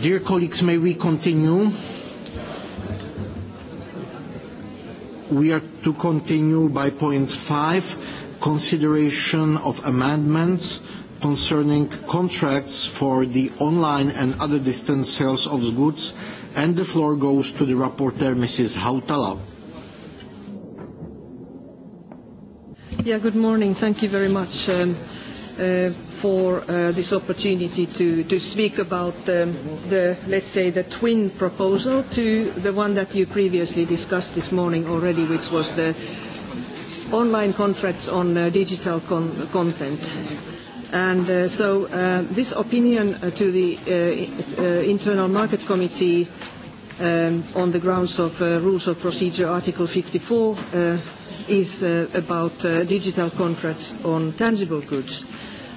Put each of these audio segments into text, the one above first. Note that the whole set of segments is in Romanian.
Dear colleagues, may we continue? We are to continue by point five, consideration of amendments concerning contracts for the online and other distant sales of goods, and the floor goes to the rapporteur, Mrs. Hautala. Yeah, good morning. Thank you very much. Um, uh, for uh, this opportunity to, to speak about um, the, let's say, the twin proposal to the one that you previously discussed this morning already, which was the online contracts on uh, digital con content. And uh, so uh, this opinion uh, to the uh, uh, Internal Market Committee um, on the grounds of uh, Rules of Procedure Article 54 uh, is uh, about uh, digital contracts on tangible goods.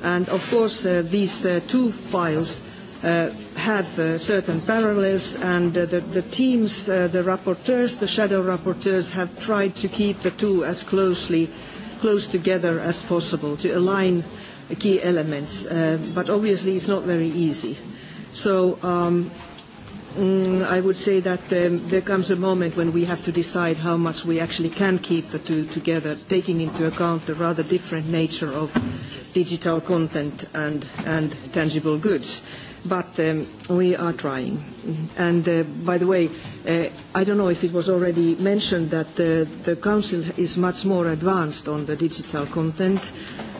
And of course, uh, these uh, two files uh, have uh, certain parallels, and uh, the, the teams, uh, the rapporteurs, the shadow rapporteurs, have tried to keep the two as closely close together as possible to align key elements. Uh, but obviously, it's not very easy. So. Um, Mm, I would say that um, there comes a moment when we have to decide how much we actually can keep the two together, taking into account the rather different nature of digital content and, and tangible goods. But um, we are trying. And uh, by the way, uh, I don't know if it was already mentioned that uh, the Council is much more advanced on the digital content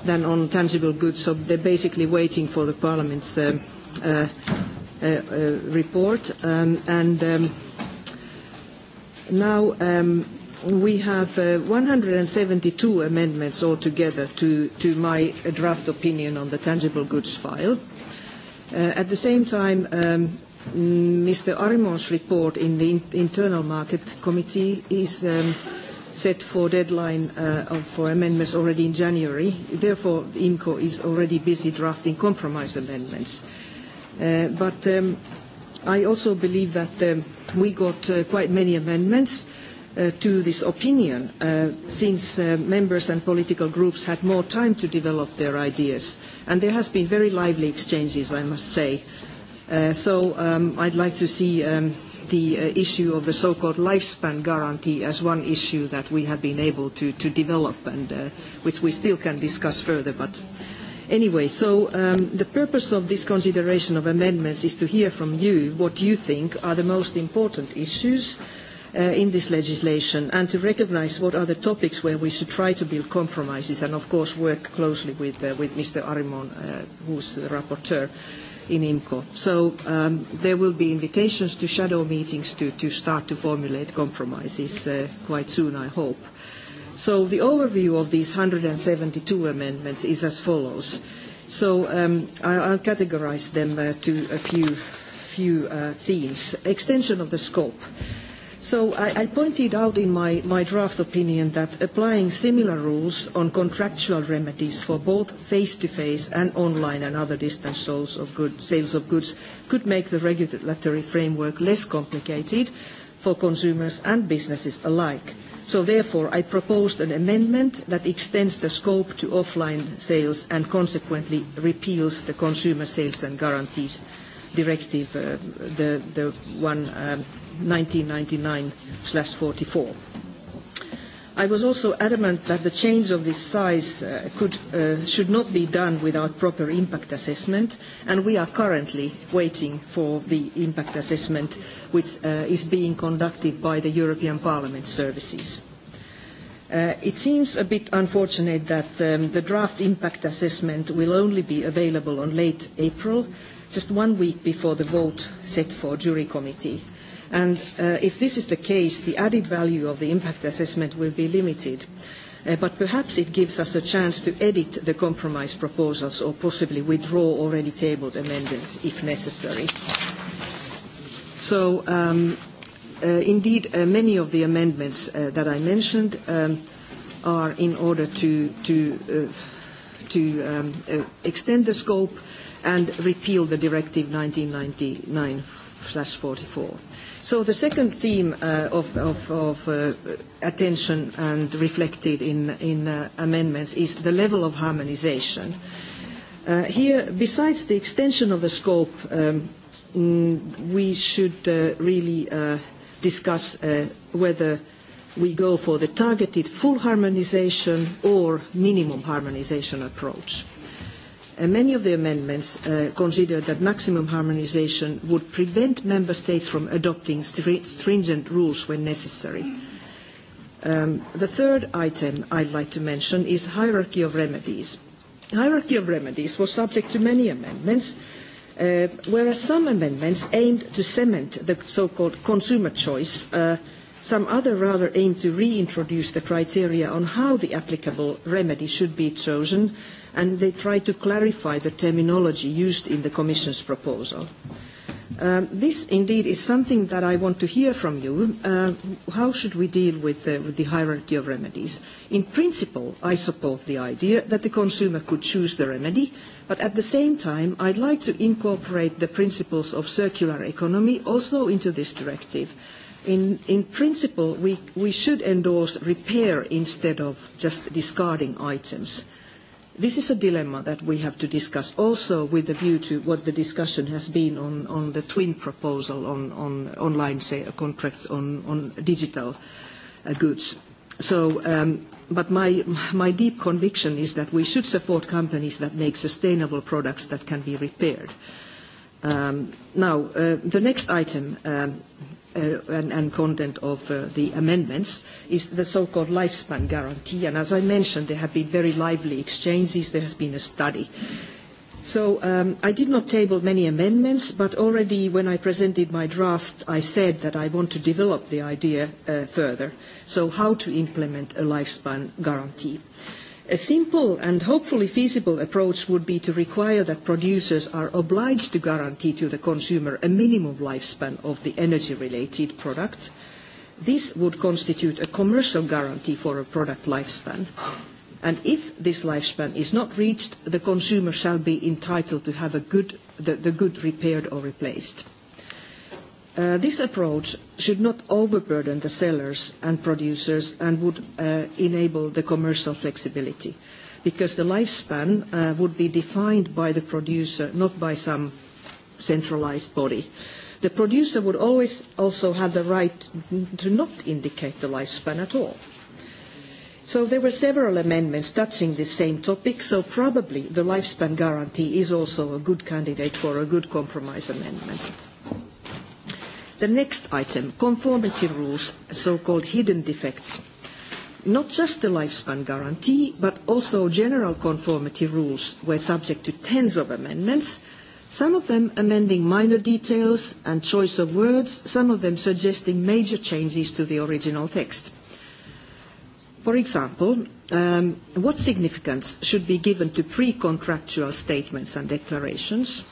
than on tangible goods, so they're basically waiting for the Parliament's um, uh, Uh, uh, report. Um, and um, now um, we have 172 uh, amendments altogether to, my draft opinion on the tangible goods file. at the same time, Mr. Arimon's report in the Internal Market Committee is set for deadline for amendments already in January. Therefore, IMCO is already busy drafting compromise amendments. Uh, but um, I also believe that um, we got uh, quite many amendments uh, to this opinion uh, since uh, members and political groups had more time to develop their ideas. And there has been very lively exchanges, I must say. so um, I'd like to see um, the issue of the so-called lifespan guarantee as one issue that we have been able to, to develop and which we still can discuss further. But Anyway, so um, the purpose of this consideration of amendments is to hear from you what you think are the most important issues uh, in this legislation and to recognise what are the topics where we should try to build compromises and of course work closely with, uh, with Mr. Arimon, uh, who's the rapporteur in IMCO. So um, there will be invitations to shadow meetings to, to start to formulate compromises uh, quite soon, I hope. So the overview of these 172 amendments is as follows. So um, I, I'll categorize them uh, to a few, few uh, themes. Extension of the scope. So I, I pointed out in my, my draft opinion that applying similar rules on contractual remedies for both face-to-face and online and other distance sales of, good, sales of goods could make the regulatory framework less complicated for consumers and businesses alike So therefore, I proposed an amendment that extends the scope to offline sales and consequently repeals the Consumer Sales and Guarantees Directive, uh, the, one 1999/44. Um, I was also adamant that the change of this size uh, could, uh, should not be done without proper impact assessment, and we are currently waiting for the impact assessment which uh, is being conducted by the European Parliament services. Uh, it seems a bit unfortunate that um, the draft impact assessment will only be available on late April, just one week before the vote set for jury committee And uh, if this is the case, the added value of the impact assessment will be limited. Uh, but perhaps it gives us a chance to edit the compromise proposals or possibly withdraw already tabled amendments if necessary. So, um, uh, indeed, uh, many of the amendments uh, that I mentioned um, are in order to, to, uh, to um, uh, extend the scope and repeal the Directive 1999/44. So the second theme uh, of, of, of uh, attention and reflected in, in uh, amendments is the level of harmonization. Uh, here, besides the extension of the scope, um, mm, we should uh, really uh, discuss uh, whether we go for the targeted full harmonization or minimum harmonization approach many of the amendments uh, consider that maximum harmonisation would prevent member states from adopting stringent rules when necessary. Um, the third item I'd like to mention is hierarchy of remedies. Hierarchy of remedies was subject to many amendments, uh, whereas some amendments aimed to cement the so-called consumer choice, uh, some other rather aimed to reintroduce the criteria on how the applicable remedy should be chosen, uh, and they try to clarify the terminology used in the Commission's proposal. Um, this indeed is something that I want to hear from you. Uh, how should we deal with, uh, with the hierarchy of remedies? In principle, I support the idea that the consumer could choose the remedy, but at the same time, I'd like to incorporate the principles of circular economy also into this directive. In, in principle, we, we should endorse repair instead of just discarding items. Uh, This is a dilemma that we have to discuss also with a view to what the discussion has been on, on the twin proposal on, on online say, uh, contracts on, on digital uh, goods. So, um, but my, my deep conviction is that we should support companies that make sustainable products that can be repaired. Um, now, uh, the next item, um, uh, and, and, content of uh, the amendments is the so-called lifespan guarantee. And as I mentioned, there have been very lively exchanges. There has been a study. So um, I did not table many amendments, but already when I presented my draft, I said that I want to develop the idea uh, further. So how to implement a lifespan guarantee. Uh, a simple and hopefully feasible approach would be to require that producers are obliged to guarantee to the consumer a minimum lifespan of the energy-related product. This would constitute a commercial guarantee for a product lifespan. And if this lifespan is not reached, the consumer shall be entitled to have a good, the, the good repaired or replaced. Uh, this approach should not overburden the sellers and producers and would uh, enable the commercial flexibility because the lifespan uh, would be defined by the producer, not by some centralised body. The producer would always also have the right to not indicate the lifespan at all. So there were several amendments touching this same topic, so probably the lifespan guarantee is also a good candidate for a good compromise amendment. The next item, conformity rules, so-called hidden defects. Not just the lifespan guarantee, but also general conformity rules were subject to tens of amendments, some of them amending minor details and choice of words, some of them suggesting major changes to the original text. For example, um, what significance should be given to pre-contractual statements and declarations?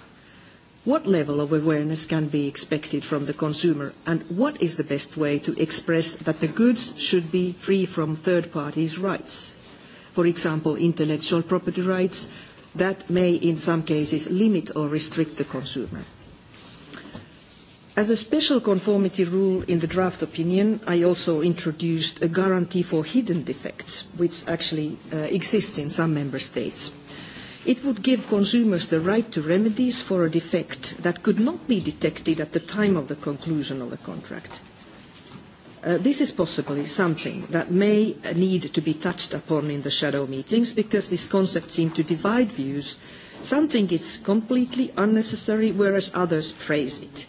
What level of awareness can be expected from the consumer, and what is the best way to express that the goods should be free from third parties' rights? For example, intellectual property rights that may in some cases limit or restrict the consumer. As a special conformity rule in the draft opinion, I also introduced a guarantee for hidden defects, which actually uh, exists in some member states. It would give consumers the right to remedies for a defect that could not be detected at the time of the conclusion of the contract. Uh, this is possibly something that may need to be touched upon in the shadow meetings because this concept seems to divide views. Some think it's completely unnecessary, whereas others praise it.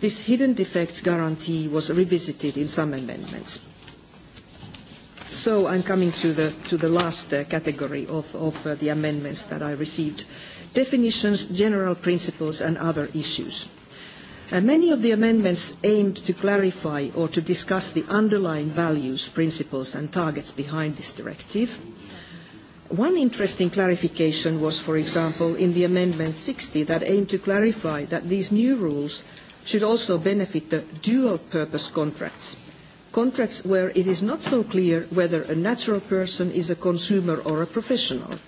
This hidden defects guarantee was revisited in some amendments. So I'm coming to the, to the last uh, category of, of uh, the amendments that I received. Definitions, general principles and other issues. Uh, many of the amendments aimed to clarify or to discuss the underlying values, principles and targets behind this directive. One interesting clarification was, for example, in the Amendment 60 that aimed to clarify that these new rules should also benefit the dual-purpose contracts – contracts where it is not so clear whether a natural person is a consumer or a professional.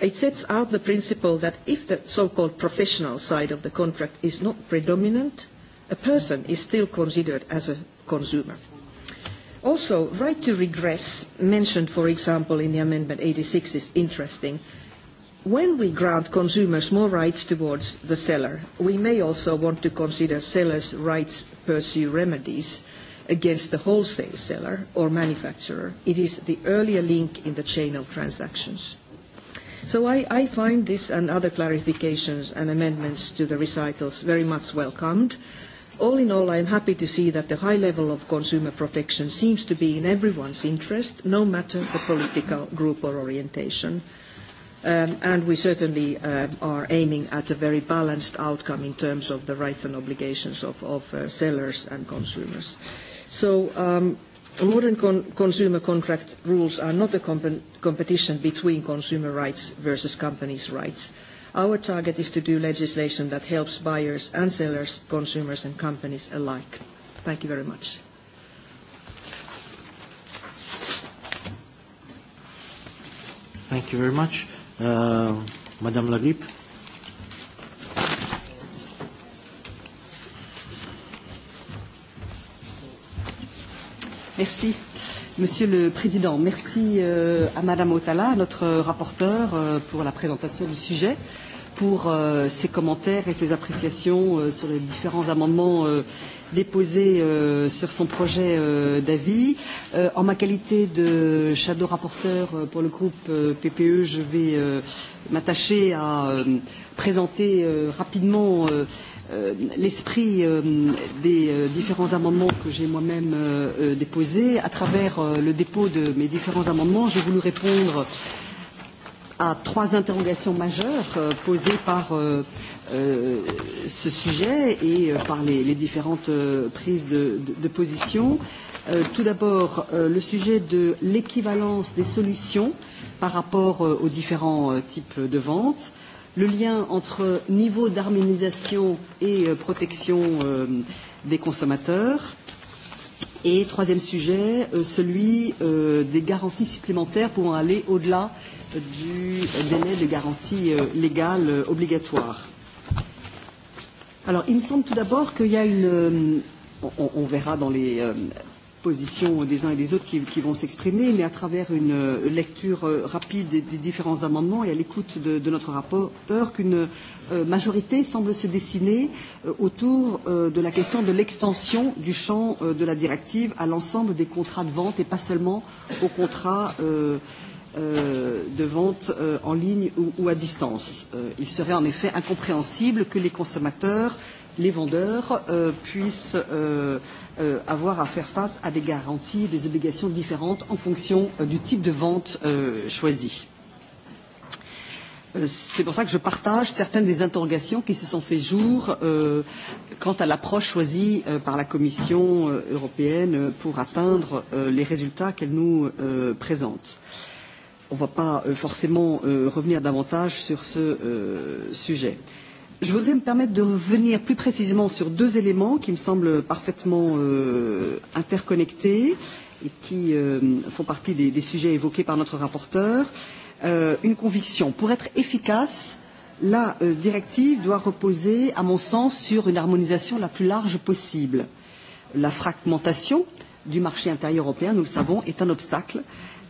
It sets out the principle that if the so-called professional side of the contract is not predominant, a person is still considered as a consumer. Also, right to regress, mentioned, for example, in the Amendment 86, is interesting. When we grant consumers more rights towards the seller, we may also want to consider sellers' rights to pursue remedies against the wholesale seller or manufacturer. It is the earlier link in the chain of transactions. So I, I find this and other clarifications and amendments to the recitals very much welcomed. All in all, I am happy to see that the high level of consumer protection seems to be in everyone's interest, no matter the political group or orientation. Um, and we certainly uh, are aiming at a very balanced outcome in terms of the rights and obligations of, of uh, sellers and consumers. So um, modern consumer contract rules are not a competition between consumer rights versus companies' rights. Our target is to do legislation that helps buyers and sellers, consumers and companies alike. Thank you very much. Thank you very much. Uh, Madame Lagrip. Merci. Monsieur le Président, merci euh, à Madame Otala, notre rapporteure, euh, pour la présentation du sujet, pour euh, ses commentaires et ses appréciations euh, sur les différents amendements euh, euh sur son projet euh, d'avis. Euh, en ma qualité de shadow rapporteur euh, pour le groupe PPE, je vais euh, m'attacher à euh, présenter euh, rapidement euh, Euh, l'esprit euh, des euh, différents amendements que j'ai moi-même déposés. À travers le dépôt de mes différents amendements, j'ai voulu répondre à trois interrogations majeures posées par ce sujet et par les, différentes prises de, position. Tout d'abord, le sujet de l'équivalence des solutions par rapport aux différents types de ventes le lien entre niveau d'harmonisation et euh, protection euh, des consommateurs. Et troisième sujet, euh, celui euh, des garanties supplémentaires pouvant aller au-delà du délai de garantie euh, légale euh, obligatoire. Alors, il me semble tout d'abord qu'il y a une. Euh, on, on verra dans les. Euh, position des uns et des autres qui, qui vont s'exprimer, mais à travers une euh, lecture euh, rapide des, des différents amendements et à l'écoute de, de notre rapporteur, qu'une euh, majorité semble se dessiner autour de la question de l'extension du champ de la directive à l'ensemble des contrats de vente et pas seulement aux contrats de vente en ligne ou, à distance. il serait en effet incompréhensible que les consommateurs, les vendeurs euh, puissent euh, euh, avoir à faire face à des garanties des obligations différentes en fonction euh, du type de vente euh, choisi. Euh, c'est pour ça que je partage certaines des interrogations qui se sont fait jour euh, quant à l'approche choisie euh, par la Commission euh, européenne euh, pour atteindre euh, les résultats qu'elle nous euh, présente. On ne va pas euh, forcément euh, revenir davantage sur ce euh, sujet. Euh, Je voudrais me permettre de revenir plus précisément sur deux éléments qui me semblent parfaitement euh, interconnectés et qui euh, font partie des, des sujets évoqués par notre rapporteur. Euh, une conviction. Pour être efficace, la euh, directive doit reposer, à mon sens, sur une harmonisation la plus large possible. La fragmentation du marché intérieur européen, nous le savons, est un obstacle.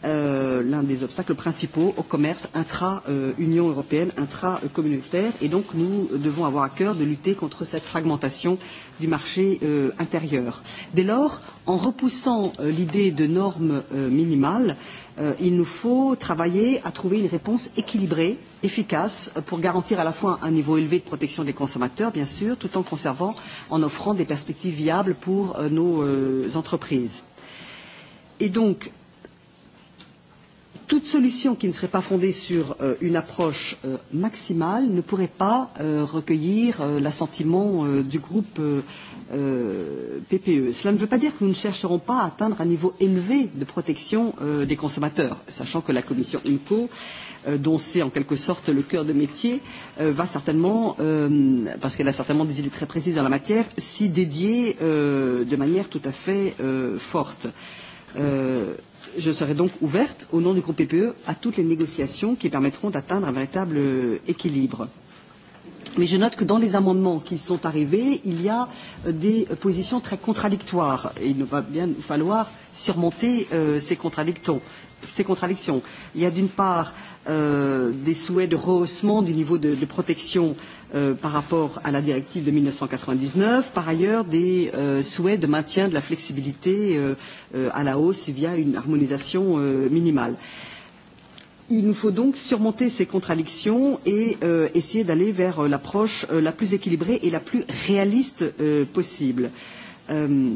Euh, l'un des obstacles principaux au commerce intra-Union euh, européenne, intra-communautaire. Et donc, nous devons avoir à cœur de lutter contre cette fragmentation du marché euh, intérieur. Dès lors, en repoussant euh, l'idée de normes euh, minimales, euh, il nous faut travailler à trouver une réponse équilibrée, efficace, pour garantir à la fois un niveau élevé de protection des consommateurs, bien sûr, tout en conservant, en offrant des perspectives viables pour euh, nos euh, entreprises. Et donc, toute solution qui ne serait pas fondée sur euh, une approche euh, maximale ne pourrait pas euh, recueillir euh, l'assentiment euh, du groupe euh, euh PPE. Cela ne veut pas dire que nous ne chercherons pas à atteindre un niveau élevé de protection euh, des consommateurs, sachant que la commission IMCO euh, dont c'est en quelque sorte le cœur de métier, euh, va certainement, euh, parce qu'elle a certainement des idées très précises dans la matière, s'y dédier euh, de manière tout à fait euh, forte. Euh, je serai donc ouverte, au nom du groupe PPE, à toutes les négociations qui permettront d'atteindre un véritable équilibre. Mais je note que dans les amendements qui sont arrivés, il y a euh, des positions très contradictoires. Et il va bien nous falloir surmonter euh, ces, contradictions, Il y a d'une part euh, des souhaits de rehaussement du niveau de, de protection euh, euh, par rapport à la directive de 1999, par ailleurs des euh, souhaits de maintien de la flexibilité euh, euh, à la hausse via une harmonisation euh, minimale. Il nous faut donc surmonter ces contradictions et euh, essayer d'aller vers euh, l'approche euh, la plus équilibrée et la plus réaliste euh, possible. Euh,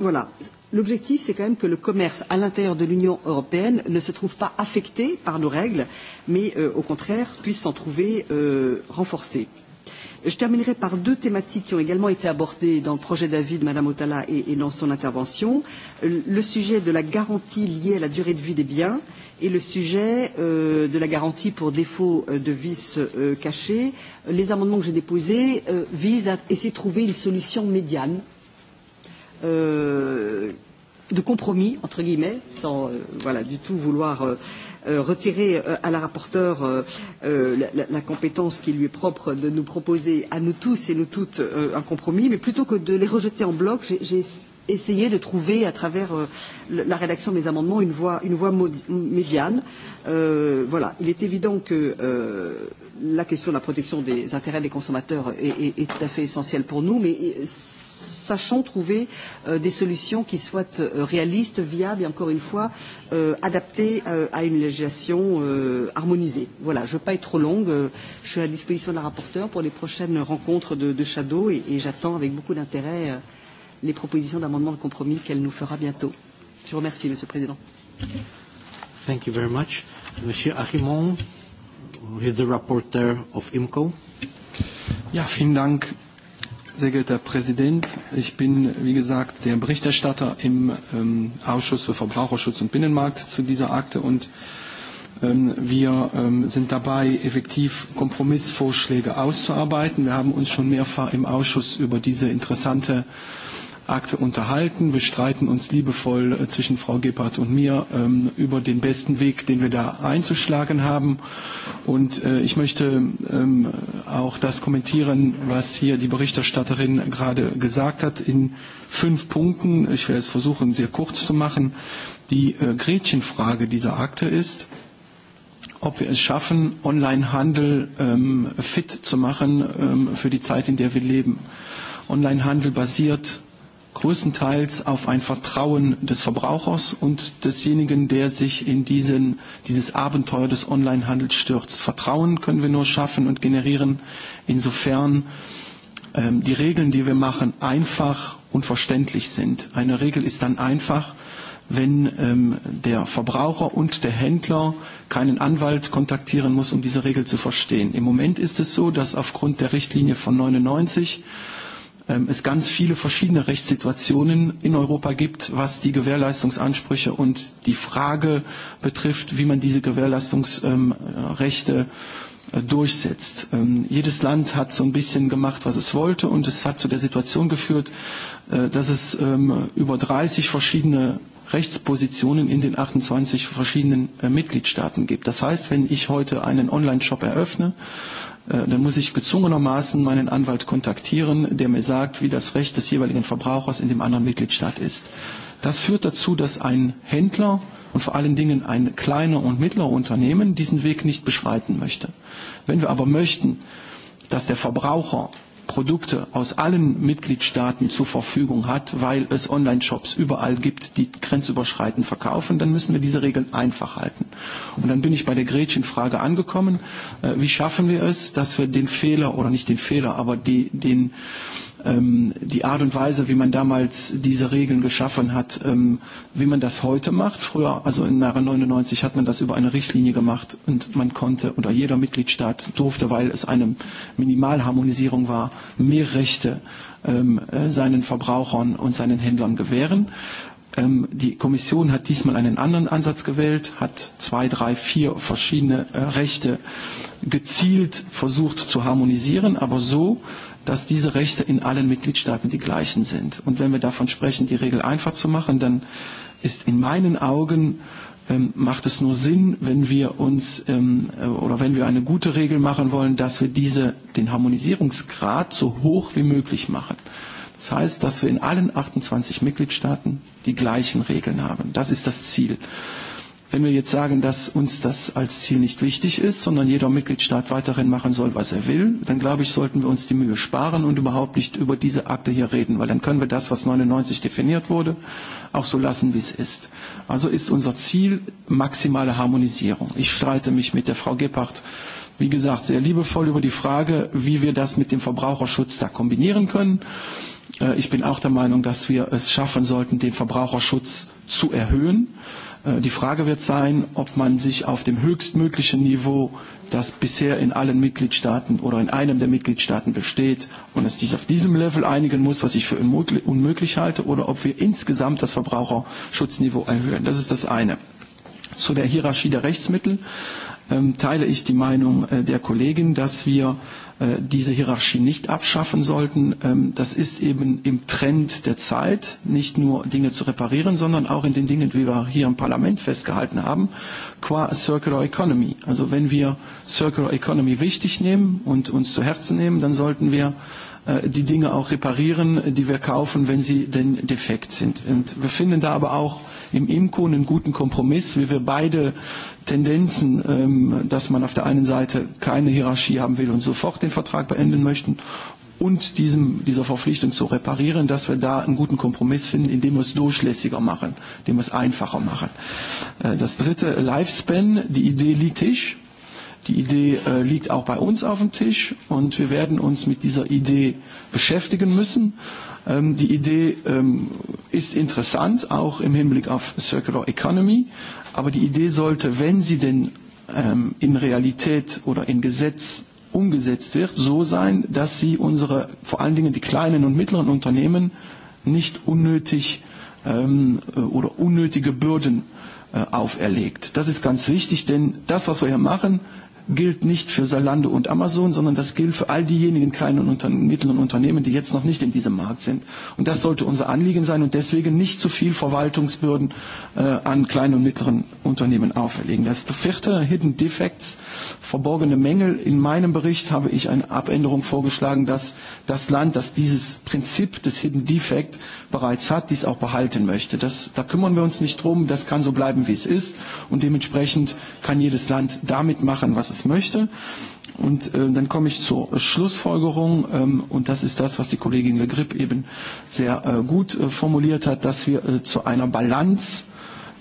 voilà. L'objectif, c'est quand même que le commerce à l'intérieur de l'Union européenne ne se trouve pas affecté par nos règles, mais euh, au contraire puisse s'en trouver euh, renforcé. Je terminerai par deux thématiques qui ont également été abordées dans le projet d'avis de Mme Otala et, et dans son intervention. Le sujet de la garantie liée à la durée de vie des biens et le sujet euh, de la garantie pour défaut euh, de vice euh, caché. Les amendements que j'ai déposés euh, visent à essayer de trouver une solution médiane Euh, de compromis, entre guillemets, sans euh, voilà, du tout vouloir euh, euh retirer euh, à la rapporteure euh, euh la, la compétence qui lui est propre de nous proposer à nous tous et nous toutes euh, un compromis, mais plutôt que de les rejeter en bloc, j'ai essayé de trouver à travers euh, la rédaction des amendements une voie, une voie médiane. Euh, voilà, il est évident que euh, la question de la protection des intérêts des consommateurs est, est, est tout à fait essentielle pour nous, mais sachant trouver euh, des solutions qui soient euh, réalistes, viables et encore une fois euh, adaptées euh, à une législation euh, harmonisée. Voilà, je ne veux pas être trop longue. Euh, je suis à la disposition de la rapporteure pour les prochaines rencontres de, de Shadow et, et j'attends avec beaucoup d'intérêt euh, les propositions d'amendement de compromis qu'elle nous fera bientôt. Je vous remercie, Monsieur le Président. Thank you very much. Monsieur Achimon, who is the rapporteur of IMCO. Ja, vielen Dank sehr geehrter Herr Präsident. Ich bin, wie gesagt, der Berichterstatter im ähm, Ausschuss für Verbraucherschutz und Binnenmarkt zu dieser Akte und ähm, wir ähm, sind dabei, effektiv Kompromissvorschläge auszuarbeiten. Wir haben uns schon mehrfach im Ausschuss über diese interessante äh, Akte unterhalten. Wir streiten uns liebevoll äh, zwischen Frau Gebhardt und mir ähm, über den besten Weg, den wir da einzuschlagen haben. Und äh, ich möchte ähm, auch das kommentieren, was hier die Berichterstatterin gerade gesagt hat, in fünf Punkten. Ich werde es versuchen, sehr kurz zu machen. Die äh, Gretchenfrage dieser Akte ist, ob wir es schaffen, Onlinehandel ähm, fit zu machen ähm, für die Zeit, in der wir leben. Onlinehandel basiert größtenteils auf ein Vertrauen des Verbrauchers und desjenigen, der sich in diesen, dieses Abenteuer des Onlinehandels stürzt. Vertrauen können wir nur schaffen und generieren, insofern ähm, die Regeln, die wir machen, einfach und verständlich sind. Eine Regel ist dann einfach, wenn ähm, der Verbraucher und der Händler keinen Anwalt kontaktieren muss, um diese Regel zu verstehen. Im Moment ist es so, dass aufgrund der Richtlinie von 99 Ähm, es ganz viele verschiedene Rechtssituationen in Europa gibt, was die Gewährleistungsansprüche und die Frage betrifft, wie man diese Gewährleistungsrechte ähm, äh, durchsetzt. Ähm, jedes Land hat so ein bisschen gemacht, was es wollte, und es hat zu der Situation geführt, äh, dass es über 30 verschiedene Rechtspositionen in den 28 verschiedenen äh, Mitgliedstaaten gibt. Das heißt, wenn ich heute einen Online-Shop eröffne, Äh, dann muss ich gezwungenermaßen meinen Anwalt kontaktieren, der mir sagt, wie das Recht des jeweiligen Verbrauchers in dem anderen Mitgliedstaat ist. Das führt dazu, dass ein Händler und vor allen Dingen ein kleiner und mittlerer Unternehmen diesen Weg nicht beschreiten möchte. Wenn wir aber möchten, dass der Verbraucher Produkte aus allen Mitgliedstaaten zur Verfügung hat, weil es Online-Shops überall gibt, die grenzüberschreitend verkaufen, dann müssen wir diese Regeln einfach halten. Und dann bin ich bei der Gretchenfrage angekommen. Äh, wie schaffen wir es, dass wir den Fehler oder nicht den Fehler, aber die, den, ähm, die Art und Weise, wie man damals diese Regeln geschaffen hat, ähm, wie man das heute macht. Früher, also in Nara 99, hat man das über eine Richtlinie gemacht und man konnte oder jeder Mitgliedstaat durfte, weil es eine Minimalharmonisierung war, mehr Rechte ähm, äh, seinen Verbrauchern und seinen Händlern gewähren. Ähm, die Kommission hat diesmal einen anderen Ansatz gewählt, hat zwei, drei, vier verschiedene äh, Rechte gezielt versucht zu harmonisieren, aber so, dass diese Rechte in allen Mitgliedstaaten die gleichen sind. Und wenn wir davon sprechen, die Regel einfach zu machen, dann ist in meinen Augen ähm, macht es nur Sinn, wenn wir uns ähm, äh, oder wenn wir eine gute Regel machen wollen, dass wir diese, den Harmonisierungsgrad so hoch wie möglich machen. Das heißt, dass wir in allen 28 Mitgliedstaaten die gleichen Regeln haben. Das ist das Ziel. Wenn wir jetzt sagen, dass uns das als Ziel nicht wichtig ist, sondern jeder Mitgliedstaat weiterhin machen soll, was er will, dann glaube ich, sollten wir uns die Mühe sparen und überhaupt nicht über diese Akte hier reden, weil dann können wir das, was 99 definiert wurde, auch so lassen, wie es ist. Also ist unser Ziel maximale Harmonisierung. Ich streite mich mit der Frau Gebhardt wie gesagt, sehr liebevoll über die Frage, wie wir das mit dem Verbraucherschutz da kombinieren können. Äh, ich bin auch der Meinung, dass wir es schaffen sollten, den Verbraucherschutz zu erhöhen. Äh, die Frage wird sein, ob man sich auf dem höchstmöglichen Niveau, das bisher in allen Mitgliedstaaten oder in einem der Mitgliedstaaten besteht, und es sich auf diesem Level einigen muss, was ich für unmöglich halte, oder ob wir insgesamt das Verbraucherschutzniveau erhöhen. Das ist das eine. Zu der Hierarchie der Rechtsmittel ähm, teile ich die Meinung äh, der Kollegin, dass wir Äh, diese Hierarchie nicht abschaffen sollten. Ähm, das ist eben im Trend der Zeit, nicht nur Dinge zu reparieren, sondern auch in den Dingen, die wir hier im Parlament festgehalten haben, qua Circular Economy. Also wenn wir Circular Economy wichtig nehmen und uns zu Herzen nehmen, dann sollten wir äh, die Dinge auch reparieren, die wir kaufen, wenn sie denn defekt sind. Und wir finden da aber auch im IMCO einen guten Kompromiss, wie wir beide Tendenzen, ähm, dass man auf der einen Seite keine Hierarchie haben will und sofort den Vertrag beenden möchten und diesem, dieser Verpflichtung zu reparieren, dass wir da einen guten Kompromiss finden, indem wir es durchlässiger machen, indem wir es einfacher machen. Äh, das dritte, Lifespan, die Idee liegt Tisch. Die Idee äh, liegt auch bei uns auf dem Tisch und wir werden uns mit dieser Idee beschäftigen müssen. Ähm, die Idee ähm, ist interessant, auch im Hinblick auf Circular Economy, aber die Idee sollte, wenn sie denn ähm, in Realität oder in Gesetz umgesetzt wird, so sein, dass sie unsere, vor allen Dingen die kleinen und mittleren Unternehmen, nicht unnötig ähm, äh, oder unnötige Bürden äh, auferlegt. Das ist ganz wichtig, denn das, was wir hier machen, gilt nicht für Salando und Amazon, sondern das gilt für all diejenigen kleinen und mittleren Unternehmen, die jetzt noch nicht in diesem Markt sind. Und das sollte unser Anliegen sein und deswegen nicht zu viel Verwaltungsbürden äh, an kleinen und mittleren Unternehmen auferlegen. Das vierte, Hidden Defects, verborgene Mängel. In meinem Bericht habe ich eine Abänderung vorgeschlagen, dass das Land, das dieses Prinzip des Hidden Defect bereits hat, dies auch behalten möchte. Das, da kümmern wir uns nicht drum, das kann so bleiben, wie es ist und dementsprechend kann jedes Land damit machen, was es möchte. Und äh, dann komme ich zur Schlussfolgerung, ähm, und das ist das, was die Kollegin Le Grip eben sehr äh, gut äh, formuliert hat, dass wir äh, zu einer Balance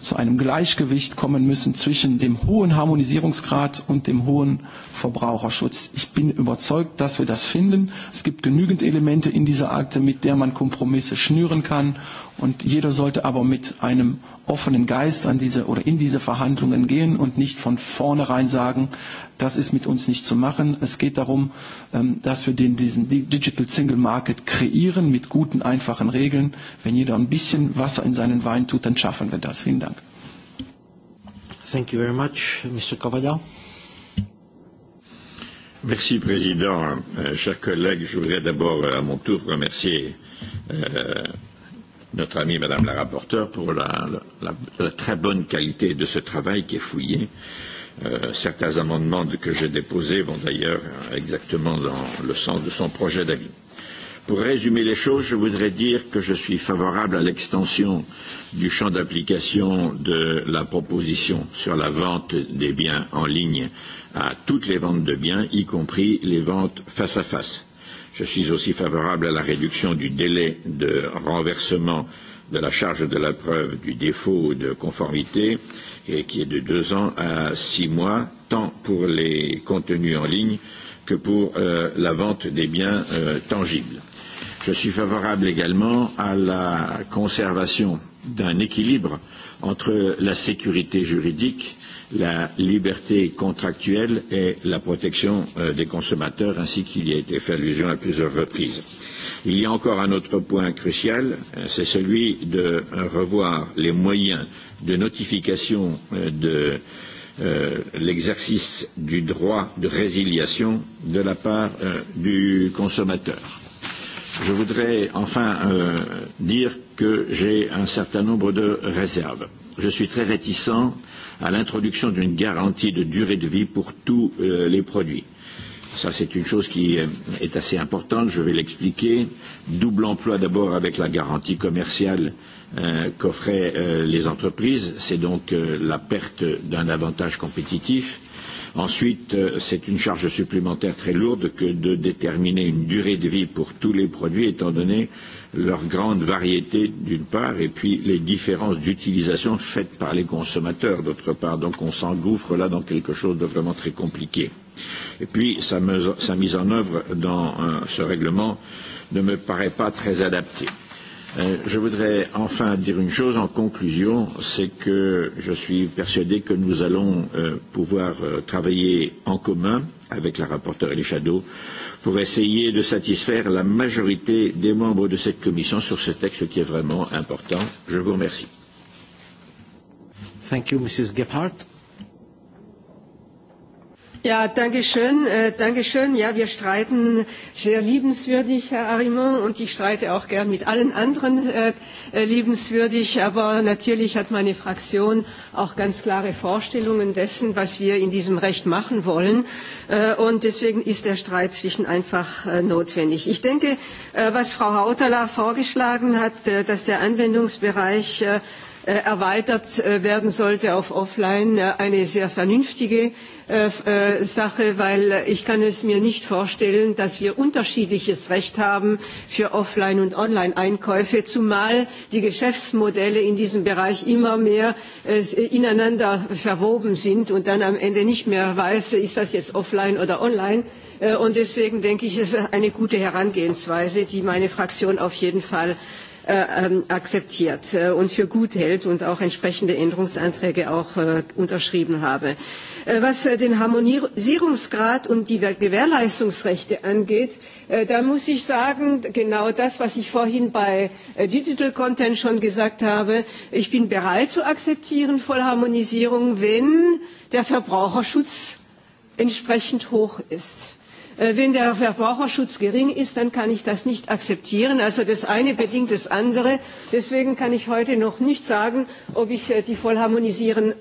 zu einem Gleichgewicht kommen müssen zwischen dem hohen Harmonisierungsgrad und dem hohen Verbraucherschutz. Ich bin überzeugt, dass wir das finden. Es gibt genügend Elemente in dieser Akte, mit der man Kompromisse schnüren kann Und jeder sollte aber mit einem offenen Geist an diese oder in diese Verhandlungen gehen und nicht von vornherein sagen, das ist mit uns nicht zu machen. Es geht darum, ähm, dass wir den, diesen Digital Single Market kreieren mit guten, einfachen Regeln. Wenn jeder ein bisschen Wasser in seinen Wein tut, dann schaffen wir das. Vielen Dank. Thank you very much, Mr. Cavada. Merci, Président. Euh, chers collègues, je voudrais d'abord, euh, à mon tour, remercier euh, notre amie Madame la rapporteure pour la, la, la, la très bonne qualité de ce travail qui est fouillé. Euh, certains amendements de, que j'ai déposés vont d'ailleurs exactement dans le sens de son projet d'avis. Pour résumer les choses, je voudrais dire que je suis favorable à l'extension du champ d'application de la proposition sur la vente des biens en ligne à toutes les ventes de biens, y compris les ventes face à face Je suis aussi favorable à la réduction du délai de renversement de la charge de la preuve du défaut de conformité, et qui est de deux ans à six mois, tant pour les contenus en ligne que pour euh, la vente des biens euh, tangibles. Je suis favorable également à la conservation d'un équilibre euh, entre la sécurité juridique, la liberté contractuelle et la protection euh, des consommateurs, ainsi qu'il y a été fait allusion à plusieurs reprises. Il y a encore un autre point crucial, euh, c'est celui de euh, revoir les moyens de notification de l'exercice du droit de résiliation de la part du consommateur Je voudrais enfin euh, dire que j'ai un certain nombre de réserves. Je suis très réticent à l'introduction d'une garantie de durée de vie pour tous euh, les produits. Ça, c'est une chose qui euh, est assez importante, je vais l'expliquer. Double emploi d'abord avec la garantie commerciale euh, qu'offraient euh, les entreprises, c'est donc euh, la perte d'un avantage compétitif. Euh, Ensuite, euh, c'est une charge supplémentaire très lourde que de déterminer une durée de vie pour tous les produits, étant donné leur grande variété d'une part, et puis les différences d'utilisation faites par les consommateurs d'autre part. Donc on s'engouffre là dans quelque chose de vraiment très compliqué. Et puis sa, mise en œuvre dans euh, ce règlement ne me paraît pas très adaptée. Euh, je voudrais enfin dire une chose en conclusion, c'est que je suis persuadé que nous allons euh, pouvoir euh, travailler en commun avec la rapporteure et les shadows pour essayer de satisfaire la majorité des membres de cette commission sur ce texte qui est vraiment important. Je vous remercie. Thank you, Mrs. Gephardt. Ja, danke schön. Äh, danke schön. Ja, wir streiten sehr liebenswürdig, Herr Arimont, und ich streite auch gern mit allen anderen äh, äh, liebenswürdig. Aber natürlich hat meine Fraktion auch ganz klare Vorstellungen dessen, was wir in diesem Recht machen wollen. Äh, und deswegen ist der Streit schlicht einfach äh, notwendig. Ich denke, äh, was Frau Hautala vorgeschlagen hat, äh, dass der Anwendungsbereich äh, Äh, erweitert äh, werden sollte auf offline äh, eine sehr vernünftige Sache, weil ich kann es mir nicht vorstellen, dass wir unterschiedliches Recht haben für Offline- und Online-Einkäufe, zumal die Geschäftsmodelle in diesem Bereich immer mehr ineinander verwoben sind und dann am Ende nicht mehr weiß, ist das jetzt Offline oder Online. Und deswegen denke ich, es ist eine gute Herangehensweise, die meine Fraktion auf jeden Fall Äh, ähm, akzeptiert äh, und für gut hält und auch entsprechende Änderungsanträge auch äh, unterschrieben habe. Was den Harmonisierungsgrad und die Gewährleistungsrechte angeht, da muss ich sagen, genau das, was ich vorhin bei Digital Content schon gesagt habe, ich bin bereit zu akzeptieren Vollharmonisierung, wenn der Verbraucherschutz entsprechend hoch ist Äh, wenn der Verbraucherschutz gering ist, dann kann ich das nicht akzeptieren. Also das eine bedingt das andere. Deswegen kann ich heute noch nicht sagen, ob ich äh, die Vollharmonisierung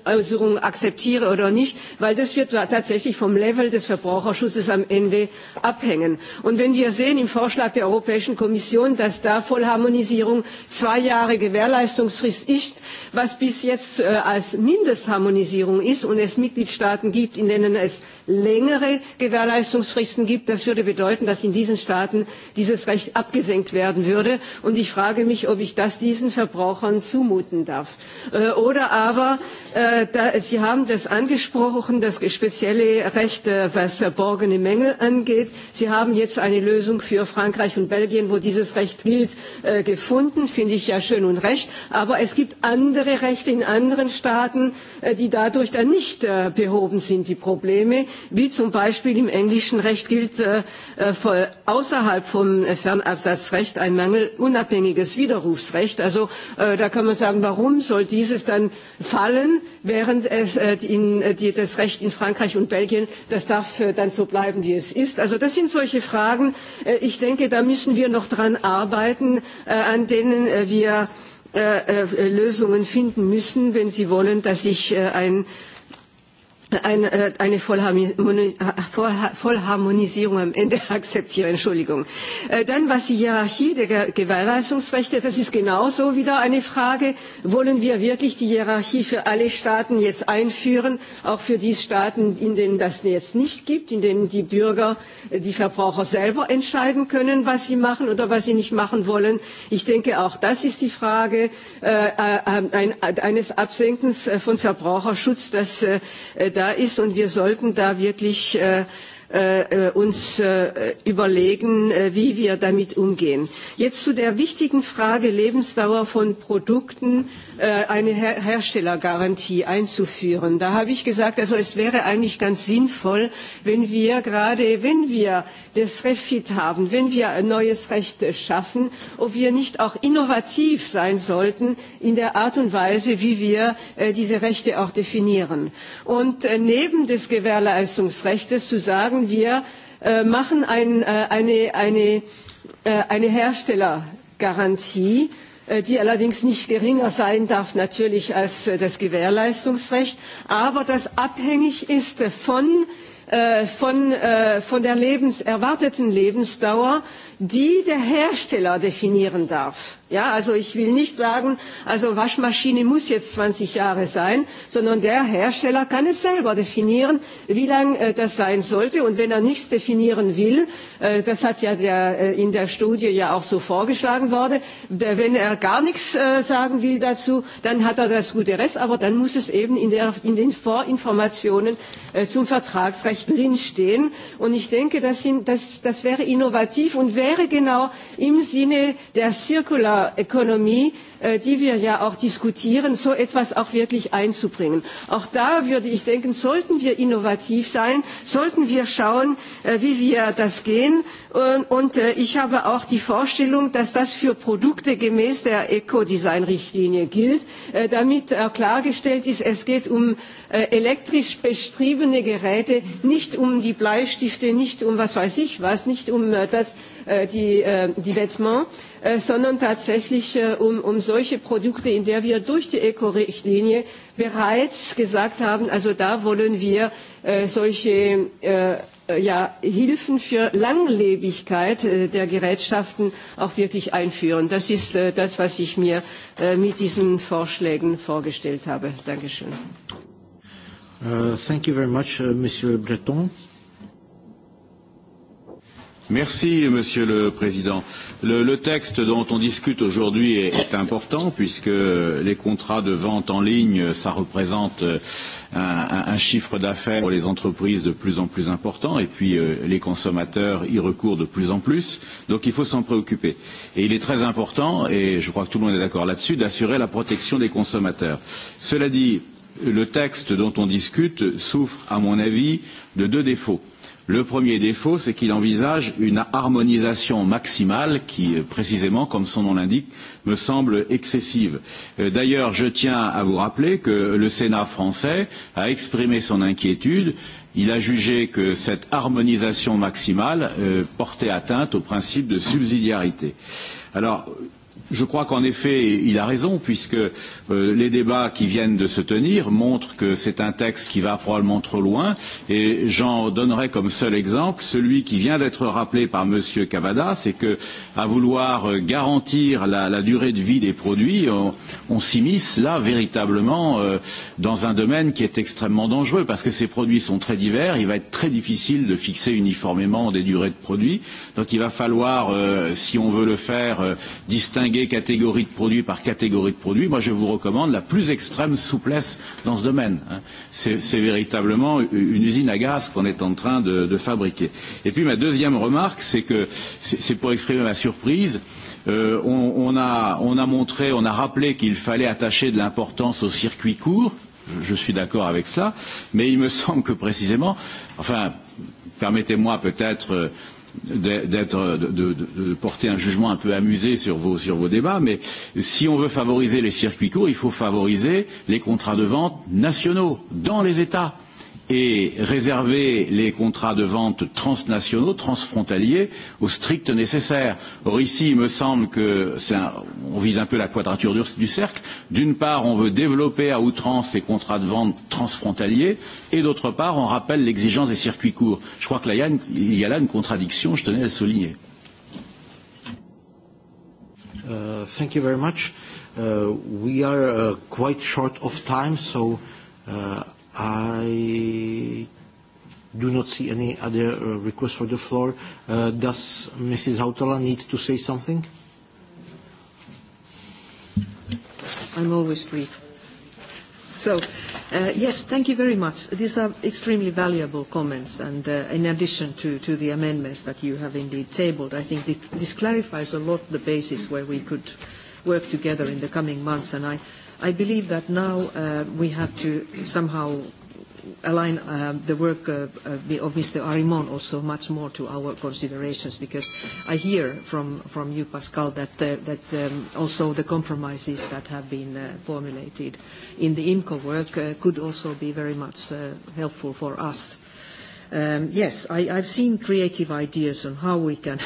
akzeptiere oder nicht, weil das wird da tatsächlich vom Level des Verbraucherschutzes am Ende abhängen. Und wenn wir sehen im Vorschlag der Europäischen Kommission, dass da Vollharmonisierung zwei Jahre Gewährleistungsfrist ist, was bis jetzt äh, als Mindestharmonisierung ist und es Mitgliedstaaten gibt, in denen es längere Gewährleistungsfristen gibt das würde bedeuten dass in diesen staaten dieses recht abgesenkt werden würde und ich frage mich ob ich das diesen verbrauchern zumuten darf. Äh, oder aber Äh, da, Sie haben das angesprochen, das spezielle Recht, äh, was verborgene Mängel angeht. Sie haben jetzt eine Lösung für Frankreich und Belgien, wo dieses Recht gilt, äh, gefunden. Finde ich ja schön und recht. Aber es gibt andere Rechte in anderen Staaten, die dadurch dann nicht behoben sind, die Probleme. Wie zum Beispiel im englischen Recht gilt außerhalb vom Fernabsatzrecht ein mangelunabhängiges Widerrufsrecht. Also da kann man sagen, warum soll dieses dann fallen? während es äh, in, äh, die, das Recht in Frankreich und Belgien, das darf äh, dann so bleiben, wie es ist. Also das sind solche Fragen. Äh, ich denke, da müssen wir noch dran arbeiten, äh, an denen äh, wir äh, äh, Lösungen finden müssen, wenn Sie wollen, dass sich äh, ein eine, äh, eine äh, Vollharmonisierung am Ende akzeptiere, Entschuldigung. Äh, dann was die Hierarchie der Gewährleistungsrechte, das ist genauso wieder eine Frage. Wollen wir wirklich die Hierarchie für alle Staaten jetzt einführen, auch für die Staaten, in denen das jetzt nicht gibt, in denen die Bürger, die Verbraucher selber entscheiden können, was sie machen oder was sie nicht machen wollen? Ich denke, auch das ist die Frage eines Absenkens von Verbraucherschutz, dass, das da ist. Und wir sollten da wirklich äh, äh, äh, uns überlegen, wie wir damit umgehen. Jetzt zu der wichtigen Frage Lebensdauer von Produkten Äh, eine Herstellergarantie einzuführen. Da habe ich gesagt, also es wäre eigentlich ganz sinnvoll, wenn wir gerade, wenn wir das Refit haben, wenn wir ein neues Recht schaffen, ob wir nicht auch innovativ sein sollten in der Art und Weise, wie wir äh, diese Rechte auch definieren. Und äh, neben des Gewährleistungsrechts zu sagen, wir machen ein, eine, eine, eine Herstellergarantie, Äh, die allerdings nicht geringer sein darf natürlich als äh, das Gewährleistungsrecht, aber das abhängig ist von äh, von, von der Lebens, erwarteten Lebensdauer, die der Hersteller definieren darf. Ja, also ich will nicht sagen, also Waschmaschine muss jetzt 20 Jahre sein, sondern der Hersteller kann es selber definieren, wie lang äh, das sein sollte. Und wenn er nichts definieren will, äh, das hat ja der, äh, in der Studie ja auch so vorgeschlagen worden, der, wenn er gar nichts äh, sagen will dazu, dann hat er das gute Rest, aber dann muss es eben in, der, in den Vorinformationen äh, zum Vertragsrecht drinstehen. Und ich denke, das, sind, das, das wäre innovativ und wäre genau im Sinne der zirkularen Ökonomie, äh, die wir ja auch diskutieren, so etwas auch wirklich einzubringen. Auch da würde ich denken, sollten wir innovativ sein, sollten wir schauen, äh, wie wir das gehen. Und äh, ich habe auch die Vorstellung, dass das für Produkte gemäß der Eco-Design-Richtlinie gilt, damit klargestellt ist, es geht um elektrisch bestriebene Geräte, nicht um die Bleistifte, nicht um was weiß ich was, nicht um das Äh, die, äh, die Vêtements, äh, sondern tatsächlich äh, um, um solche Produkte, in der wir durch die Eco-Richtlinie bereits gesagt haben, also da wollen wir äh, solche äh, ja, Hilfen für Langlebigkeit äh, der Gerätschaften auch wirklich einführen. Das ist äh, das, was ich mir äh, mit diesen Vorschlägen vorgestellt habe. Dankeschön. Uh, thank you very much, uh, Monsieur Breton. Merci, Monsieur le Président. Le, le texte dont on discute aujourd'hui est, est important puisque les contrats de vente en ligne, ça représente un, euh, un, un chiffre d'affaires pour les entreprises de plus en plus important et puis euh, les consommateurs y recourent de plus en plus. Donc il faut s'en préoccuper. Et il est très important, et je crois que tout le monde est d'accord là-dessus, d'assurer la protection des consommateurs. Cela dit, le texte dont on discute souffre, à mon avis, de deux défauts. Le premier défaut, c'est qu'il envisage une harmonisation maximale qui, euh, précisément, comme son nom l'indique, me semble excessive. Euh, d'ailleurs, je tiens à vous rappeler que le Sénat français a exprimé son inquiétude il a jugé que cette harmonisation maximale euh, portait atteinte au principe de subsidiarité. Alors, Je crois qu'en effet, il a raison, puisque euh, les débats qui viennent de se tenir montrent que c'est un texte qui va probablement trop loin, et j'en donnerai comme seul exemple celui qui vient d'être rappelé par M. Cavada, c'est que à vouloir garantir la, la durée de vie des produits, on, on s'immisce là véritablement euh, dans un domaine qui est extrêmement dangereux, parce que ces produits sont très divers, il va être très difficile de fixer uniformément des durées de produits, donc il va falloir, euh, si on veut le faire, euh, distinguer distinguer catégorie de produits par catégorie de produits, moi je vous recommande la plus extrême souplesse dans ce domaine. C'est véritablement une usine à gaz qu'on est en train de, de fabriquer. Et puis ma deuxième remarque, c'est que c'est pour exprimer ma surprise. Euh, on, on, a, on a montré, on a rappelé qu'il fallait attacher de l'importance au circuit court. Je, je suis d'accord avec ça, mais il me semble que précisément, enfin, permettez-moi peut-être. Euh, d'être de, de, de porter un jugement un peu amusé sur vos sur vos débats, mais si on veut favoriser les circuits courts, il faut favoriser les contrats de vente nationaux dans les États et réserver les contrats de vente transnationaux, transfrontaliers, au strict nécessaire. Or ici, il me semble que un, on vise un peu la quadrature du, du cercle. D'une part, on veut développer à outrance ces contrats de vente transfrontaliers, et d'autre part, on rappelle l'exigence des circuits courts. Je crois qu'il y a y a là une contradiction, je tenais à le souligner. Uh, thank you very much. Uh, we are uh, quite short of time, so uh, I do not see any other uh, request for the floor. Uh, does Mrs. Hautala need to say something? I'm always brief. So, uh, yes, thank you very much. These are extremely valuable comments, and uh, in addition to, to the amendments that you have indeed tabled, I think this clarifies a lot the basis where we could work together in the coming months, and I, I believe that now uh, we have to somehow align uh, the work uh, uh of Mr. Arimon also much more to our considerations because I hear from, from you, Pascal, that, uh, that um, also the compromises that have been uh, formulated in the IMCO work uh, could also be very much uh, helpful for us. Um, yes, I, I've seen creative ideas on how we can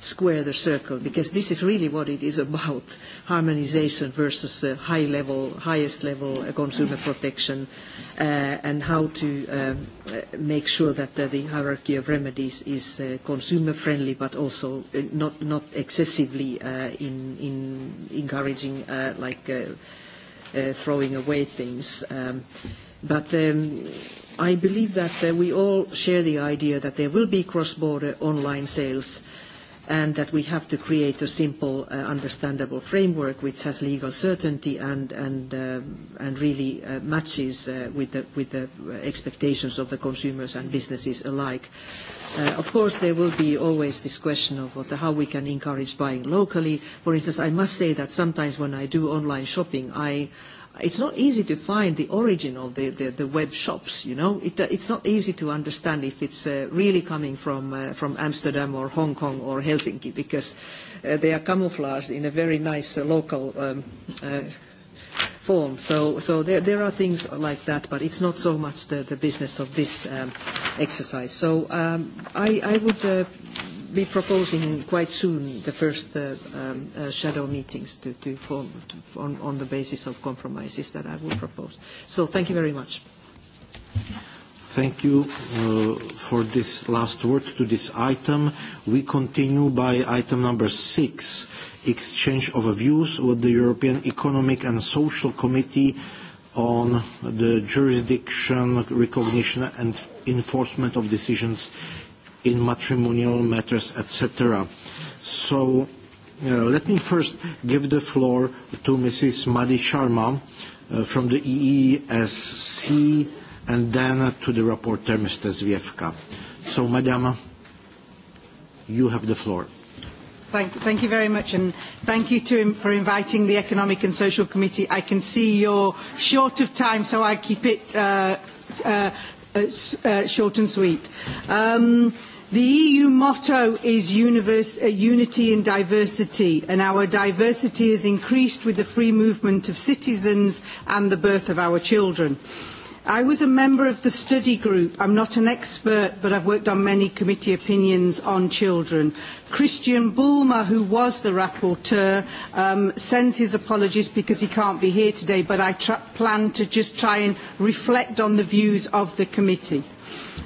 square the circle, because this is really what it is about, harmonization versus uh, high level, highest level uh, consumer protection, uh, and how to um, uh, make sure that uh, the hierarchy of remedies is uh, consumer friendly, but also not, not excessively uh, in, in encouraging uh, like uh, uh, throwing away things. Um, but um, I believe that uh, we all share the idea that there will be cross-border online sales, and that we have to create a simple, uh, understandable framework which has legal certainty and, um, really uh, matches uh, with, the, expectations of the consumers and businesses alike. of course, there will be always this question of how we can encourage buying locally. For instance, I must say that sometimes when I do online shopping, I it's not easy to find the origin of the, the, the web shops, you know. It, uh, it's not easy to understand if it's uh, really coming from, uh, from Amsterdam or Hong Kong or Helsinki because uh, they are camouflaged in a very nice uh, local um, uh, form. So, so there, there are things like that, but it's not so much the, the business of this um, exercise. So um, I, I would uh, be proposing quite soon the first uh, um, uh, shadow meetings to, to form to, on, on the basis of compromises that I will propose. So thank you very much. Thank you uh, for this last word to this item. We continue by item number six, exchange of views with the European Economic and Social Committee on the jurisdiction, recognition and enforcement of decisions in matrimonial matters, etc. So uh, let me first give the floor to Mrs. Madhi Sharma uh, from the EESC and then to the rapporteur, Mr. Zviefka. So, Madam, you have the floor. Thank, thank, you very much, and thank you to him for inviting the Economic and Social Committee. I can see you're short of time, so I keep it uh, uh, uh, uh short and sweet. Um, The EU motto is universe, uh, unity in diversity, and our diversity is increased with the free movement of citizens and the birth of our children. I was a member of the study group. I'm not an expert, but I've worked on many committee opinions on children. Christian Bulmer, who was the rapporteur, um, sends his apologies because he can't be here today, but I plan to just try and reflect on the views of the committee.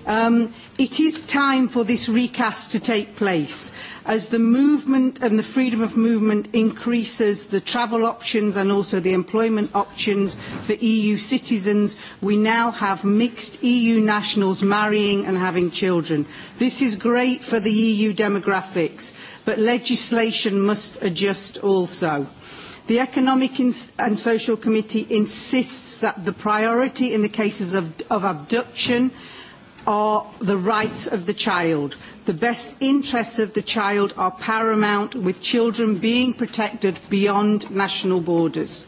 Um, it is time for this recast to take place as the movement and the freedom of movement increases the travel options and also the employment options for EU citizens, we now have mixed EU nationals marrying and having children. This is great for the EU demographics, but legislation must adjust also. The Economic and Social Committee insists that the priority in the cases of, of abduction are the rights of the child the best interests of the child are paramount with children being protected beyond national borders.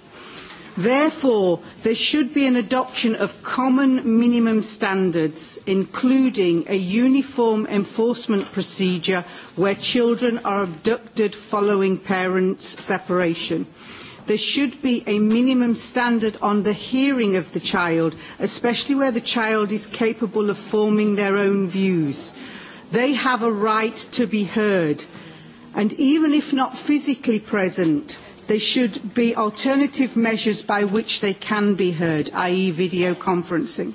Therefore, there should be an adoption of common minimum standards, including a uniform enforcement procedure where children are abducted following parents' separation there should be a minimum standard on the hearing of the child, especially where the child is capable of forming their own views. They have a right to be heard. And even if not physically present, there should be alternative measures by which they can be heard, i.e. video conferencing.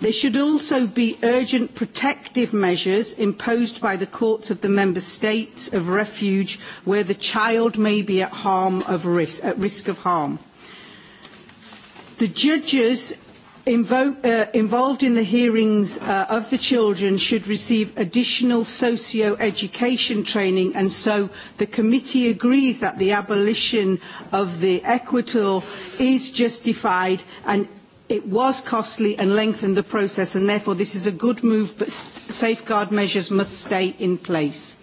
There should also be urgent protective measures imposed by the courts of the member states of refuge where the child may be at, harm of risk, at risk of harm. The judges invo uh, involved in the hearings uh, of the children should receive additional socio-education training and so the committee agrees that the abolition of the equator is justified and it was costly and lengthened the process and therefore this is a good move but safeguard measures must stay in place.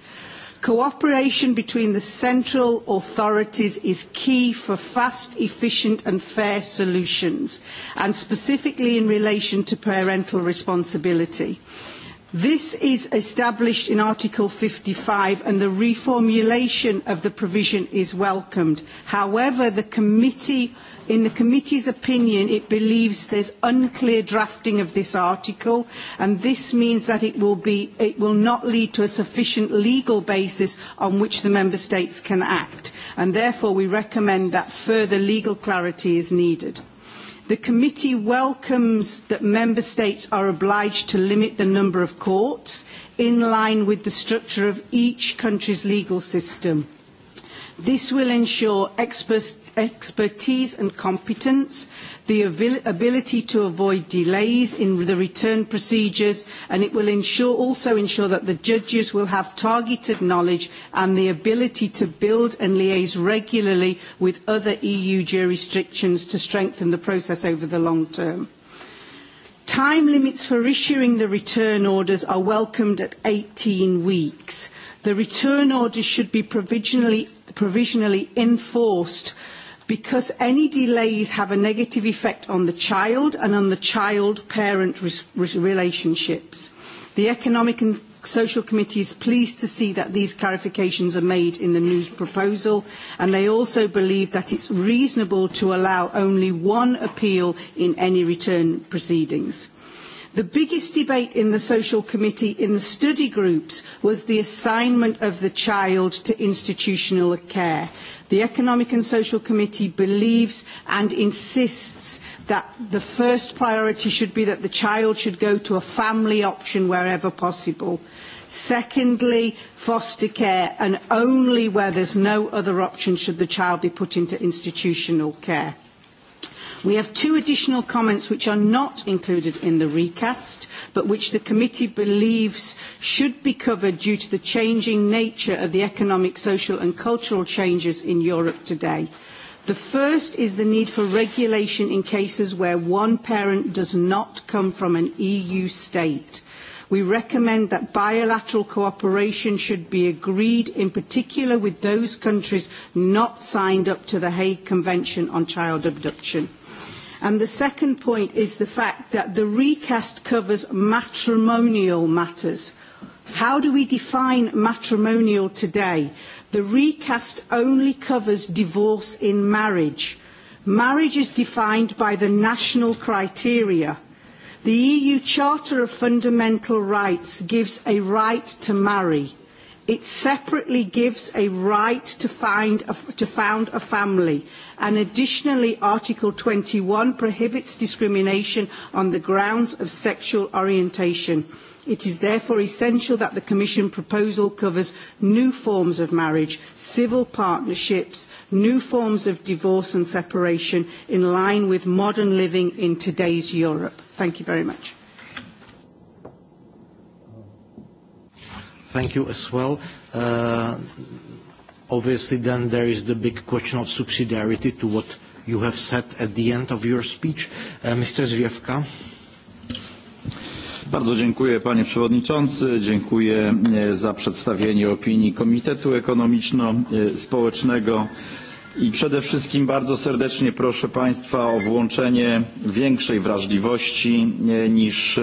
Cooperation between the central authorities is key for fast, efficient and fair solutions, and specifically in relation to parental responsibility. This is established in Article 55 and the reformulation of the provision is welcomed. However, the committee In the committee's opinion, it believes there's unclear drafting of this article, and this means that it will, be, it will not lead to a sufficient legal basis on which the member states can act. And therefore, we recommend that further legal clarity is needed. The committee welcomes that member states are obliged to limit the number of courts in line with the structure of each country's legal system. This will ensure expert, expertise and competence, the ability to avoid delays in the return procedures, and it will ensure, also ensure that the judges will have targeted knowledge and the ability to build and liaise regularly with other EU jurisdictions to strengthen the process over the long term. Time limits for issuing the return orders are welcomed at 18 weeks. The return orders should be provisionally provisionally enforced because any delays have a negative effect on the child and on the child-parent relationships. The Economic and Social Committee is pleased to see that these clarifications are made in the new proposal and they also believe that it's reasonable to allow only one appeal in any return proceedings. The biggest debate in the Social Committee in the study groups was the assignment of the child to institutional care. The Economic and Social Committee believes and insists that the first priority should be that the child should go to a family option wherever possible. Secondly, foster care, and only where there's no other option should the child be put into institutional care. We have two additional comments which are not included in the recast, but which the committee believes should be covered due to the changing nature of the economic, social and cultural changes in Europe today. The first is the need for regulation in cases where one parent does not come from an EU state. We recommend that bilateral cooperation should be agreed in particular with those countries not signed up to the Hague Convention on Child Abduction. And the second point is the fact that the recast covers matrimonial matters. How do we define matrimonial today? The recast only covers divorce in marriage. Marriage is defined by the national criteria. The EU Charter of Fundamental Rights gives a right to marry. It separately gives a right to, find a, to found a family. And additionally, Article 21 prohibits discrimination on the grounds of sexual orientation. It is therefore essential that the Commission proposal covers new forms of marriage, civil partnerships, new forms of divorce and separation in line with modern living in today's Europe. Thank you very much. thank you as well. Uh, obviously, then there is the big question of subsidiarity to what you have said at the end of your speech. Uh, Mr. Zwiewka. Bardzo dziękuję panie przewodniczący, dziękuję za przedstawienie opinii Komitetu Ekonomiczno-Społecznego i przede wszystkim bardzo serdecznie proszę państwa o włączenie większej wrażliwości niż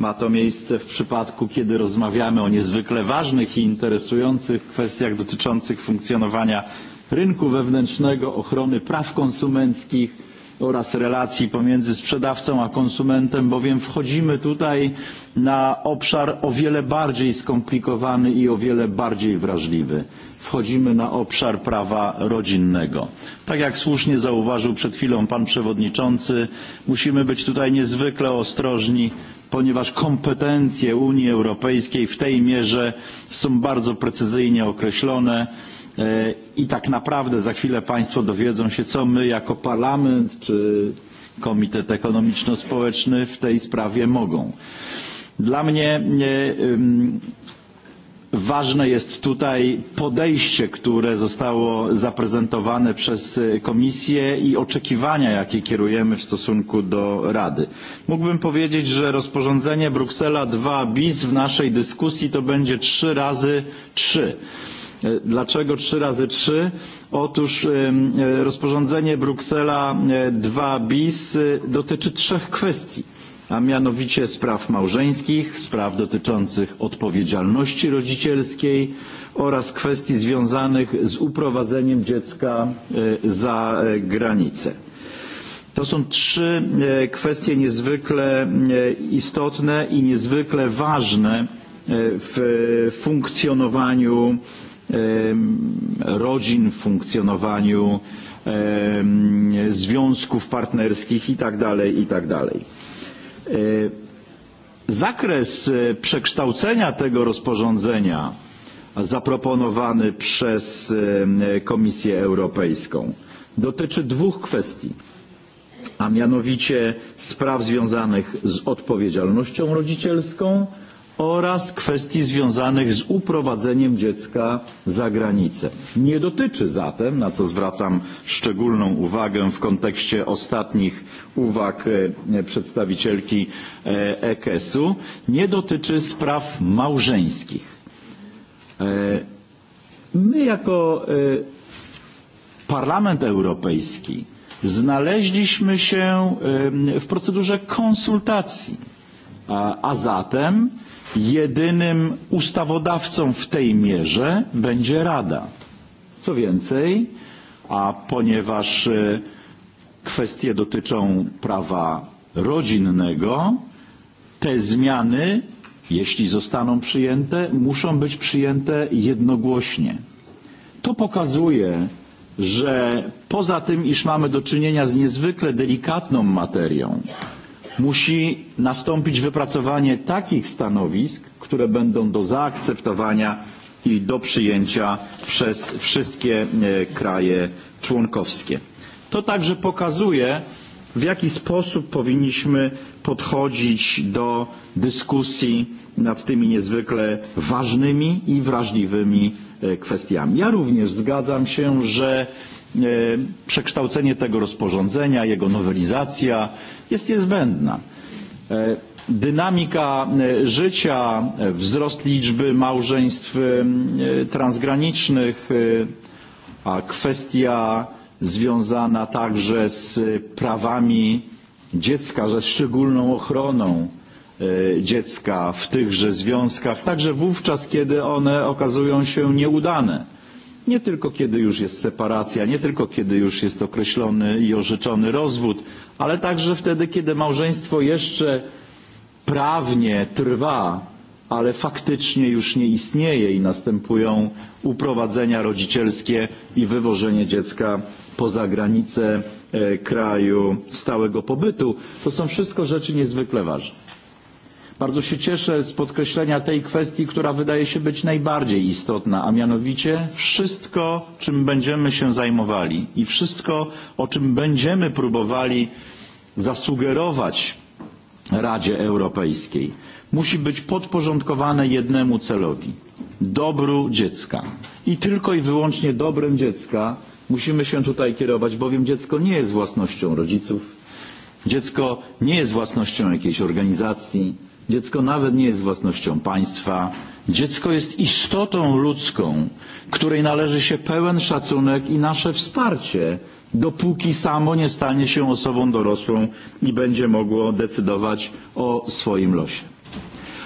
Ma to miejsce w przypadku, kiedy rozmawiamy o niezwykle ważnych i interesujących kwestiach dotyczących funkcjonowania rynku wewnętrznego, ochrony praw konsumenckich oraz relacji pomiędzy sprzedawcą a konsumentem, bowiem wchodzimy tutaj na obszar o wiele bardziej skomplikowany i o wiele bardziej wrażliwy wchodzimy na obszar prawa rodzinnego. Tak jak słusznie zauważył przed chwilą pan przewodniczący, musimy być tutaj niezwykle ostrożni ponieważ kompetencje Unii Europejskiej w tej mierze są bardzo precyzyjnie określone i tak naprawdę za chwilę Państwo dowiedzą się, co my jako Parlament czy Komitet Ekonomiczno-Społeczny w tej sprawie mogą. Dla mnie Ważne jest tutaj podejście, które zostało zaprezentowane przez Komisję i oczekiwania, jakie kierujemy w stosunku do Rady. Mógłbym powiedzieć, że rozporządzenie Bruksela 2 bis w naszej dyskusji to będzie 3 razy 3. Dlaczego 3 razy 3? Otóż rozporządzenie Bruksela 2 bis dotyczy trzech kwestii a mianowicie spraw małżeńskich, spraw dotyczących odpowiedzialności rodzicielskiej oraz kwestii związanych z uprowadzeniem dziecka za granicę. To są trzy kwestie niezwykle istotne i niezwykle ważne w funkcjonowaniu rodzin, funkcjonowaniu związków partnerskich itd. itd. Zakres przekształcenia tego rozporządzenia zaproponowany przez Komisję Europejską dotyczy dwóch kwestii, a mianowicie spraw związanych z odpowiedzialnością rodzicielską oraz kwestii związanych z uprowadzeniem dziecka za granicę. Nie dotyczy zatem, na co zwracam szczególną uwagę w kontekście ostatnich uwag przedstawicielki EKS-u, nie dotyczy spraw małżeńskich. My jako Parlament Europejski znaleźliśmy się w procedurze konsultacji, a zatem Jedynym ustawodawcą w tej mierze będzie Rada. Co więcej, a ponieważ kwestie dotyczą prawa rodzinnego, te zmiany, jeśli zostaną przyjęte, muszą być przyjęte jednogłośnie. To pokazuje, że poza tym, iż mamy do czynienia z niezwykle delikatną materią, musi nastąpić wypracowanie takich stanowisk, które będą do zaakceptowania i do przyjęcia przez wszystkie kraje członkowskie. To także pokazuje, w jaki sposób powinniśmy podchodzić do dyskusji nad tymi niezwykle ważnymi i wrażliwymi kwestiami. Ja również zgadzam się, że przekształcenie tego rozporządzenia, jego nowelizacja jest niezbędna. Dynamika życia, wzrost liczby małżeństw transgranicznych, a kwestia związana także z prawami dziecka, ze szczególną ochroną dziecka w tychże związkach, także wówczas, kiedy one okazują się nieudane nie tylko kiedy już jest separacja, nie tylko kiedy już jest określony i orzeczony rozwód, ale także wtedy, kiedy małżeństwo jeszcze prawnie trwa, ale faktycznie już nie istnieje i następują uprowadzenia rodzicielskie i wywożenie dziecka poza granice kraju stałego pobytu. To są wszystko rzeczy niezwykle ważne. Bardzo się cieszę z podkreślenia tej kwestii, która wydaje się być najbardziej istotna, a mianowicie wszystko, czym będziemy się zajmowali i wszystko, o czym będziemy próbowali zasugerować Radzie Europejskiej, musi być podporządkowane jednemu celowi dobru dziecka. I tylko i wyłącznie dobrem dziecka musimy się tutaj kierować, bowiem dziecko nie jest własnością rodziców, dziecko nie jest własnością jakiejś organizacji, Dziecko nawet nie jest własnością państwa. Dziecko jest istotą ludzką, której należy się pełen szacunek i nasze wsparcie, dopóki samo nie stanie się osobą dorosłą i będzie mogło decydować o swoim losie.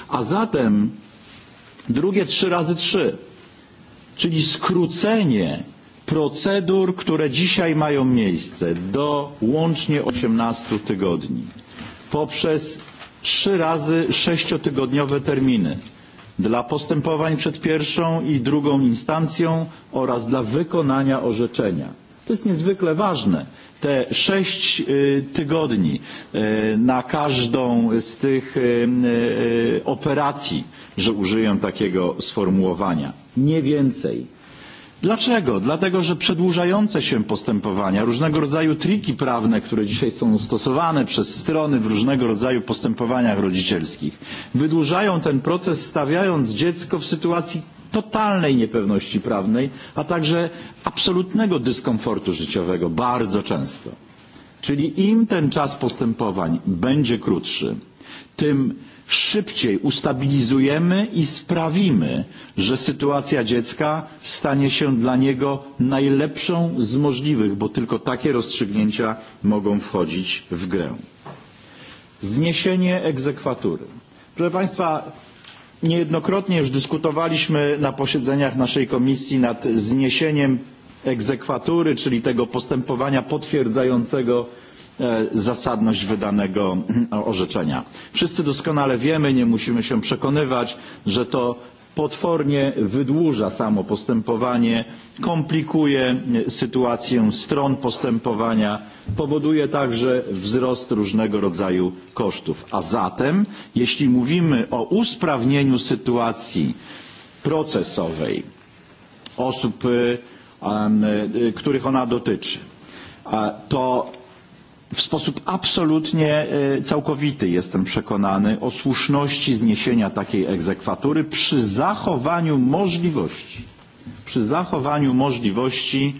A zatem drugie trzy razy trzy, czyli skrócenie procedur, które dzisiaj mają miejsce do łącznie 18 tygodni poprzez trzy razy sześciotygodniowe terminy dla postępowań przed pierwszą i drugą instancją oraz dla wykonania orzeczenia. To jest niezwykle ważne. Te sześć tygodni na każdą z tych operacji, że użyję takiego sformułowania, nie więcej Dlaczego? Dlatego, że przedłużające się postępowania, różnego rodzaju triki prawne, które dzisiaj są stosowane przez strony w różnego rodzaju postępowaniach rodzicielskich, wydłużają ten proces, stawiając dziecko w sytuacji totalnej niepewności prawnej, a także absolutnego dyskomfortu życiowego bardzo często. Czyli im ten czas postępowań będzie krótszy, tym szybciej ustabilizujemy i sprawimy, że sytuacja dziecka stanie się dla niego najlepszą z możliwych, bo tylko takie rozstrzygnięcia mogą wchodzić w grę. Zniesienie egzekwatury. Proszę Państwa, niejednokrotnie już dyskutowaliśmy na posiedzeniach naszej komisji nad zniesieniem egzekwatury, czyli tego postępowania potwierdzającego zasadność wydanego orzeczenia. Wszyscy doskonale wiemy, nie musimy się przekonywać, że to potwornie wydłuża samo postępowanie, komplikuje sytuację stron postępowania, powoduje także wzrost różnego rodzaju kosztów. A zatem, jeśli mówimy o usprawnieniu sytuacji procesowej osób, których ona dotyczy, to w sposób absolutnie całkowity jestem przekonany o słuszności zniesienia takiej egzekwatury przy zachowaniu możliwości, przy zachowaniu możliwości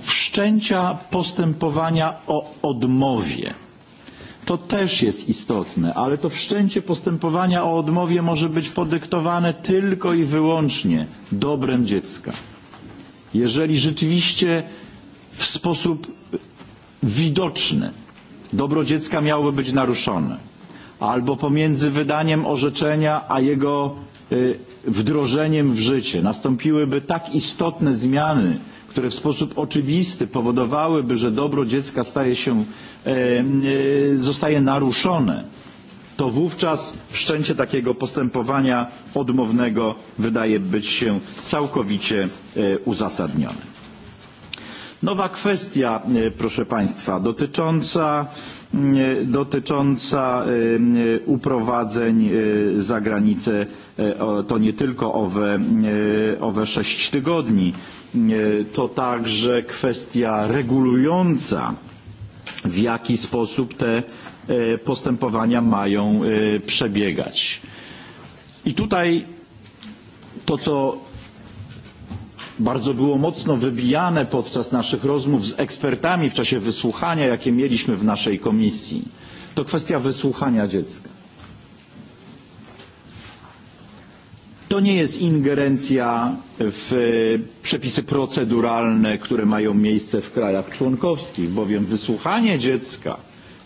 wszczęcia postępowania o odmowie. To też jest istotne, ale to wszczęcie postępowania o odmowie może być podyktowane tylko i wyłącznie dobrem dziecka. Jeżeli rzeczywiście w sposób widoczny, dobro dziecka miałoby być naruszone, albo pomiędzy wydaniem orzeczenia a jego wdrożeniem w życie nastąpiłyby tak istotne zmiany, które w sposób oczywisty powodowałyby, że dobro dziecka staje się, zostaje naruszone, to wówczas wszczęcie takiego postępowania odmownego wydaje być się całkowicie uzasadnione. Nowa kwestia, proszę Państwa, dotycząca, dotycząca uprowadzeń za granicę to nie tylko owe, owe sześć tygodni, to także kwestia regulująca, w jaki sposób te postępowania mają przebiegać. I tutaj to, co bardzo było mocno wybijane podczas naszych rozmów z ekspertami w czasie wysłuchania, jakie mieliśmy w naszej komisji, to kwestia wysłuchania dziecka. To nie jest ingerencja w przepisy proceduralne, które mają miejsce w krajach członkowskich, bowiem wysłuchanie dziecka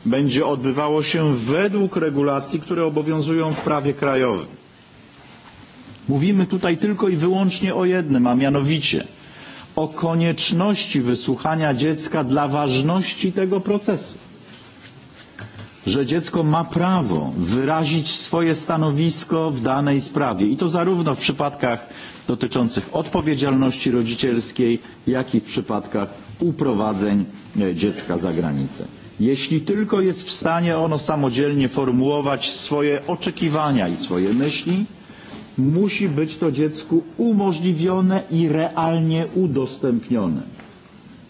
będzie odbywało się według regulacji, które obowiązują w prawie krajowym. Mówimy tutaj tylko i wyłącznie o jednym, a mianowicie o konieczności wysłuchania dziecka dla ważności tego procesu. Że dziecko ma prawo wyrazić swoje stanowisko w danej sprawie i to zarówno w przypadkach dotyczących odpowiedzialności rodzicielskiej, jak i w przypadkach uprowadzeń dziecka za granicę. Jeśli tylko jest w stanie ono samodzielnie formułować swoje oczekiwania i swoje myśli, musi być to dziecku umożliwione i realnie udostępnione.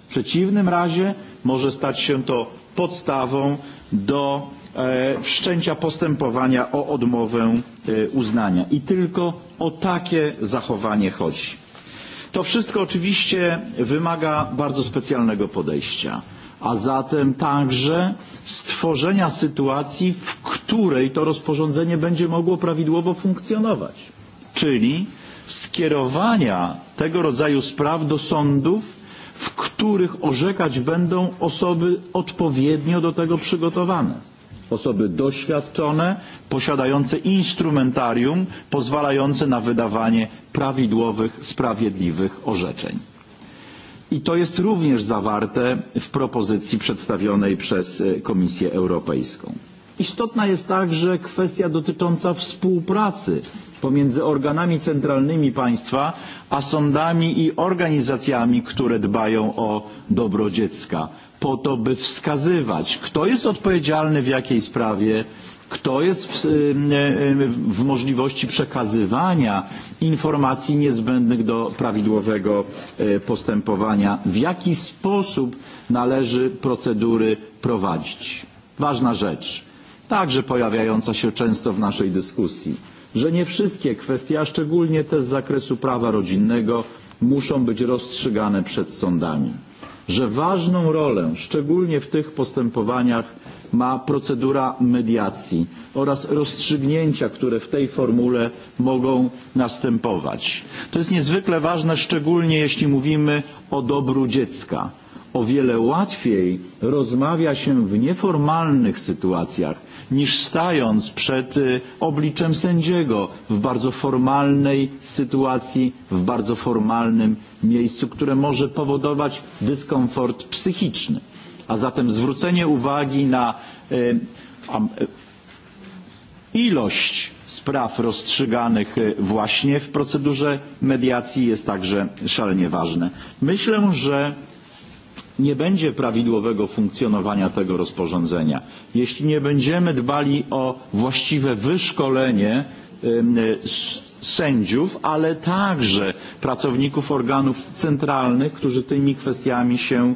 W przeciwnym razie może stać się to podstawą do e, wszczęcia postępowania o odmowę e, uznania. I tylko o takie zachowanie chodzi. To wszystko oczywiście wymaga bardzo specjalnego podejścia, a zatem także stworzenia sytuacji, w której to rozporządzenie będzie mogło prawidłowo funkcjonować czyli skierowania tego rodzaju spraw do sądów, w których orzekać będą osoby odpowiednio do tego przygotowane. Osoby doświadczone, posiadające instrumentarium pozwalające na wydawanie prawidłowych, sprawiedliwych orzeczeń. I to jest również zawarte w propozycji przedstawionej przez Komisję Europejską. Istotna jest także kwestia dotycząca współpracy pomiędzy organami centralnymi państwa a sądami i organizacjami, które dbają o dobro dziecka, po to, by wskazywać, kto jest odpowiedzialny w jakiej sprawie, kto jest w, w możliwości przekazywania informacji niezbędnych do prawidłowego postępowania, w jaki sposób należy procedury prowadzić. Ważna rzecz, także pojawiająca się często w naszej dyskusji że nie wszystkie kwestie, a szczególnie te z zakresu prawa rodzinnego, muszą być rozstrzygane przed sądami, że ważną rolę, szczególnie w tych postępowaniach, ma procedura mediacji oraz rozstrzygnięcia, które w tej formule mogą następować. To jest niezwykle ważne, szczególnie jeśli mówimy o dobru dziecka. O wiele łatwiej rozmawia się w nieformalnych sytuacjach niż stając przed obliczem sędziego w bardzo formalnej sytuacji, w bardzo formalnym miejscu, które może powodować dyskomfort psychiczny. A zatem zwrócenie uwagi na ilość spraw rozstrzyganych właśnie w procedurze mediacji jest także szalenie ważne. Myślę, że nie będzie prawidłowego funkcjonowania tego rozporządzenia, jeśli nie będziemy dbali o właściwe wyszkolenie sędziów, ale także pracowników organów centralnych, którzy tymi kwestiami się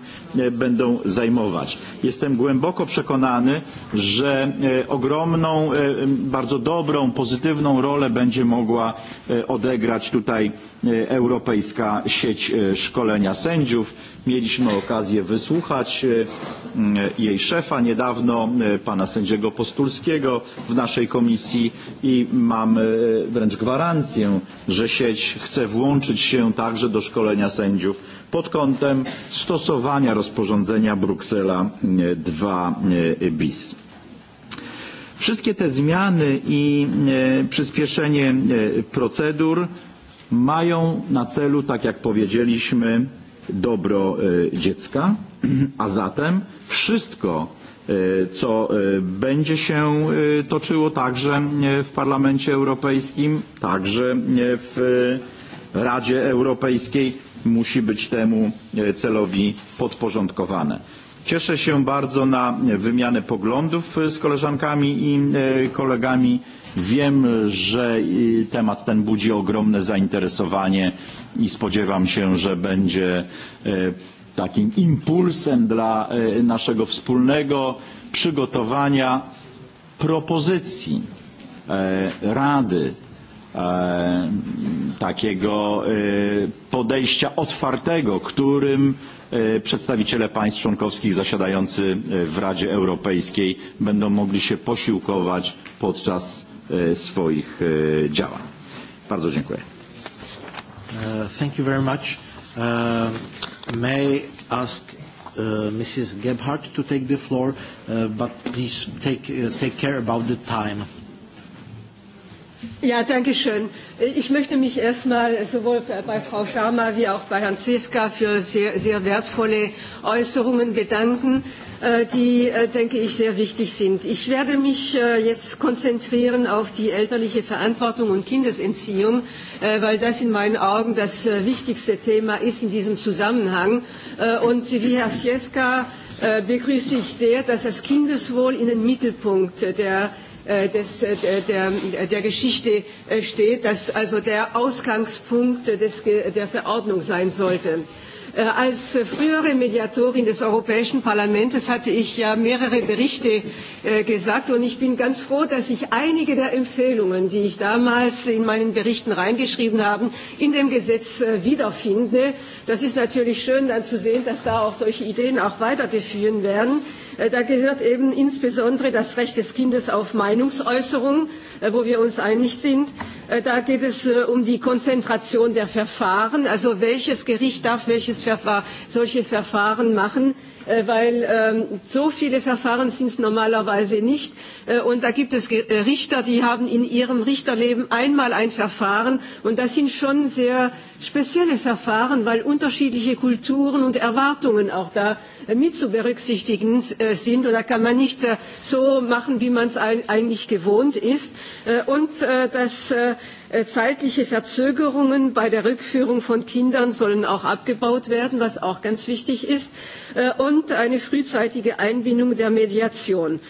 będą zajmować. Jestem głęboko przekonany, że ogromną, bardzo dobrą, pozytywną rolę będzie mogła odegrać tutaj Europejska Sieć Szkolenia Sędziów. Mieliśmy okazję wysłuchać jej szefa niedawno, pana sędziego Postulskiego w naszej komisji i mam wręcz gwarancję, że sieć chce włączyć się także do szkolenia sędziów pod kątem stosowania rozporządzenia Bruksela 2 bis. Wszystkie te zmiany i przyspieszenie procedur mają na celu, tak jak powiedzieliśmy, dobro dziecka, a zatem wszystko, co będzie się toczyło także w Parlamencie Europejskim, także w Radzie Europejskiej, musi być temu celowi podporządkowane. Cieszę się bardzo na wymianę poglądów z koleżankami i kolegami Wiem, że temat ten budzi ogromne zainteresowanie i spodziewam się, że będzie takim impulsem dla naszego wspólnego przygotowania propozycji Rady takiego podejścia otwartego, którym przedstawiciele państw członkowskich zasiadający w Radzie Europejskiej będą mogli się posiłkować podczas swoich działań. Bardzo dziękuję. Uh, thank you very much. Uh, may ask uh, Mrs. Gebhardt to take the floor, uh, but please take, uh, take care about the time. Ja, danke schön. Ich möchte mich erstmal sowohl bei Frau Schama wie auch bei Herrn Zwiefka für sehr, sehr wertvolle Äußerungen bedanken, äh, die, äh, denke ich, sehr wichtig sind. Ich werde mich äh, jetzt konzentrieren auf die elterliche Verantwortung und Kindesentziehung, weil das in meinen Augen das wichtigste Thema ist in diesem Zusammenhang. Und wie Herr Zwiefka begrüße ich sehr, dass das Kindeswohl in den Mittelpunkt der Äh, des, äh, der, der Geschichte äh, steht, dass also der Ausgangspunkt des, der Verordnung sein sollte. Als frühere Mediatorin des Europäischen Parlaments hatte ich ja mehrere Berichte gesagt und ich bin ganz froh, dass ich einige der Empfehlungen, die ich damals in meinen Berichten reingeschrieben habe, in dem Gesetz wiederfinde. Das ist natürlich schön dann zu sehen, dass da auch solche Ideen auch weitergeführt werden. Äh, da gehört eben insbesondere das Recht des Kindes auf Meinungsäußerung, äh, wo wir uns einig sind. Äh, da geht es um die Konzentration der Verfahren, also welches Gericht darf welches Verfahren, solche Verfahren machen weil ähm, so viele Verfahren sind es normalerweise nicht. und da gibt es Richter, die haben in ihrem Richterleben einmal ein Verfahren und das sind schon sehr spezielle Verfahren, weil unterschiedliche Kulturen und Erwartungen auch da äh, mit zu berücksichtigen äh, sind. Oder kann man nicht äh, so machen, wie man es eigentlich gewohnt ist. Und dass zeitliche Verzögerungen bei der Rückführung von Kindern sollen auch abgebaut werden, was auch ganz wichtig ist. Und eine frühzeitige Einbindung der Mediation.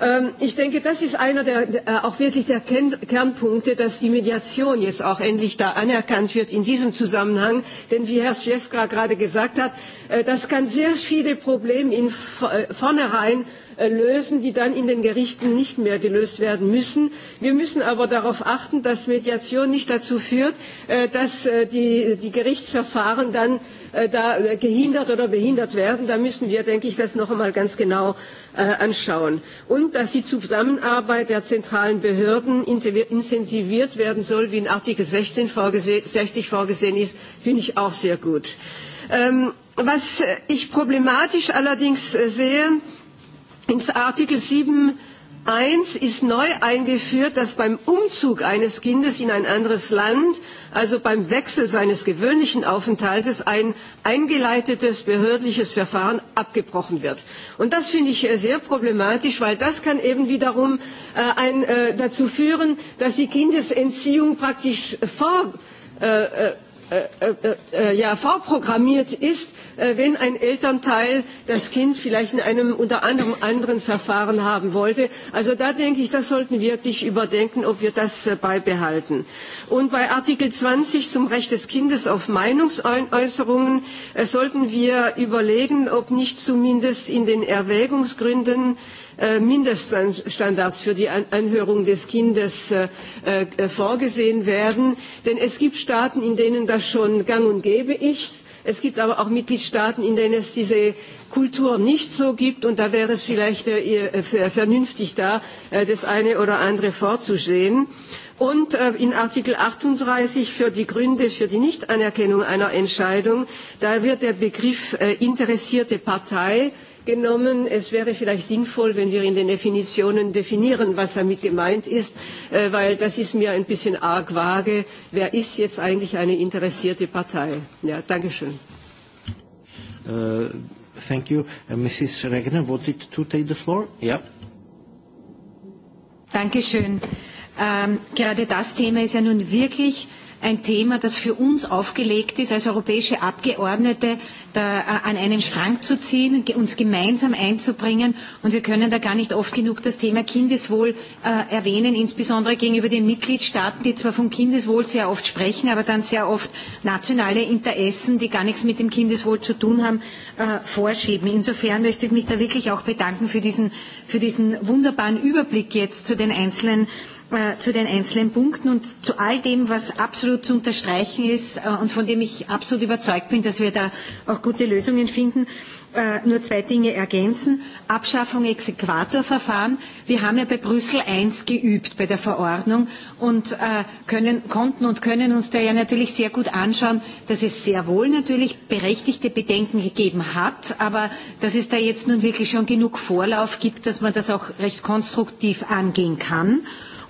Ähm, ich denke, das ist einer der äh, auch wirklich der Kernpunkte, dass die Mediation jetzt auch endlich da anerkannt wird in diesem Zusammenhang. Denn wie Herr Schäfka gerade gesagt hat, äh, das kann sehr viele Probleme in äh, vornherein Äh, lösen, die dann in den Gerichten nicht mehr gelöst werden müssen. Wir müssen aber darauf achten, dass Mediation nicht dazu führt, äh, dass äh, die, die Gerichtsverfahren dann da gehindert oder behindert werden. Da müssen wir, denke ich, das noch einmal ganz genau anschauen. Und dass die Zusammenarbeit der zentralen Behörden intensiviert werden soll, wie in Artikel 16 vorgese 60 vorgesehen ist, finde ich auch sehr gut. Ähm, was ich problematisch allerdings sehe, In Artikel 7 1 ist neu eingeführt, dass beim Umzug eines Kindes in ein anderes Land, also beim Wechsel seines gewöhnlichen Aufenthaltes, ein eingeleitetes behördliches Verfahren abgebrochen wird. Und das finde ich äh, sehr problematisch, weil das kann eben wiederum äh, ein, äh, dazu führen, dass die Kindesentziehung praktisch vor äh, äh Äh, äh, äh, ja, vorprogrammiert ist, wenn ein Elternteil das Kind vielleicht in einem unter anderem anderen Verfahren haben wollte. Also da denke ich, das sollten wir wirklich überdenken, ob wir das beibehalten. Und bei Artikel 20 zum Recht des Kindes auf Meinungsäußerungen sollten wir überlegen, ob nicht zumindest in den Erwägungsgründen äh, Äh, Mindeststandards für die Anhörung des Kindes äh, äh, vorgesehen werden. Denn es gibt Staaten, in denen das schon gang und gäbe ist. Es gibt aber auch Mitgliedstaaten, in denen es diese Kultur nicht so gibt. Und da wäre es vielleicht vernünftig, da das eine oder andere vorzusehen. Und in Artikel 38 für die Gründe für die Nichtanerkennung einer Entscheidung, da wird der Begriff interessierte Partei genommen. Es wäre vielleicht sinnvoll, wenn wir in den Definitionen definieren, was damit gemeint ist, äh, weil das ist mir ein bisschen arg vage. Wer ist jetzt eigentlich eine interessierte Partei? Ja, danke schön. Uh, äh, thank you. Uh, Mrs. Regner wanted to take the floor. Yeah. Danke schön. Ähm, gerade das Thema ist ja nun wirklich ein Thema, das für uns aufgelegt ist, als europäische Abgeordnete da, äh, an einem Strang zu ziehen, uns gemeinsam einzubringen. Und wir können da gar nicht oft genug das Thema Kindeswohl äh, erwähnen, insbesondere gegenüber den Mitgliedstaaten, die zwar vom Kindeswohl sehr oft sprechen, aber dann sehr oft nationale Interessen, die gar nichts mit dem Kindeswohl zu tun haben, äh, vorschieben. Insofern möchte ich mich da wirklich auch bedanken für diesen, für diesen wunderbaren Überblick jetzt zu den einzelnen äh, Äh, zu den einzelnen Punkten und zu all dem, was absolut zu unterstreichen ist äh, und von dem ich absolut überzeugt bin, dass wir da auch gute Lösungen finden. Äh, nur zwei Dinge ergänzen. Abschaffung Exequaturverfahren. Wir haben ja bei Brüssel I geübt bei der Verordnung und können, konnten und können uns da ja natürlich sehr gut anschauen, dass es sehr wohl natürlich berechtigte Bedenken gegeben hat, aber dass es da jetzt nun wirklich schon genug Vorlauf gibt, dass man das auch recht konstruktiv angehen kann.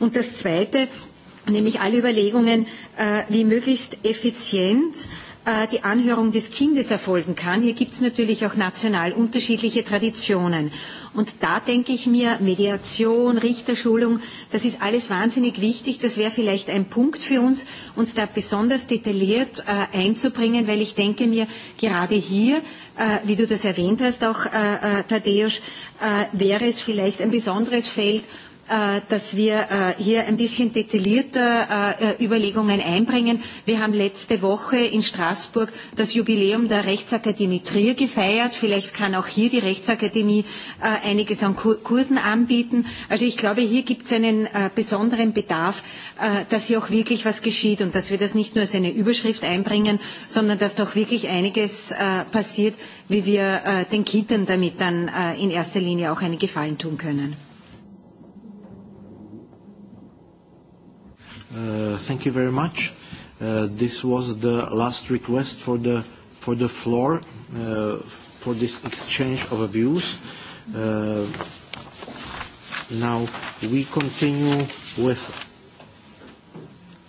Und das Zweite, nämlich alle Überlegungen, äh, wie möglichst effizient äh, die Anhörung des Kindes erfolgen kann. Hier gibt es natürlich auch national unterschiedliche Traditionen. Und da denke ich mir, Mediation, Richterschulung, das ist alles wahnsinnig wichtig. Das wäre vielleicht ein Punkt für uns, uns da besonders detailliert äh, einzubringen, weil ich denke mir, gerade hier, äh, wie du das erwähnt hast, auch äh, äh Tadeusz, äh, wäre es vielleicht ein besonderes Feld, Äh, dass wir äh, hier ein bisschen detaillierter äh, Überlegungen einbringen. Wir haben letzte Woche in Straßburg das Jubiläum der Rechtsakademie Trier gefeiert. Vielleicht kann auch hier die Rechtsakademie einiges an Kursen anbieten. Also ich glaube, hier gibt es einen besonderen Bedarf, dass hier auch wirklich was geschieht und dass wir das nicht nur als eine Überschrift einbringen, sondern dass doch wirklich einiges passiert, wie wir den Kindern damit dann in erster Linie auch einen Gefallen tun können. Uh, thank you very much. Uh, this was the last request for the, for the floor uh, for this exchange of views. Uh, now we continue with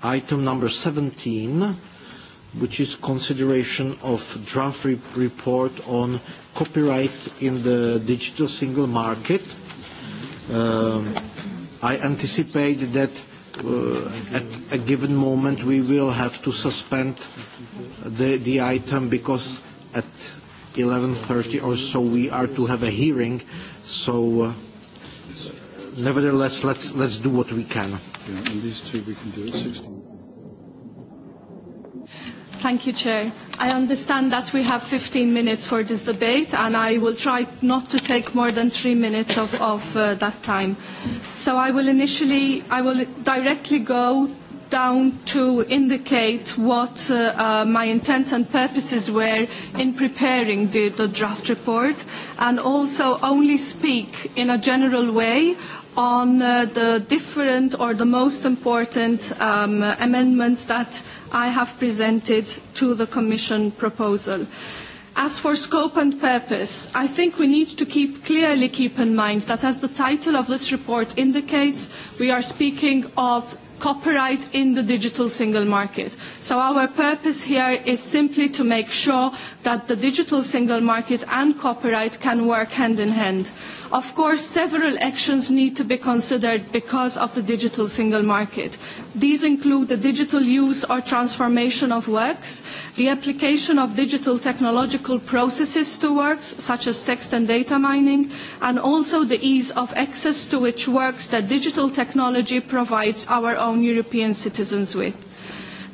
item number 17, which is consideration of draft re report on copyright in the digital single market. Uh, I anticipate that uh, at a given moment we will have to suspend the, the item because at 11.30 or so we are to have a hearing. So uh, nevertheless, let's, let's do what we can. Yeah, and these two we can do at 16. Thank you, Chair. I understand that we have 15 minutes for this debate, and I will try not to take more than three minutes of, of uh, that time. So I will initially, I will directly go down to indicate what uh, uh, my intents and purposes were in preparing the, the draft report, and also only speak in a general way on uh, the different or the most important um, amendments that I have presented to the Commission proposal. As for scope and purpose, I think we need to keep, clearly keep in mind that as the title of this report indicates, we are speaking of copyright in the digital single market. So our purpose here is simply to make sure that the digital single market and copyright can work hand in hand. Of course, several actions need to be considered because of the digital single market. These include the digital use or transformation of works, the application of digital technological processes to works, such as text and data mining, and also the ease of access to which works that digital technology provides our own European citizens with.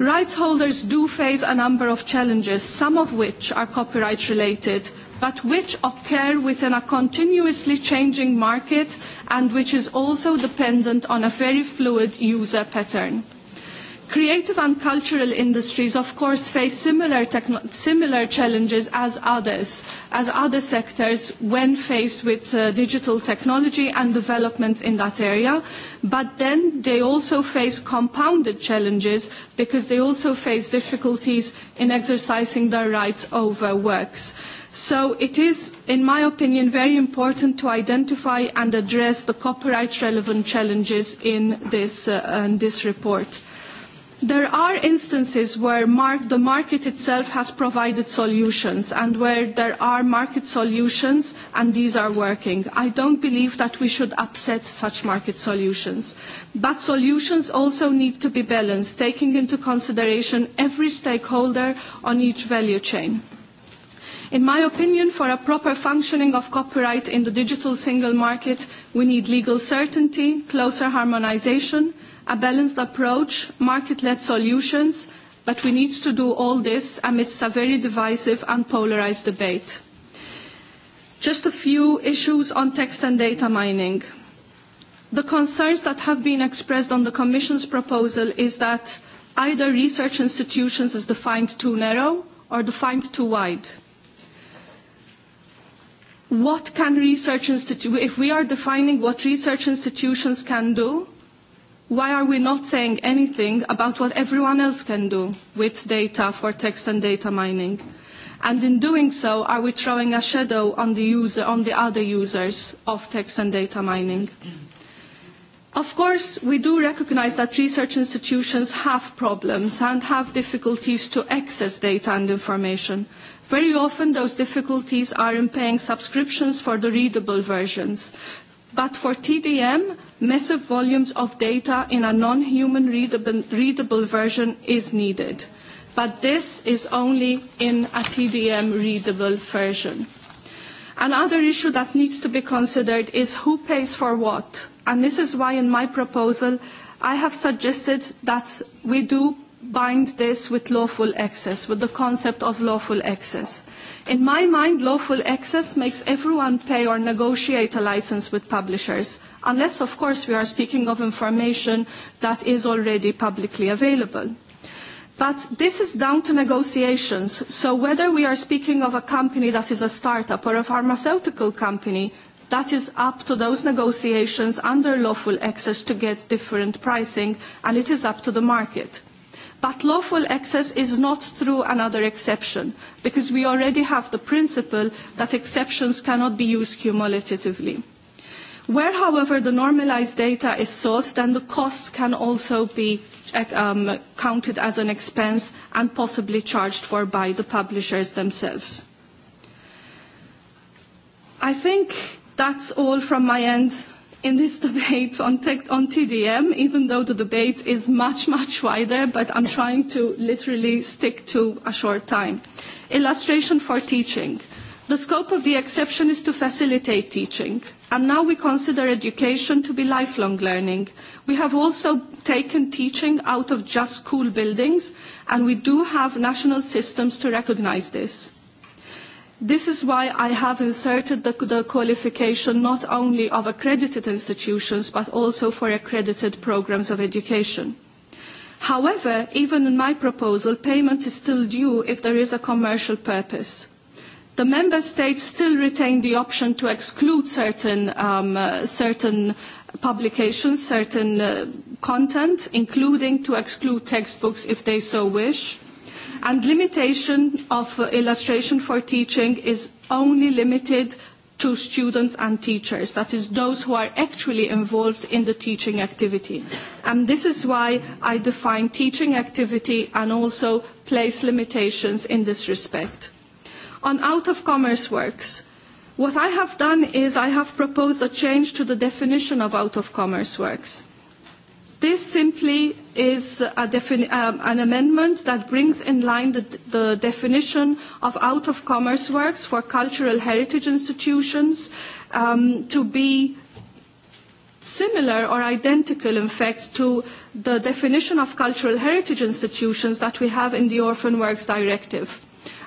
Rights holders do face a number of challenges, some of which are copyright related, but which occur within a continuously changing market and which is also dependent on a very fluid user pattern. Creative and cultural industries, of course, face similar, similar challenges as others, as other sectors when faced with uh, digital technology and developments in that area. But then they also face compounded challenges because they also face difficulties in exercising their rights over works. So it is, in my opinion, very important to identify and address the copyright relevant challenges in this, uh, in this report. There are instances where the market itself has provided solutions and where there are market solutions and these are working. I don't believe that we should upset such market solutions. But solutions also need to be balanced, taking into consideration every stakeholder on each value chain. In my opinion, for a proper functioning of copyright in the digital single market, we need legal certainty, closer harmonisation, a balanced approach, market-led solutions, but we need to do all this amidst a very divisive and polarised debate. Just a few issues on text and data mining. The concerns that have been expressed on the Commission's proposal is that either research institutions is defined too narrow or defined too wide. What can research institu if we are defining what research institutions can do, why are we not saying anything about what everyone else can do with data for text and data mining? And in doing so, are we throwing a shadow on the, user, on the other users of text and data mining? Of course, we do recognise that research institutions have problems and have difficulties to access data and information. Very often those difficulties are in paying subscriptions for the readable versions. But for TDM, massive volumes of data in a non-human readable, readable version is needed. But this is only in a TDM readable version. Another issue that needs to be considered is who pays for what. And this is why in my proposal I have suggested that we do bind this with lawful access, with the concept of lawful access. In my mind, lawful access makes everyone pay or negotiate a licence with publishers unless, of course, we are speaking of information that is already publicly available. But this is down to negotiations. So whether we are speaking of a company that is a startup or a pharmaceutical company, that is up to those negotiations under lawful access to get different pricing, and it is up to the market. But lawful access is not through another exception, because we already have the principle that exceptions cannot be used cumulatively. Where, however, the normalised data is sought, then the costs can also be eh, um, counted as an expense and possibly charged for by the publishers themselves. I think that's all from my end in this debate on, tech, on TDM, even though the debate is much, much wider, but I'm trying to literally stick to a short time. Illustration for teaching. The scope of the exception is to facilitate teaching. And now we consider education to be lifelong learning. We have also taken teaching out of just school buildings, and we do have national systems to recognise this. This is why I have inserted the, the, qualification not only of accredited institutions, but also for accredited programmes of education. However, even in my proposal, payment is still due if there is a commercial purpose the member states still retain the option to exclude certain, um, uh, certain publications, certain uh, content, including to exclude textbooks if they so wish. And limitation of uh, illustration for teaching is only limited to students and teachers, that is, those who are actually involved in the teaching activity. And this is why I define teaching activity and also place limitations in this respect. On out-of-commerce works, what I have done is I have proposed a change to the definition of out-of-commerce works. This simply is um, an amendment that brings in line the, the definition of out-of-commerce works for cultural heritage institutions um, to be similar or identical, in fact, to the definition of cultural heritage institutions that we have in the Orphan Works Directive.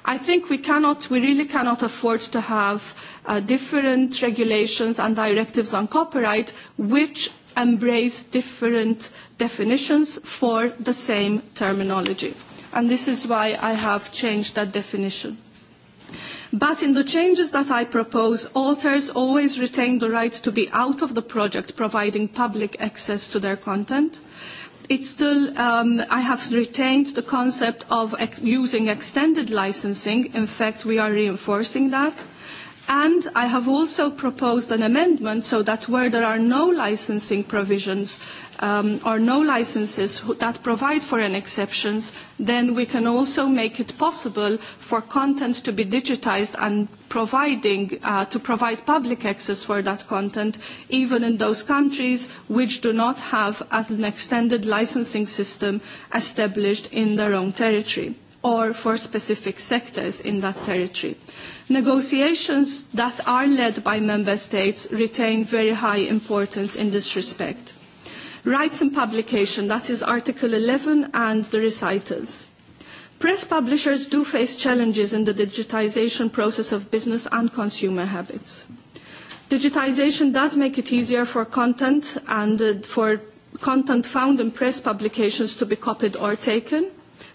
I think we cannot, we really cannot afford to have uh, different regulations and directives on copyright which embrace different definitions for the same terminology. And this is why I have changed that definition. But in the changes that I propose, authors always retain the right to be out of the project, providing public access to their content it's still, um, I have retained the concept of ex using extended licensing. In fact, we are reinforcing that. And I have also proposed an amendment so that where there are no licensing provisions um, or no licenses that provide for an exceptions, then we can also make it possible for content to be digitized and providing, uh, to provide public access for that content, even in those countries which do not have an extended licensing system established in their own territory or for specific sectors in that territory. Negotiations that are led by member states retain very high importance in this respect. Rights and publication, that is Article 11 and the recitals. Press publishers do face challenges in the digitisation process of business and consumer habits. Digitisation does make it easier for content and uh, for content found in press publications to be copied or taken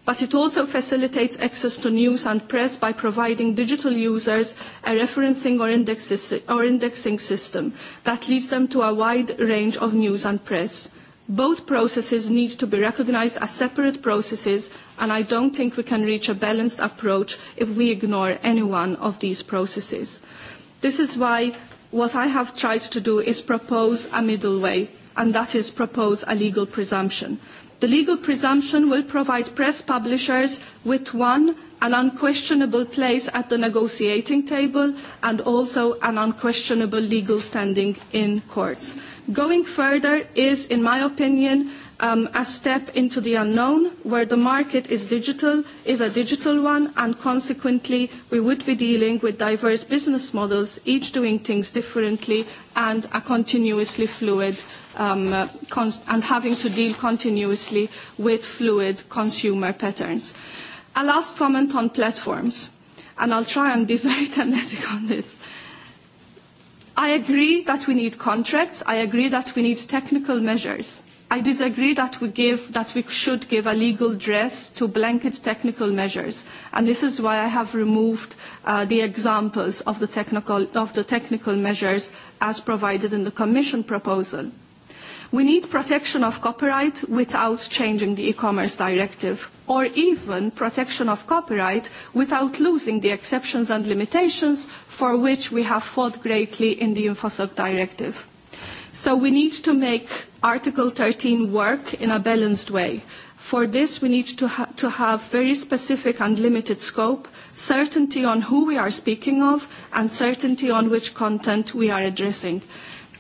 but it also facilitates access to news and press by providing digital users a referencing or, or indexing system that leads them to a wide range of news and press. Both processes need to be recognised as separate processes, and I don't think we can reach a balanced approach if we ignore any one of these processes. This is why what I have tried to do is propose a middle way, and that is propose a legal presumption. The legal presumption will provide press publishers with one, an unquestionable place at the negotiating table and also an unquestionable legal standing in courts. Going further is, in my opinion, um, a step into the unknown, where the market is digital, is a digital one, and consequently we would be dealing with diverse business models, each doing things differently, and a continuously fluid, um, uh, and having to deal continuously with fluid consumer patterns. A last comment on platforms, and I'll try and be very tenetic on this. I agree that we need contracts. I agree that we need technical measures I disagree that we, give, that we should give a legal dress to blanket technical measures, and this is why I have removed uh, the examples of the, technical, of the technical measures as provided in the Commission proposal. We need protection of copyright without changing the e-commerce directive, or even protection of copyright without losing the exceptions and limitations for which we have fought greatly in the InfoSoc directive. So we need to make Article 13 work in a balanced way. For this, we need to, ha to have very specific and limited scope, certainty on who we are speaking of, and certainty on which content we are addressing.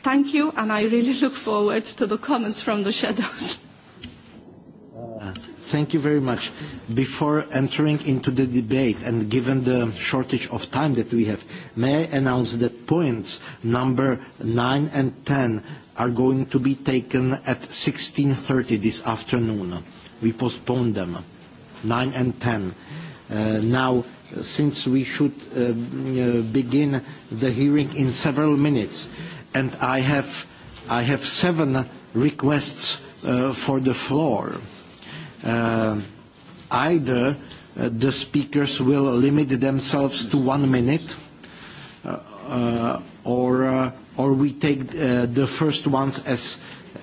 Thank you, and I really look forward to the comments from the shadows. Thank you very much. Before entering into the debate and given the shortage of time that we have, may I announce that points number 9 and 10 are going to be taken at 16.30 this afternoon. We postponed them, 9 and 10. Uh, now, since we should uh, uh, begin the hearing in several minutes, and I have, I have seven requests uh, for the floor. Uh, either uh, the speakers will limit themselves to one minute uh, uh or uh, or we take uh, the first ones as,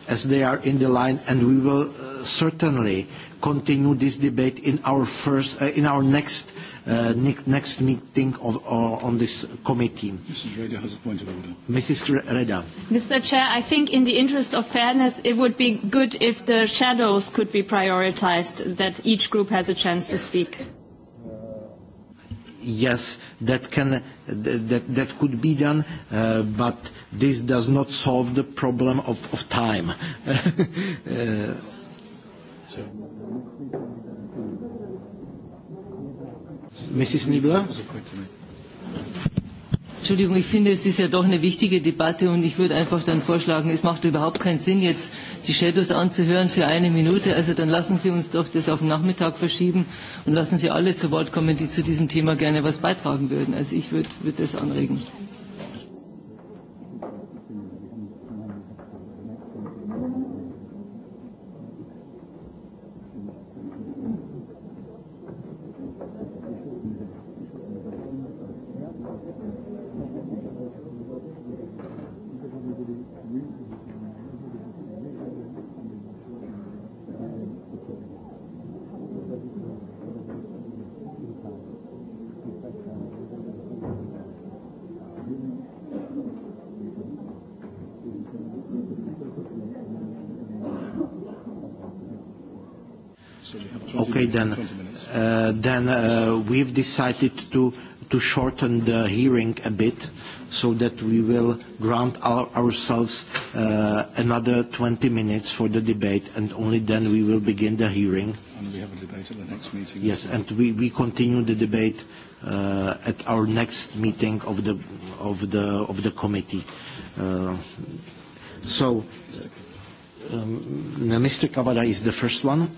as they are in the line, and we will uh, certainly continue this debate in our first, uh, in our next, uh, next, next meeting of, uh, on this committee. Mrs. Reda has a point of order. Mrs. Reda. Mr. Chair, I think in the interest of fairness, it would be good if the shadows could be prioritized, that each group has a chance to speak yes, that, can, that, that could be done, uh, but this does not solve the problem of, of time. uh, Mrs. Niebler? Entschuldigung, ich finde, es ist ja doch eine wichtige Debatte und ich würde einfach dann vorschlagen, es macht überhaupt keinen Sinn, jetzt die Shadows anzuhören für eine Minute. Also dann lassen Sie uns doch das auf den Nachmittag verschieben und lassen Sie alle zu Wort kommen, die zu diesem Thema gerne was beitragen würden. Also ich würde würde das anregen. then, uh, then uh, we've decided to, to shorten the hearing a bit so that we will grant our, ourselves uh, another 20 minutes for the debate and only then we will begin the hearing. And we have a debate at the next meeting. Yes, and we, we continue the debate uh, at our next meeting of the, of the, of the committee. Uh, so, um, Mr. Kavada is the first one.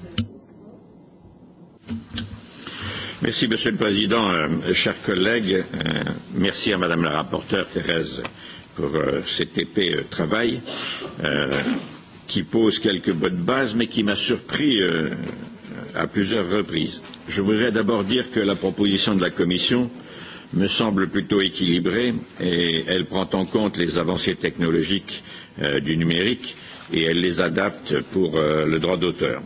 Merci, Monsieur le Président. Euh, chers collègues, euh, merci à Madame la rapporteure Thérèse pour euh, cet épais euh, travail euh, qui pose quelques bonnes bases, mais qui m'a surpris euh, à plusieurs reprises. Je voudrais d'abord dire que la proposition de la Commission me semble plutôt équilibrée et elle prend en compte les avancées technologiques euh, du numérique et elle les adapte pour euh, le droit d'auteur.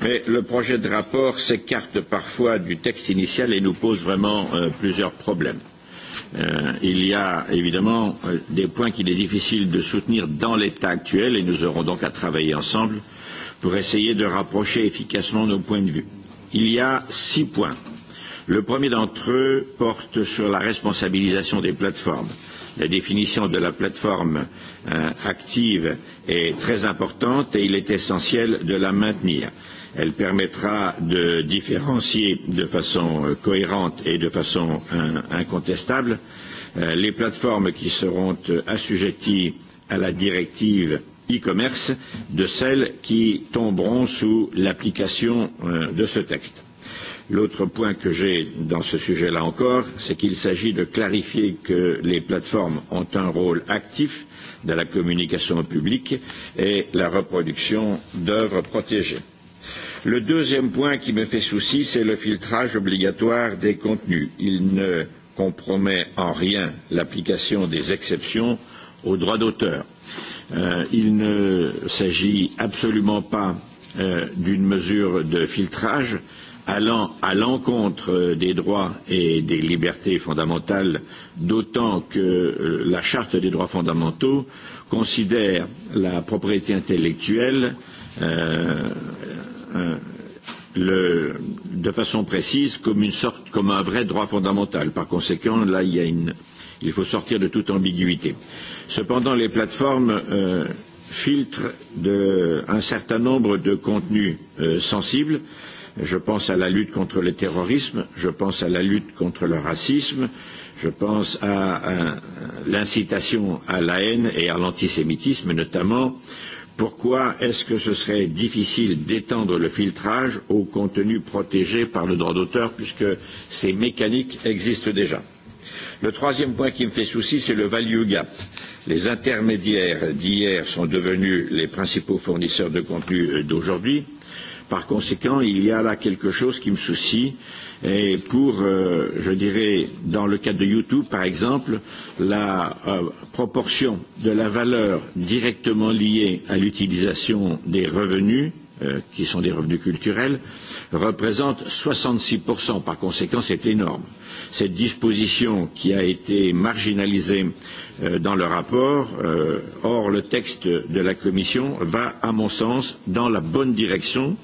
Mais le projet de rapport s'écarte parfois du texte initial et nous pose vraiment euh, plusieurs problèmes. Euh, il y a évidemment euh, des points qu'il est difficile de soutenir dans l'état actuel et nous aurons donc à travailler ensemble pour essayer de rapprocher efficacement nos points de vue. Il y a six points. Le premier d'entre eux porte sur la responsabilisation des plateformes. La définition de la plateforme euh, active est très importante et il est essentiel de la maintenir. Elle permettra de différencier de façon euh, cohérente et de façon euh, incontestable euh, les plateformes qui seront assujetties à la directive e-commerce de celles qui tomberont sous l'application de ce texte. L'autre point que j'ai dans ce sujet-là encore, c'est qu'il s'agit de clarifier que les plateformes ont un rôle actif dans la communication au public et la reproduction d'œuvres protégées. Le deuxième point qui me fait souci, c'est le filtrage obligatoire des contenus. Il ne compromet en rien l'application des exceptions aux droits d'auteur. Euh, il ne s'agit absolument pas euh, d'une mesure de filtrage allant à l'encontre euh, des droits et des libertés fondamentales, d'autant que euh, la Charte des droits fondamentaux considère la propriété intellectuelle euh, euh, le, de façon précise comme une sorte, comme un vrai droit fondamental. Par conséquent, là, il, y a une, il faut sortir de toute ambiguïté. Cependant, les plateformes euh, filtrent de, un certain nombre de contenus euh, sensibles. Je pense à la lutte contre le terrorisme, je pense à la lutte contre le racisme, je pense à, à, l'incitation à la haine et à l'antisémitisme notamment. Pourquoi est-ce que ce serait difficile d'étendre le filtrage aux contenus protégés par le droit d'auteur puisque ces mécaniques existent déjà Le troisième point qui me fait souci, c'est le value gap. Les intermédiaires d'hier sont devenus les principaux fournisseurs de contenu d'aujourd'hui Par conséquent, il y a là quelque chose qui me soucie et pour, euh, je dirais, dans le cas de YouTube par exemple, la euh, proportion de la valeur directement liée à l'utilisation des revenus Euh, qui sont des revenus culturels, représente 66%. Par conséquent, c'est énorme. Cette disposition qui a été marginalisée euh, dans le rapport, euh, or le texte de la Commission va, à mon sens, dans la bonne direction.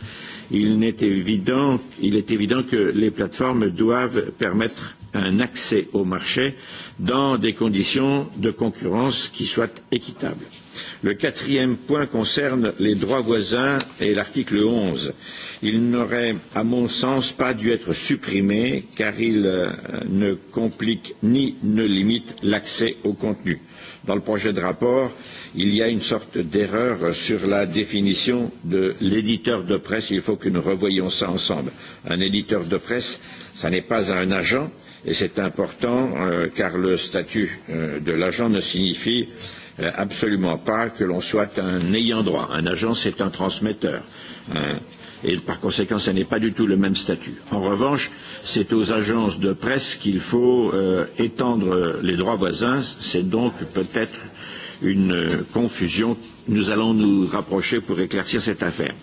Il est évident, il est évident que les plateformes doivent permettre un accès au marché dans des conditions de concurrence qui soient équitables. Le quatrième point concerne les droits voisins et l'article 11. Il n'aurait, à mon sens, pas dû être supprimé car il euh, ne complique ni ne limite l'accès au contenu. Dans le projet de rapport, il y a une sorte d'erreur sur la définition de l'éditeur de presse. Il faut que nous revoyions ça ensemble. Un éditeur de presse, ça n'est pas un agent, et c'est important euh, car le statut euh, de l'agent ne signifie euh, Euh, absolument pas que l'on soit un ayant droit. Un agent, c'est un transmetteur. Euh, et par conséquent, ce n'est pas du tout le même statut. En revanche, c'est aux agences de presse qu'il faut euh, étendre les droits voisins. C'est donc peut-être une euh, confusion. Nous allons nous rapprocher pour éclaircir cette affaire.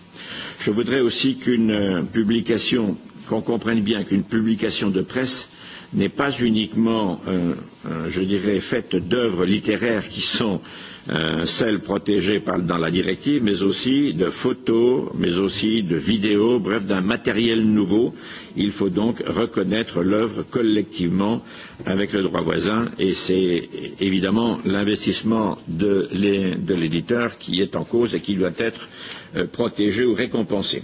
Je voudrais aussi qu'une publication, qu'on comprenne bien qu'une publication de presse euh, n'est pas uniquement, euh, euh, je dirais, faite d'œuvres littéraires qui sont euh, celles protégées par, dans la directive, mais aussi de photos, mais aussi de vidéos, bref, d'un matériel nouveau. Il faut donc reconnaître l'œuvre collectivement avec le droit voisin et c'est évidemment l'investissement de l'éditeur qui est en cause et qui doit être euh, protégé ou récompensé.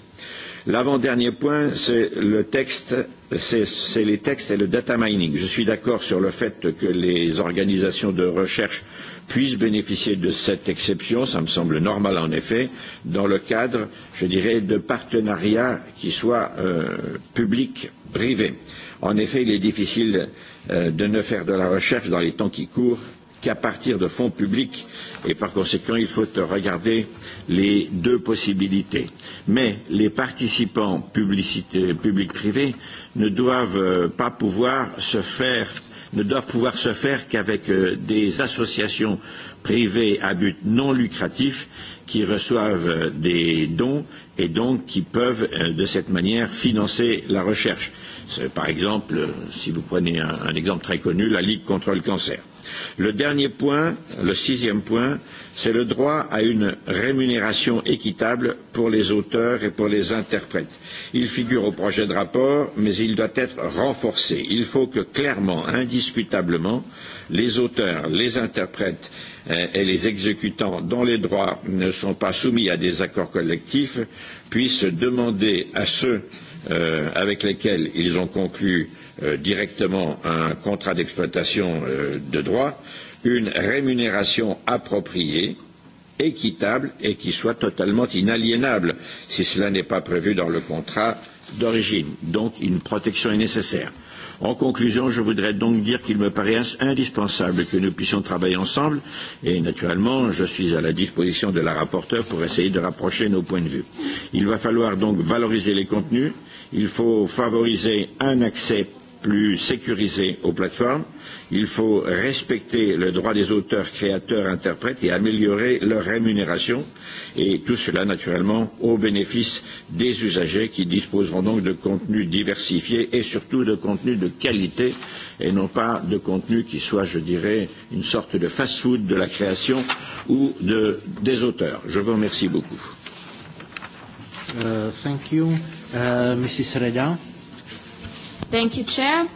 L'avant-dernier point, c'est le texte c'est les textes et le data mining. Je suis d'accord sur le fait que les organisations de recherche puissent bénéficier de cette exception, ça me semble normal en effet, dans le cadre, je dirais, de partenariats qui soient euh, publics-privés. En effet, il est difficile euh, de ne faire de la recherche dans les temps qui courent qu'à partir de fonds publics et par conséquent il faut regarder les deux possibilités. Mais les participants public-privé ne doivent euh, pas pouvoir se faire ne doivent pouvoir se faire qu'avec euh, des associations privées à but non lucratif qui reçoivent euh, des dons et donc qui peuvent de cette manière financer la recherche. Par exemple, si vous prenez un, un exemple très connu, la Ligue contre le cancer. Le dernier point, le sixième point, c'est le droit à une rémunération équitable pour les auteurs et pour les interprètes. Il figure au projet de rapport, mais il doit être renforcé. Il faut que clairement, indiscutablement, les auteurs, les interprètes euh, et les exécutants dont les droits ne sont pas soumis à des accords collectifs puissent demander à ceux euh, avec lesquels ils ont conclu euh, directement un contrat d'exploitation euh, de droit, une rémunération appropriée, équitable et qui soit totalement inaliénable si cela n'est pas prévu dans le contrat d'origine. Donc une protection est nécessaire. En conclusion, je voudrais donc dire qu'il me paraît indispensable que nous puissions travailler ensemble et naturellement, je suis à la disposition de la rapporteure pour essayer de rapprocher nos points de vue. Il va falloir donc valoriser les contenus, Il faut favoriser un accès plus sécurisé aux plateformes. Il faut respecter le droit des auteurs, créateurs, interprètes et améliorer leur rémunération. Et tout cela, naturellement, au bénéfice des usagers qui disposeront donc de contenus diversifiés et surtout de contenus de qualité et non pas de contenus qui soient, je dirais, une sorte de fast-food de la création ou de, des auteurs. Je vous remercie beaucoup. Uh, thank you. Uh, Mrs. Reda. Thank you, Chair.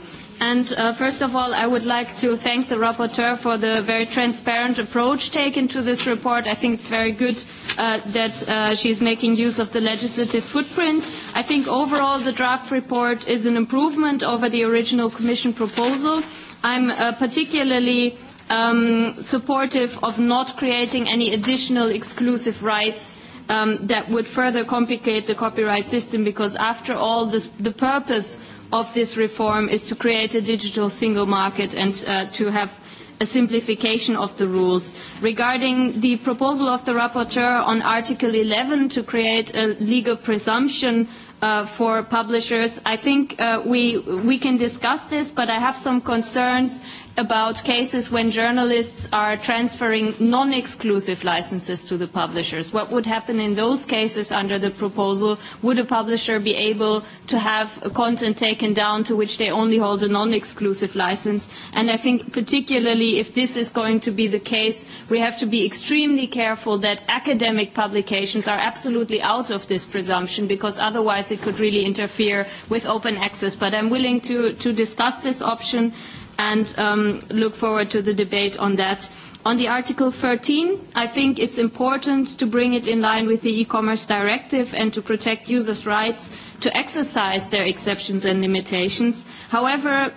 And uh, first of all, I would like to thank the rapporteur for the very transparent approach taken to this report. I think it's very good uh, that uh, she's making use of the legislative footprint. I think overall the draft report is an improvement over the original Commission proposal. I'm uh, particularly um, supportive of not creating any additional exclusive rights uh, um, that would further complicate the copyright system because after all this, the purpose of this reform is to create a digital single market and uh, to have a simplification of the rules. Regarding the proposal of the rapporteur on Article 11 to create a legal presumption uh, for publishers. I think uh, we, we can discuss this, but I have some concerns about cases when journalists are transferring non-exclusive licenses to the publishers. What would happen in those cases under the proposal? Would a publisher be able to have content taken down to which they only hold a non-exclusive license? And I think particularly if this is going to be the case, we have to be extremely careful that academic publications are absolutely out of this presumption because otherwise it could really interfere with open access. But I'm willing to, to discuss this option and um, look forward to the debate on that. On the Article 13, I think it's important to bring it in line with the e-commerce directive and to protect users' rights to exercise their exceptions and limitations. However,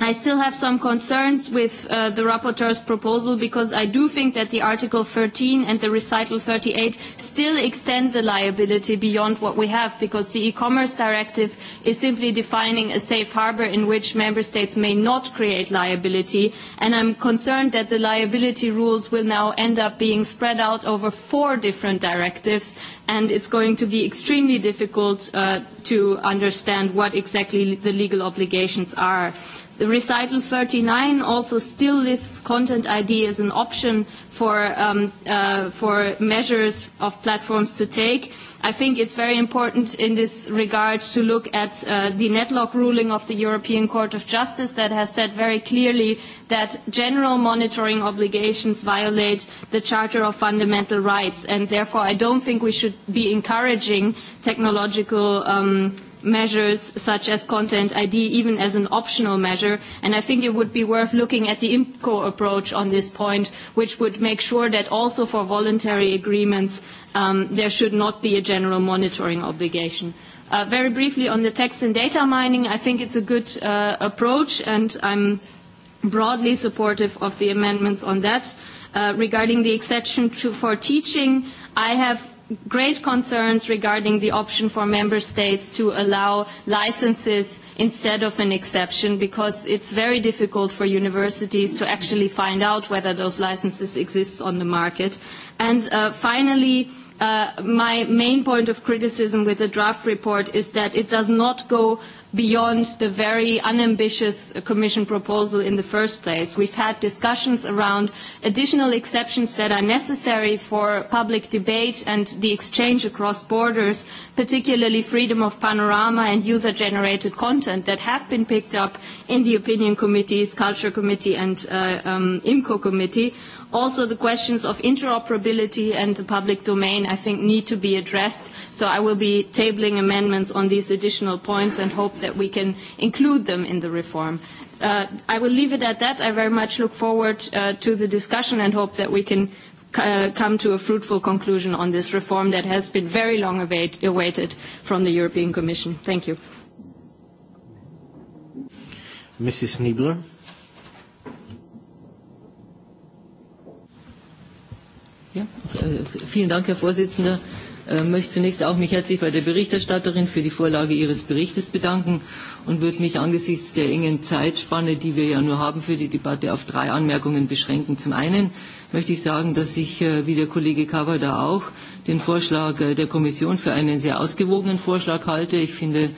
I still have some concerns with uh, the rapporteur's proposal because I do think that the Article 13 and the Recital 38 still extend the liability beyond what we have because the e-commerce directive is simply defining a safe harbour in which member states may not create liability and I'm concerned that the liability rules will now end up being spread out over four different directives and it's going to be extremely difficult uh, to understand what exactly the legal obligations are. The recital 39 also still lists content ID as an option for, um, uh, for measures of platforms to take. I think it's very important in this regard to look at uh, the netlock ruling of the European Court of Justice that has said very clearly that general monitoring obligations violate the Charter of Fundamental Rights, and therefore I don't think we should be encouraging technological um, measures such as content ID even as an optional measure. And I think it would be worth looking at the IMCO approach on this point, which would make sure that also for voluntary agreements, um, there should not be a general monitoring obligation. Uh, very briefly on the text and data mining, I think it's a good uh, approach and I'm broadly supportive of the amendments on that. Uh, regarding the exception to, for teaching, I have great concerns regarding the option for member states to allow licenses instead of an exception because it's very difficult for universities to actually find out whether those licenses exist on the market. And uh, finally, uh, my main point of criticism with the draft report is that it does not go beyond the very unambitious Commission proposal in the first place. We've had discussions around additional exceptions that are necessary for public debate and the exchange across borders, particularly freedom of panorama and user-generated content that have been picked up in the opinion committees, culture committee and uh, um, IMCO committee Also, the questions of interoperability and the public domain, I think, need to be addressed. So I will be tabling amendments on these additional points and hope that we can include them in the reform. Uh, I will leave it at that. I very much look forward uh, to the discussion and hope that we can uh, come to a fruitful conclusion on this reform that has been very long awaited from the European Commission. Thank you. Mrs. Niebler. Ja, äh, vielen Dank, Herr Vorsitzender. Ich äh, möchte zunächst auch mich herzlich bei der Berichterstatterin für die Vorlage ihres Berichtes bedanken und würde mich angesichts der engen Zeitspanne, die wir ja nur haben für die Debatte, auf drei Anmerkungen beschränken. Zum einen möchte ich sagen, dass ich, äh, wie der Kollege Kavada auch, den Vorschlag der Kommission für einen sehr ausgewogenen Vorschlag halte. Ich finde,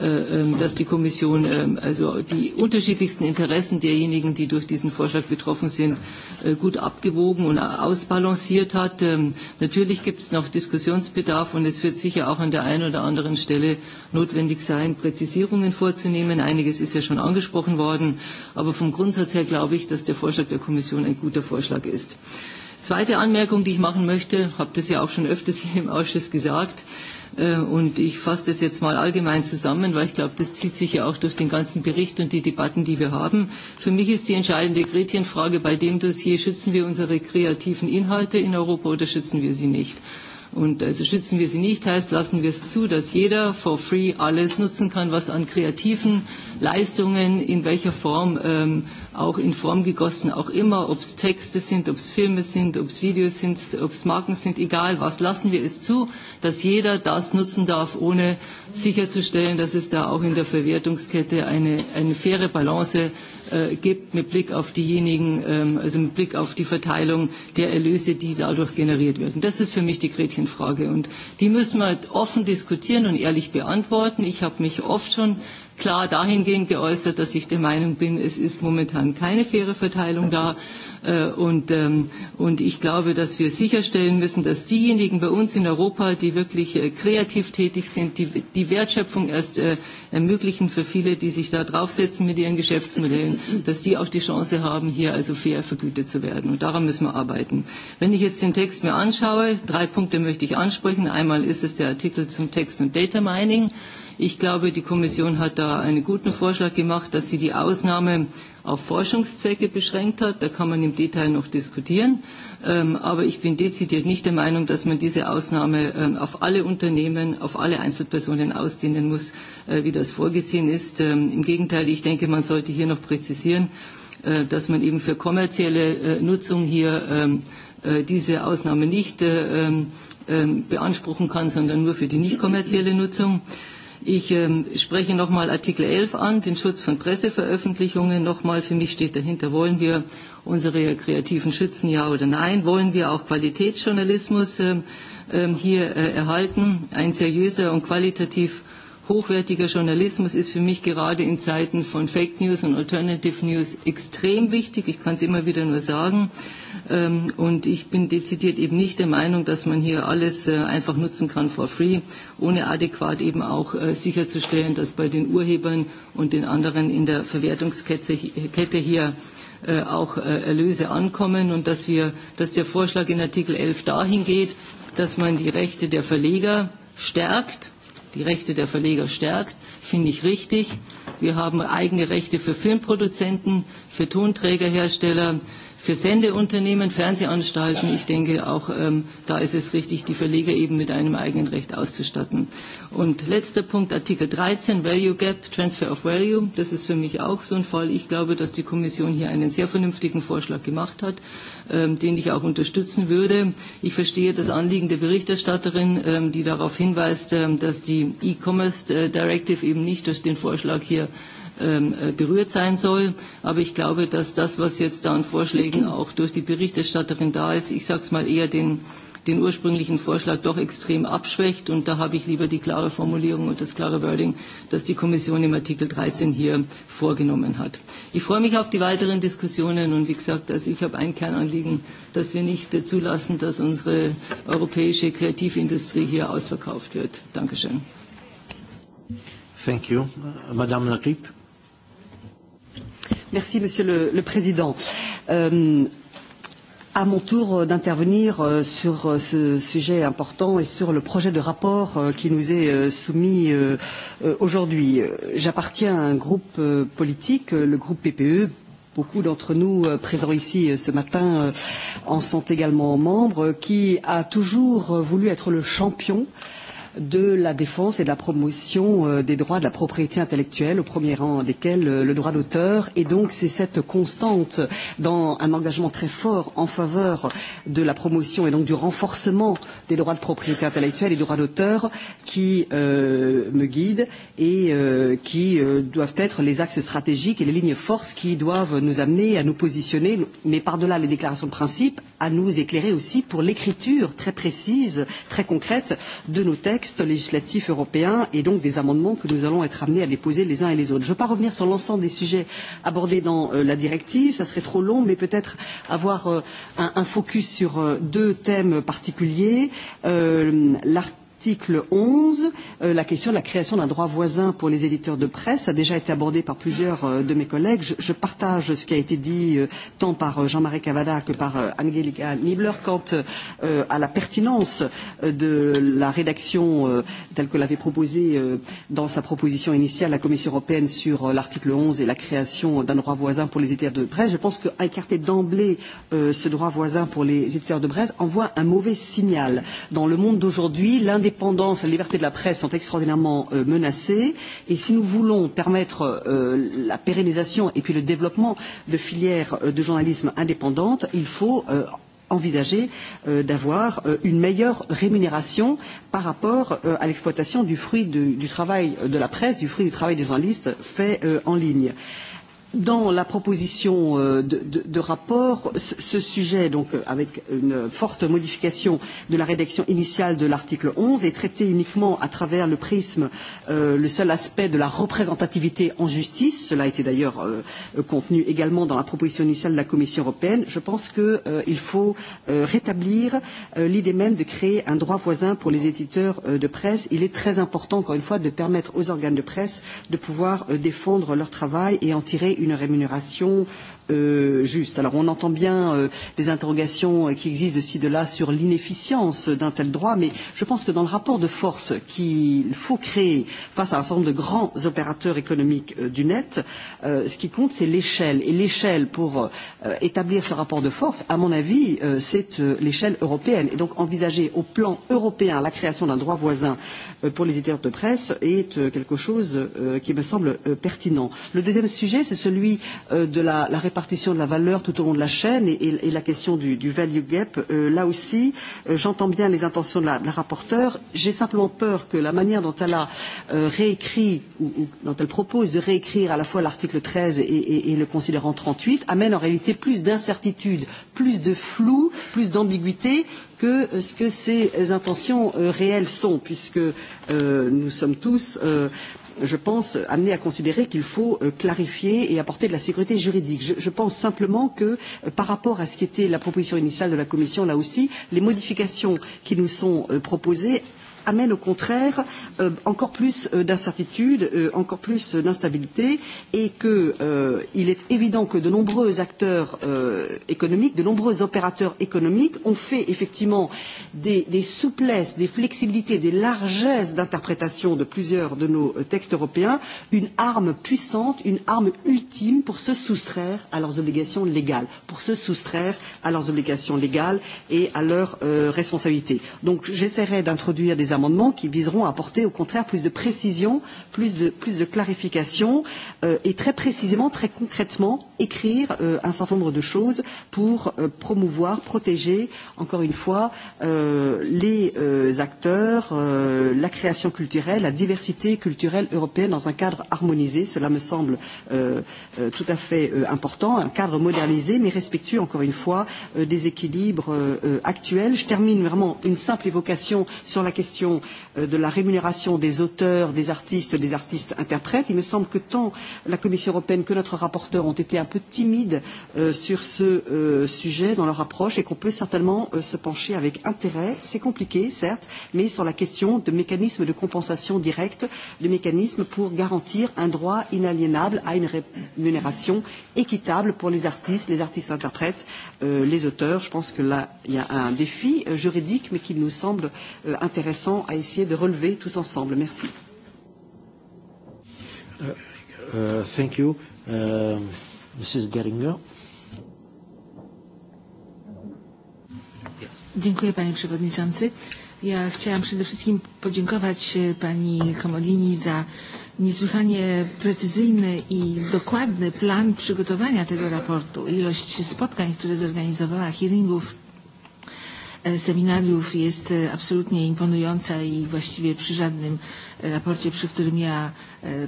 Äh, ähm, dass die Kommission ähm, also die unterschiedlichsten Interessen derjenigen, die durch diesen Vorschlag betroffen sind, äh, gut abgewogen und ausbalanciert hat. Ähm, natürlich gibt es noch Diskussionsbedarf und es wird sicher auch an der einen oder anderen Stelle notwendig sein, Präzisierungen vorzunehmen. Einiges ist ja schon angesprochen worden, aber vom Grundsatz her glaube ich, dass der Vorschlag der Kommission ein guter Vorschlag ist. Zweite Anmerkung, die ich machen möchte, habe das ja auch schon öfters hier im Ausschuss gesagt, äh, und ich fasse das jetzt mal allgemein zusammen, weil ich glaube, das zieht sich ja auch durch den ganzen Bericht und die Debatten, die wir haben. Für mich ist die entscheidende Gretchenfrage bei dem Dossier, schützen wir unsere kreativen Inhalte in Europa oder schützen wir sie nicht? Und also schützen wir sie nicht heißt, lassen wir es zu, dass jeder for free alles nutzen kann, was an kreativen Leistungen in welcher Form ähm, auch in Form gegossen auch immer, ob es Texte sind, ob es Filme sind, ob es Videos sind, ob es Marken sind, egal was, lassen wir es zu, dass jeder das nutzen darf, ohne sicherzustellen, dass es da auch in der Verwertungskette eine, eine faire Balance Äh, gibt mit Blick auf diejenigen, ähm, also mit Blick auf die Verteilung der Erlöse, die dadurch generiert werden. Das ist für mich die Gretchenfrage und die müssen wir offen diskutieren und ehrlich beantworten. Ich habe mich oft schon klar dahingehend geäußert, dass ich der Meinung bin, es ist momentan keine faire Verteilung da. Äh, und, ähm, und ich glaube, dass wir sicherstellen müssen, dass diejenigen bei uns in Europa, die wirklich äh, kreativ tätig sind, die, die Wertschöpfung erst äh, ermöglichen für viele, die sich da draufsetzen mit ihren Geschäftsmodellen, dass die auch die Chance haben, hier also fair vergütet zu werden. Und daran müssen wir arbeiten. Wenn ich jetzt den Text mir anschaue, drei Punkte möchte ich ansprechen. Einmal ist es der Artikel zum Text und Data Mining. Ich glaube, die Kommission hat da einen guten Vorschlag gemacht, dass sie die Ausnahme auf Forschungszwecke beschränkt hat. Da kann man im Detail noch diskutieren. Ähm, aber ich bin dezidiert nicht der Meinung, dass man diese Ausnahme ähm, auf alle Unternehmen, auf alle Einzelpersonen ausdehnen muss, äh, wie das vorgesehen ist. Ähm, Im Gegenteil, ich denke, man sollte hier noch präzisieren, äh, dass man eben für kommerzielle äh, Nutzung hier diese Ausnahme nicht beanspruchen kann, sondern nur für die nicht kommerzielle Nutzung. Ich ähm, spreche nochmal Artikel 11 an, den Schutz von Presseveröffentlichungen. Nochmal, für mich steht dahinter, wollen wir unsere Kreativen schützen, ja oder nein? Wollen wir auch Qualitätsjournalismus ähm, ähm, hier äh, erhalten? Ein seriöser und qualitativ Hochwertiger Journalismus ist für mich gerade in Zeiten von Fake News und Alternative News extrem wichtig. Ich kann es immer wieder nur sagen. Ähm, und ich bin dezidiert eben nicht der Meinung, dass man hier alles äh, einfach nutzen kann for free, ohne adäquat eben auch äh, sicherzustellen, dass bei den Urhebern und den anderen in der Verwertungskette hier äh, auch Erlöse ankommen und dass, wir, dass der Vorschlag in Artikel 11 dahin geht, dass man die Rechte der Verleger stärkt die Rechte der Verleger stärkt, finde ich richtig. Wir haben eigene Rechte für Filmproduzenten, für Tonträgerhersteller, für Sendeunternehmen, Fernsehanstalten, ich denke auch, ähm, da ist es richtig, die Verleger eben mit einem eigenen Recht auszustatten. Und letzter Punkt, Artikel 13, Value Gap, Transfer of Value, das ist für mich auch so ein Fall. Ich glaube, dass die Kommission hier einen sehr vernünftigen Vorschlag gemacht hat, ähm, den ich auch unterstützen würde. Ich verstehe das Anliegen der Berichterstatterin, ähm, die darauf hinweist, ähm, dass die E-Commerce äh, Directive eben nicht durch den Vorschlag hier Ähm, äh, berührt sein soll. Aber ich glaube, dass das, was jetzt da an Vorschlägen auch durch die Berichterstatterin da ist, ich sage es mal eher den, den ursprünglichen Vorschlag doch extrem abschwächt. Und da habe ich lieber die klare Formulierung und das klare Wording, das die Kommission im Artikel 13 hier vorgenommen hat. Ich freue mich auf die weiteren Diskussionen. Und wie gesagt, also ich habe ein Kernanliegen, dass wir nicht zulassen, dass unsere europäische Kreativindustrie hier ausverkauft wird. Dankeschön. Thank you. Madame Lagrippe. Monsieur le, Président. Euh, à mon tour euh, d'intervenir euh, sur ce sujet important et sur le projet de rapport qui nous est soumis aujourd'hui. J'appartiens à un groupe politique, le groupe PPE, beaucoup d'entre nous présents ici ce matin en sont également membres, qui a toujours voulu être le champion euh, de la défense et de la promotion euh, des droits de la propriété intellectuelle, au premier rang desquels euh, le droit d'auteur. Et donc, c'est cette constante dans un engagement très fort en faveur de la promotion et donc du renforcement des droits de propriété intellectuelle et du droit d'auteur qui euh, me guide et euh, qui euh, doivent être les axes stratégiques et les lignes forces qui doivent nous amener à nous positionner, mais par-delà les déclarations de principe, à nous éclairer aussi pour l'écriture très précise, très concrète de nos textes texte législatif européen et donc des amendements que nous allons être amenés à déposer les uns et les autres. Je ne vais pas revenir sur l'ensemble des sujets abordés dans euh, la directive, ça serait trop long, mais peut-être avoir euh, un, un focus sur euh, deux thèmes particuliers. Euh, l'article 11, euh, la question de la création d'un droit voisin pour les éditeurs de presse a déjà été abordée par plusieurs euh, de mes collègues. Je, je partage ce qui a été dit euh, tant par euh, Jean-Marie Cavada que par euh, Angelica Nibler quant euh, à la pertinence euh, de la rédaction euh, telle que l'avait proposée euh, dans sa proposition initiale la Commission européenne sur euh, l'article 11 et la création d'un droit voisin pour les éditeurs de presse. Je pense qu'écarter d'emblée euh, ce droit voisin pour les éditeurs de presse envoie un mauvais signal. Dans le monde d'aujourd'hui, l'un des l'indépendance et la liberté de la presse sont extraordinairement euh, menacées et si nous voulons permettre euh, la pérennisation et puis le développement de filières euh, de journalisme indépendantes, il faut euh, envisager euh, d'avoir euh, une meilleure rémunération par rapport euh, à l'exploitation du fruit de, du travail euh, de la presse, du fruit du travail des journalistes fait euh, en ligne. Euh, Dans la proposition euh, de, de, de rapport, ce, sujet, donc euh, avec une forte modification de la rédaction initiale de l'article 11, est traité uniquement à travers le prisme, euh, le seul aspect de la représentativité en justice. Cela a été d'ailleurs euh, contenu également dans la proposition initiale de la Commission européenne. Je pense qu'il euh, faut euh, rétablir euh, l'idée même de créer un droit voisin pour les éditeurs euh, de presse. Il est très important, encore une fois, de permettre aux organes de presse de pouvoir euh, défendre leur travail et en tirer une rémunération euh, juste. Alors on entend bien euh, les interrogations euh, qui existent de ci, de là sur l'inefficience d'un tel droit, mais je pense que dans le rapport de force qu'il faut créer face à un certain nombre de grands opérateurs économiques euh, du net, euh, ce qui compte c'est l'échelle. Et l'échelle pour euh, établir ce rapport de force, à mon avis, euh, c'est euh, l'échelle européenne. Et donc envisager au plan européen la création d'un droit voisin euh, pour les éditeurs de presse est euh, quelque chose euh, qui me semble euh, pertinent. Le deuxième sujet, c'est celui euh, de la, la répartition de la valeur tout au long de la chaîne et, et, et la question du, du value gap, euh, là aussi, euh, j'entends bien les intentions de la, de la rapporteure. J'ai simplement peur que la manière dont elle a euh, réécrit ou, ou dont elle propose de réécrire à la fois l'article 13 et, et, et le considérant 38 amène en réalité plus d'incertitude, plus de flou, plus d'ambiguïté que euh, ce que ces intentions euh, réelles sont, puisque euh, nous sommes tous euh, je pense, amené à considérer qu'il faut euh, clarifier et apporter de la sécurité juridique. Je, je pense simplement que, euh, par rapport à ce qui était la proposition initiale de la Commission, là aussi, les modifications qui nous sont euh, proposées amène au contraire euh, encore plus euh, d'incertitudes, euh, encore plus d'instabilité et qu'il euh, est évident que de nombreux acteurs euh, économiques, de nombreux opérateurs économiques ont fait effectivement des, des souplesses, des flexibilités, des largesses d'interprétation de plusieurs de nos euh, textes européens une arme puissante, une arme ultime pour se soustraire à leurs obligations légales, pour se soustraire à leurs obligations légales et à leurs euh, responsabilités. Donc j'essaierai d'introduire des amendements qui viseront à apporter au contraire plus de précision, plus de, plus de clarification euh, et très précisément, très concrètement, écrire euh, un certain nombre de choses pour euh, promouvoir, protéger, encore une fois, euh, les euh, acteurs, euh, la création culturelle, la diversité culturelle européenne dans un cadre harmonisé. Cela me semble euh, euh, tout à fait euh, important, un cadre modernisé mais respectueux, encore une fois, euh, des équilibres euh, euh actuels. Je termine vraiment une simple évocation sur la question question euh, de la rémunération des auteurs, des artistes, des artistes interprètes. Il me semble que tant la Commission européenne que notre rapporteur ont été un peu timides euh, sur ce euh, sujet dans leur approche et qu'on peut certainement se pencher avec intérêt. C'est compliqué, certes, mais sur la question de mécanismes de compensation directe, de mécanismes pour garantir un droit inaliénable à une rémunération équitable pour les artistes, les artistes interprètes, les auteurs. Je pense que là, il y a un défi juridique, mais qu'il nous semble intéressant intéressant à essayer de relever tous ensemble. Merci. Uh, uh thank you. Uh, Mrs. Geringer. Dziękuję panie przewodniczący. Ja chciałam przede wszystkim podziękować pani Komodini za niesłychanie precyzyjny i dokładny plan przygotowania tego raportu. Ilość spotkań, które zorganizowała, hearingów seminariów jest absolutnie imponująca i właściwie przy żadnym raporcie, przy którym ja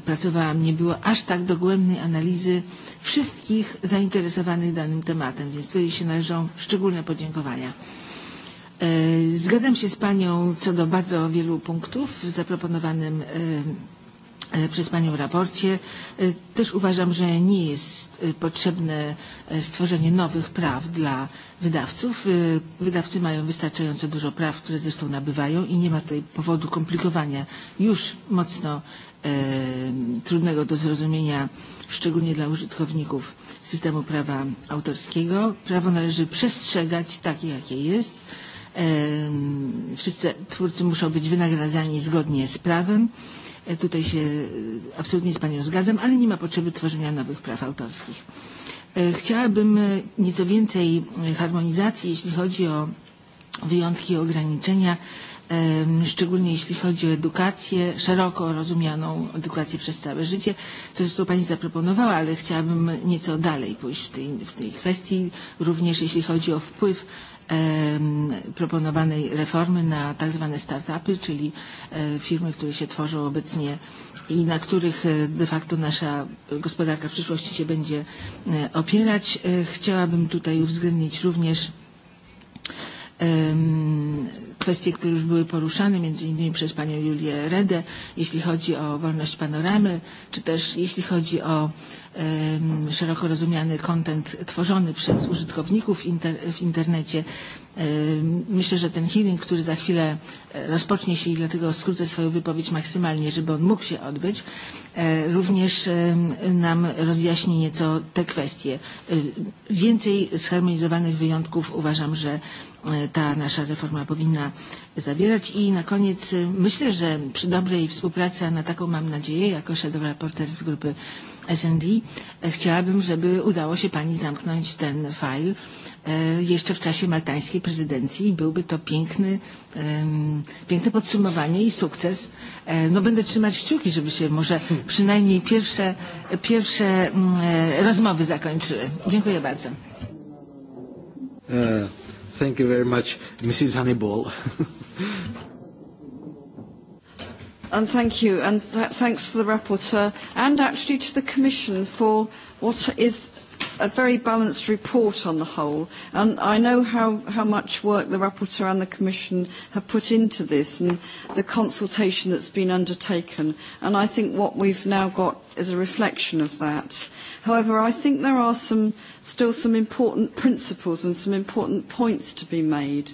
pracowałam, nie było aż tak dogłębnej analizy wszystkich zainteresowanych danym tematem, więc tutaj się należą szczególne podziękowania. Zgadzam się z Panią co do bardzo wielu punktów w zaproponowanym przez Panią w raporcie. Też uważam, że nie jest potrzebne stworzenie nowych praw dla wydawców. Wydawcy mają wystarczająco dużo praw, które zresztą nabywają i nie ma tutaj powodu komplikowania już mocno trudnego do zrozumienia, szczególnie dla użytkowników systemu prawa autorskiego. Prawo należy przestrzegać takie, jakie jest. Wszyscy twórcy muszą być wynagradzani zgodnie z prawem Tutaj się absolutnie z Panią zgadzam, ale nie ma potrzeby tworzenia nowych praw autorskich. Chciałabym nieco więcej harmonizacji, jeśli chodzi o wyjątki i ograniczenia, szczególnie jeśli chodzi o edukację, szeroko rozumianą edukację przez całe życie, co zresztą Pani zaproponowała, ale chciałabym nieco dalej pójść w tej, w tej kwestii, również jeśli chodzi o wpływ proponowanej reformy na tak zwane startupy, czyli firmy, które się tworzą obecnie i na których de facto nasza gospodarka w przyszłości się będzie opierać. Chciałabym tutaj uwzględnić również kwestie, które już były poruszane między innymi przez panią Julię Redę, jeśli chodzi o wolność panoramy, czy też jeśli chodzi o szeroko rozumiany kontent tworzony przez użytkowników inter w internecie. myślę, że ten hearing, który za chwilę rozpocznie się i dlatego skrócę swoją wypowiedź maksymalnie, żeby on mógł się odbyć, również nam rozjaśni nieco te kwestie. Więcej zharmonizowanych wyjątków uważam, że ta nasza reforma powinna zawierać. I na koniec myślę, że przy dobrej współpracy, a na taką mam nadzieję, jako shadow reporter z grupy SND, chciałabym, żeby udało się Pani zamknąć ten fajl jeszcze w czasie maltańskiej prezydencji. Byłby to piękny, piękne podsumowanie i sukces. No będę trzymać kciuki, żeby się może przynajmniej pierwsze, pierwsze mm, rozmowy zakończyły. Dziękuję bardzo. Uh. Thank you very much, Mrs. Honeyball. and thank you, and th thanks to the rapporteur, and actually to the Commission for what is a very balanced report on the whole. And I know how, how much work the rapporteur and the Commission have put into this and the consultation that's been undertaken. And I think what we've now got is a reflection of that. However, I think there are some, still some important principles and some important points to be made.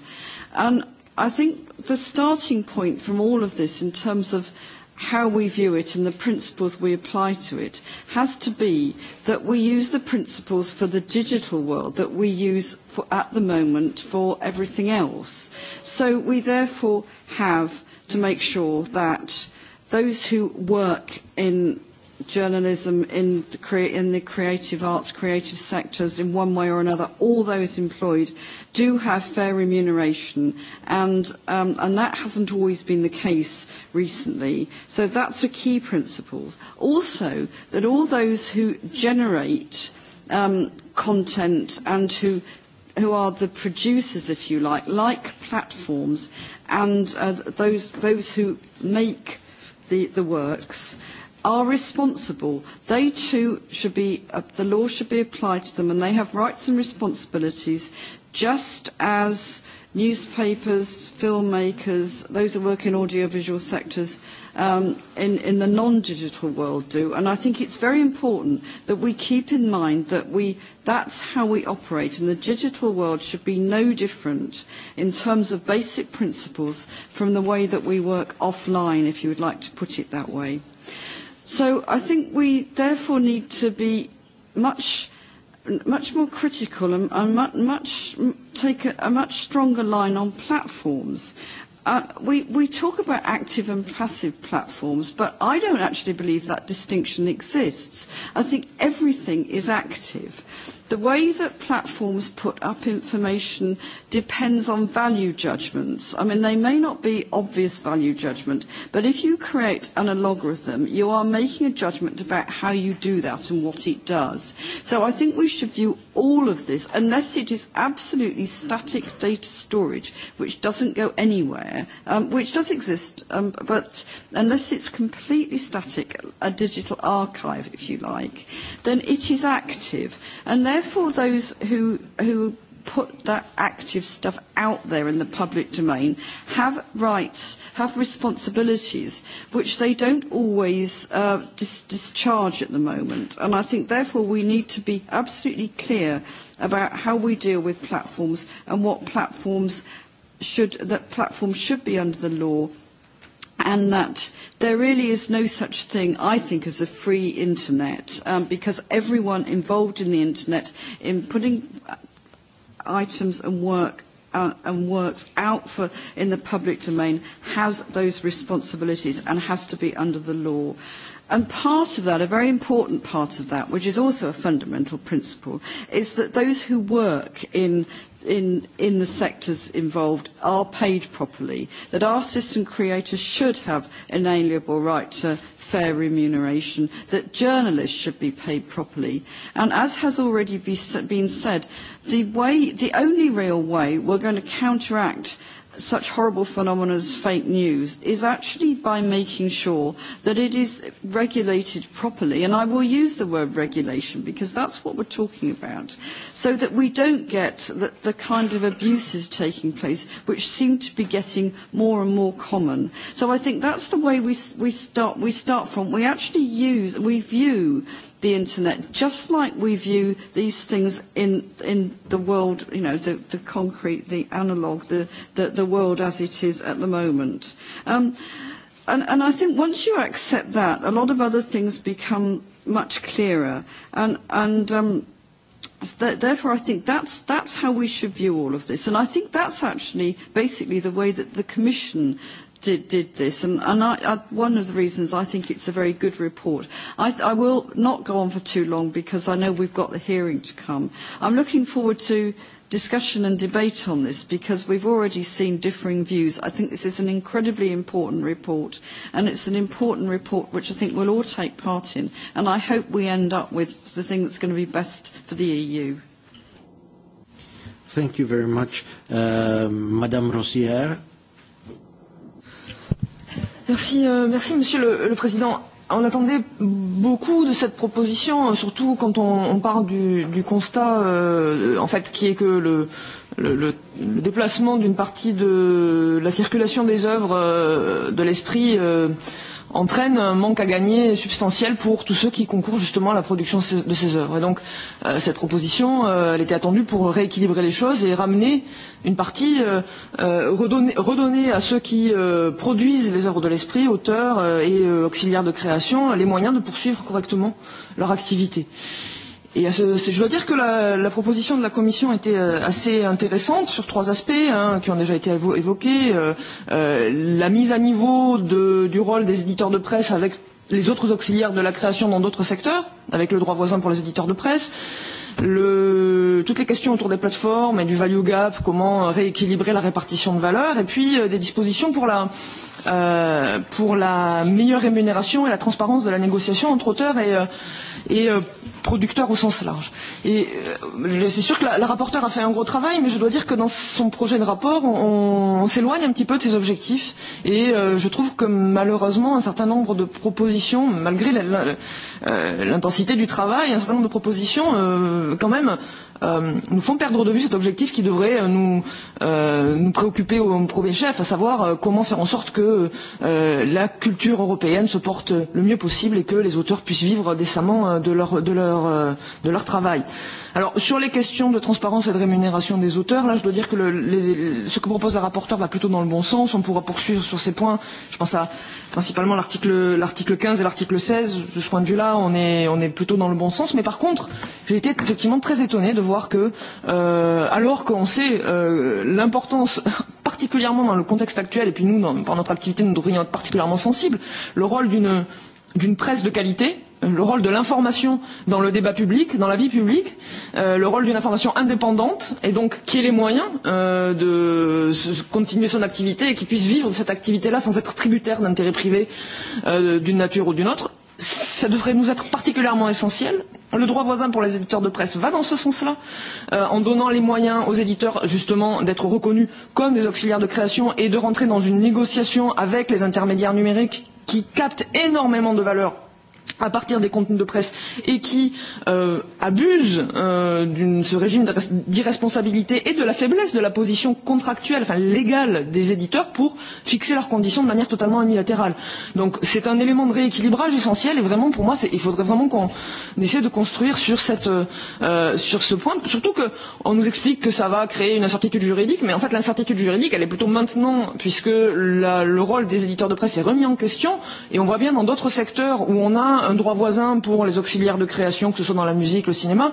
And I think the starting point from all of this in terms of how we view it and the principles we apply to it has to be that we use the principles for the digital world that we use for, at the moment for everything else. So we therefore have to make sure that those who work in journalism in the, crea- in the creative arts, creative sectors, in one way or another, all those employed do have fair remuneration, and, um, and that hasn't always been the case recently. So that's a key principle. Also, that all those who generate um, content and who who are the producers, if you like, like platforms, and uh, those those who make the the works are responsible. They too should be, uh, the law should be applied to them and they have rights and responsibilities just as newspapers, filmmakers, those who work in audiovisual sectors um, in, in the non-digital world do. And I think it's very important that we keep in mind that we, that's how we operate, and the digital world should be no different in terms of basic principles from the way that we work offline, if you would like to put it that way. So I think we therefore need to be much much more critical and, and much, much take a, a much stronger line on platforms. Uh, we, we talk about active and passive platforms, but I don't actually believe that distinction exists. I think everything is active. The way that platforms put up information depends on value judgments. I mean, they may not be obvious value judgment, but if you create an algorithm, you are making a judgment about how you do that and what it does. So I think we should view all of this, unless it is absolutely static data storage, which doesn't go anywhere, um, which does exist, um, but unless it's completely static, a digital archive, if you like, then it is active. And therefore therefore, those who, who put that active stuff out there in the public domain have rights, have responsibilities, which they don't always uh, dis discharge at the moment. And I think, therefore, we need to be absolutely clear about how we deal with platforms and what platforms should that platforms should be under the law and that there really is no such thing, I think, as a free internet, um, because everyone involved in the internet, in putting uh, items and work uh, and works out for in the public domain, has those responsibilities and has to be under the law. And part of that, a very important part of that, which is also a fundamental principle, is that those who work in in, in the sectors involved are paid properly, that our system creators should have an inalienable right to fair remuneration, that journalists should be paid properly. And as has already be, been said, the, way, the only real way we're going to counteract such horrible phenomena as fake news is actually by making sure that it is regulated properly. And I will use the word regulation because that's what we're talking about. So that we don't get the, the kind of abuses taking place which seem to be getting more and more common. So I think that's the way we, we, start, we start from. We actually use, we view the internet, just like we view these things in, in the world, you know, the, the concrete, the analogue, the, the, the world as it is at the moment. Um, and, and I think once you accept that, a lot of other things become much clearer. And, and um, therefore, I think that's, that's how we should view all of this. And I think that's actually basically the way that the Commission did, did this. And, and I, I, one of the reasons I think it's a very good report. I, I will not go on for too long because I know we've got the hearing to come. I'm looking forward to discussion and debate on this because we've already seen differing views. I think this is an incredibly important report and it's an important report which I think we'll all take part in and I hope we end up with the thing that's going to be best for the EU. Thank you very much. Uh, Madame Rossier. Merci, euh, merci Monsieur le, le Président. On attendait beaucoup de cette proposition, euh, surtout quand on, on parle du, du constat, euh, en fait, qui est que le, le, le déplacement d'une partie de la circulation des œuvres euh, de l'esprit euh, entraîne un manque à gagner substantiel pour tous ceux qui concourent justement à la production de ces œuvres. Et donc euh, cette proposition, euh, elle était attendue pour rééquilibrer les choses et ramener une partie, euh, euh, redonner, redonner à ceux qui euh, produisent les œuvres de l'esprit, auteurs euh, et euh, auxiliaires de création, les moyens de poursuivre correctement leur activité. Euh, Et à ce, je dois dire que la, la proposition de la Commission était euh, assez intéressante sur trois aspects hein, qui ont déjà été évoqués. Euh, euh, la mise à niveau de, du rôle des éditeurs de presse avec les autres auxiliaires de la création dans d'autres secteurs, avec le droit voisin pour les éditeurs de presse. Le, toutes les questions autour des plateformes et du value gap, comment rééquilibrer la répartition de valeur, et puis euh, des dispositions pour la, euh, pour la meilleure rémunération et la transparence de la négociation entre auteurs et, euh, et euh, producteurs au sens large. Et euh, c'est sûr que la, la rapporteure a fait un gros travail, mais je dois dire que dans son projet de rapport, on, on s'éloigne un petit peu de ses objectifs. Et euh, je trouve que malheureusement, un certain nombre de propositions, malgré euh, l'intensité du travail, un certain nombre de propositions, euh, quand même, euh, nous font perdre de vue cet objectif qui devrait euh, nous, euh, nous préoccuper au premier chef, à savoir euh, comment faire en sorte que euh, la culture européenne se porte le mieux possible et que les auteurs puissent vivre décemment euh, de leur, de leur, de leur travail. Alors, sur les questions de transparence et de rémunération des auteurs, là, je dois dire que le, les, ce que propose la rapporteure va plutôt dans le bon sens. On pourra poursuivre sur ces points. Je pense à principalement l'article 15 et l'article 16. De ce point de vue-là, on est, on est plutôt dans le bon sens. Mais par contre, j'ai été effectivement très étonnée de voir que, euh, alors qu'on sait euh, l'importance particulièrement dans le contexte actuel, et puis nous, dans, par notre activité, nous devrions être particulièrement sensibles, le rôle d'une d'une presse de qualité, euh, le rôle de l'information dans le débat public, dans la vie publique, euh, le rôle d'une information indépendante, et donc qui ait les moyens euh, de continuer son activité et qui puisse vivre de cette activité-là sans être tributaire d'intérêts privés euh, d'une nature ou d'une autre, ça devrait nous être particulièrement essentiel. Le droit voisin pour les éditeurs de presse va dans ce sens-là, euh, en donnant les moyens aux éditeurs justement d'être reconnus comme des auxiliaires de création et de rentrer dans une négociation avec les intermédiaires numériques qui captent énormément de valeur à partir des contenus de presse et qui euh, abuse euh, de ce régime d'irresponsabilité et de la faiblesse de la position contractuelle, enfin légale des éditeurs pour fixer leurs conditions de manière totalement unilatérale. Donc c'est un élément de rééquilibrage essentiel et vraiment pour moi il faudrait vraiment qu'on essaie de construire sur, cette, euh, sur ce point, surtout qu'on nous explique que ça va créer une incertitude juridique, mais en fait l'incertitude juridique elle est plutôt maintenant puisque la, le rôle des éditeurs de presse est remis en question et on voit bien dans d'autres secteurs où on a un droit voisin pour les auxiliaires de création, que ce soit dans la musique, le cinéma.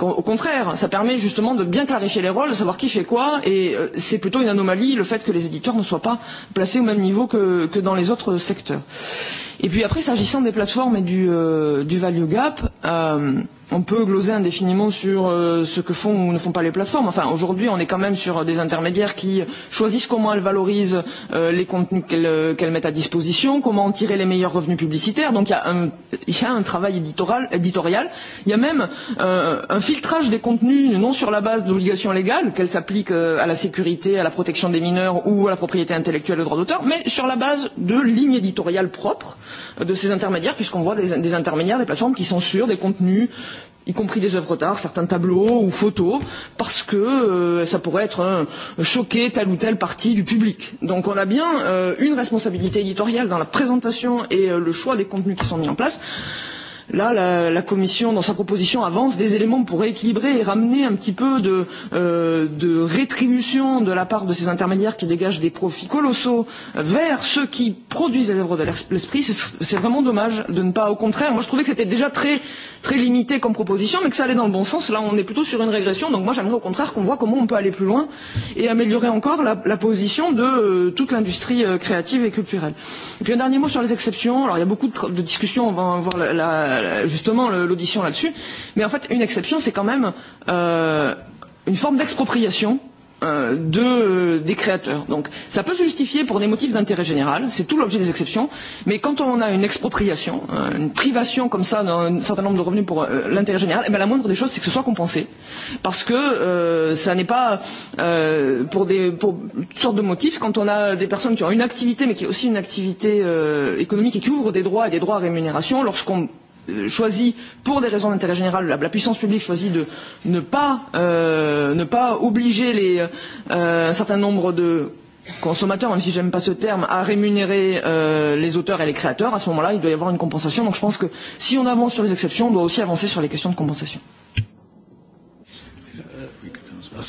Au contraire, ça permet justement de bien clarifier les rôles, de savoir qui fait quoi, et euh, c'est plutôt une anomalie le fait que les éditeurs ne soient pas placés au même niveau que, que dans les autres secteurs. Et puis après, s'agissant des plateformes et du, euh, du value gap, euh, on peut gloser indéfiniment sur euh, ce que font ou ne font pas les plateformes. Enfin, aujourd'hui, on est quand même sur des intermédiaires qui choisissent comment elles valorisent euh, les contenus qu'elles euh, qu mettent à disposition, comment en tirer les meilleurs revenus publicitaires. Donc, il y, a un, y a un travail éditoral, éditorial. Il y a même euh, un filtrage des contenus, non sur la base d'obligations légales, qu'elles s'appliquent euh, à la sécurité, à la protection des mineurs ou à la propriété intellectuelle et droit d'auteur, mais sur la base de lignes éditoriales propres. Euh, de ces intermédiaires, puisqu'on voit des, des intermédiaires, des plateformes qui censurent des contenus y compris des œuvres d'art, certains tableaux ou photos, parce que euh, ça pourrait être euh, choquer telle ou telle partie du public. Donc on a bien euh, une responsabilité éditoriale dans la présentation et euh, le choix des contenus qui sont mis en place. Là, la, la Commission, dans sa proposition, avance des éléments pour rééquilibrer et ramener un petit peu de, euh, de rétribution de la part de ces intermédiaires qui dégagent des profits colossaux vers ceux qui produisent les œuvres de l'esprit. C'est vraiment dommage de ne pas, au contraire, moi je trouvais que c'était déjà très, très limité comme proposition, mais que ça allait dans le bon sens. Là, on est plutôt sur une régression, donc moi j'aimerais au contraire qu'on voit comment on peut aller plus loin et améliorer encore la, la position de euh, toute l'industrie euh, créative et culturelle. Et puis un dernier mot sur les exceptions. Alors il y a beaucoup de, de discussions, on va voir la, la Euh, justement l'audition là-dessus. Mais en fait, une exception, c'est quand même euh, une forme d'expropriation euh, de, euh, des créateurs. Donc ça peut se justifier pour des motifs d'intérêt général, c'est tout l'objet des exceptions, mais quand on a une expropriation, euh, une privation comme ça d'un certain nombre de revenus pour euh, l'intérêt général, eh bien, la moindre des choses c'est que ce soit compensé, parce que euh, ça n'est pas euh, pour, des, pour toutes sortes de motifs, quand on a des personnes qui ont une activité mais qui est aussi une activité euh, économique et qui ouvrent des droits et des droits à rémunération, lorsqu'on Euh, choisit pour des raisons d'intérêt général la, la puissance publique choisit de ne pas euh, ne pas obliger les euh, un certain nombre de consommateurs, même si j'aime pas ce terme, à rémunérer euh, les auteurs et les créateurs, à ce moment-là, il doit y avoir une compensation. Donc je pense que si on avance sur les exceptions, on doit aussi avancer sur les questions de compensation.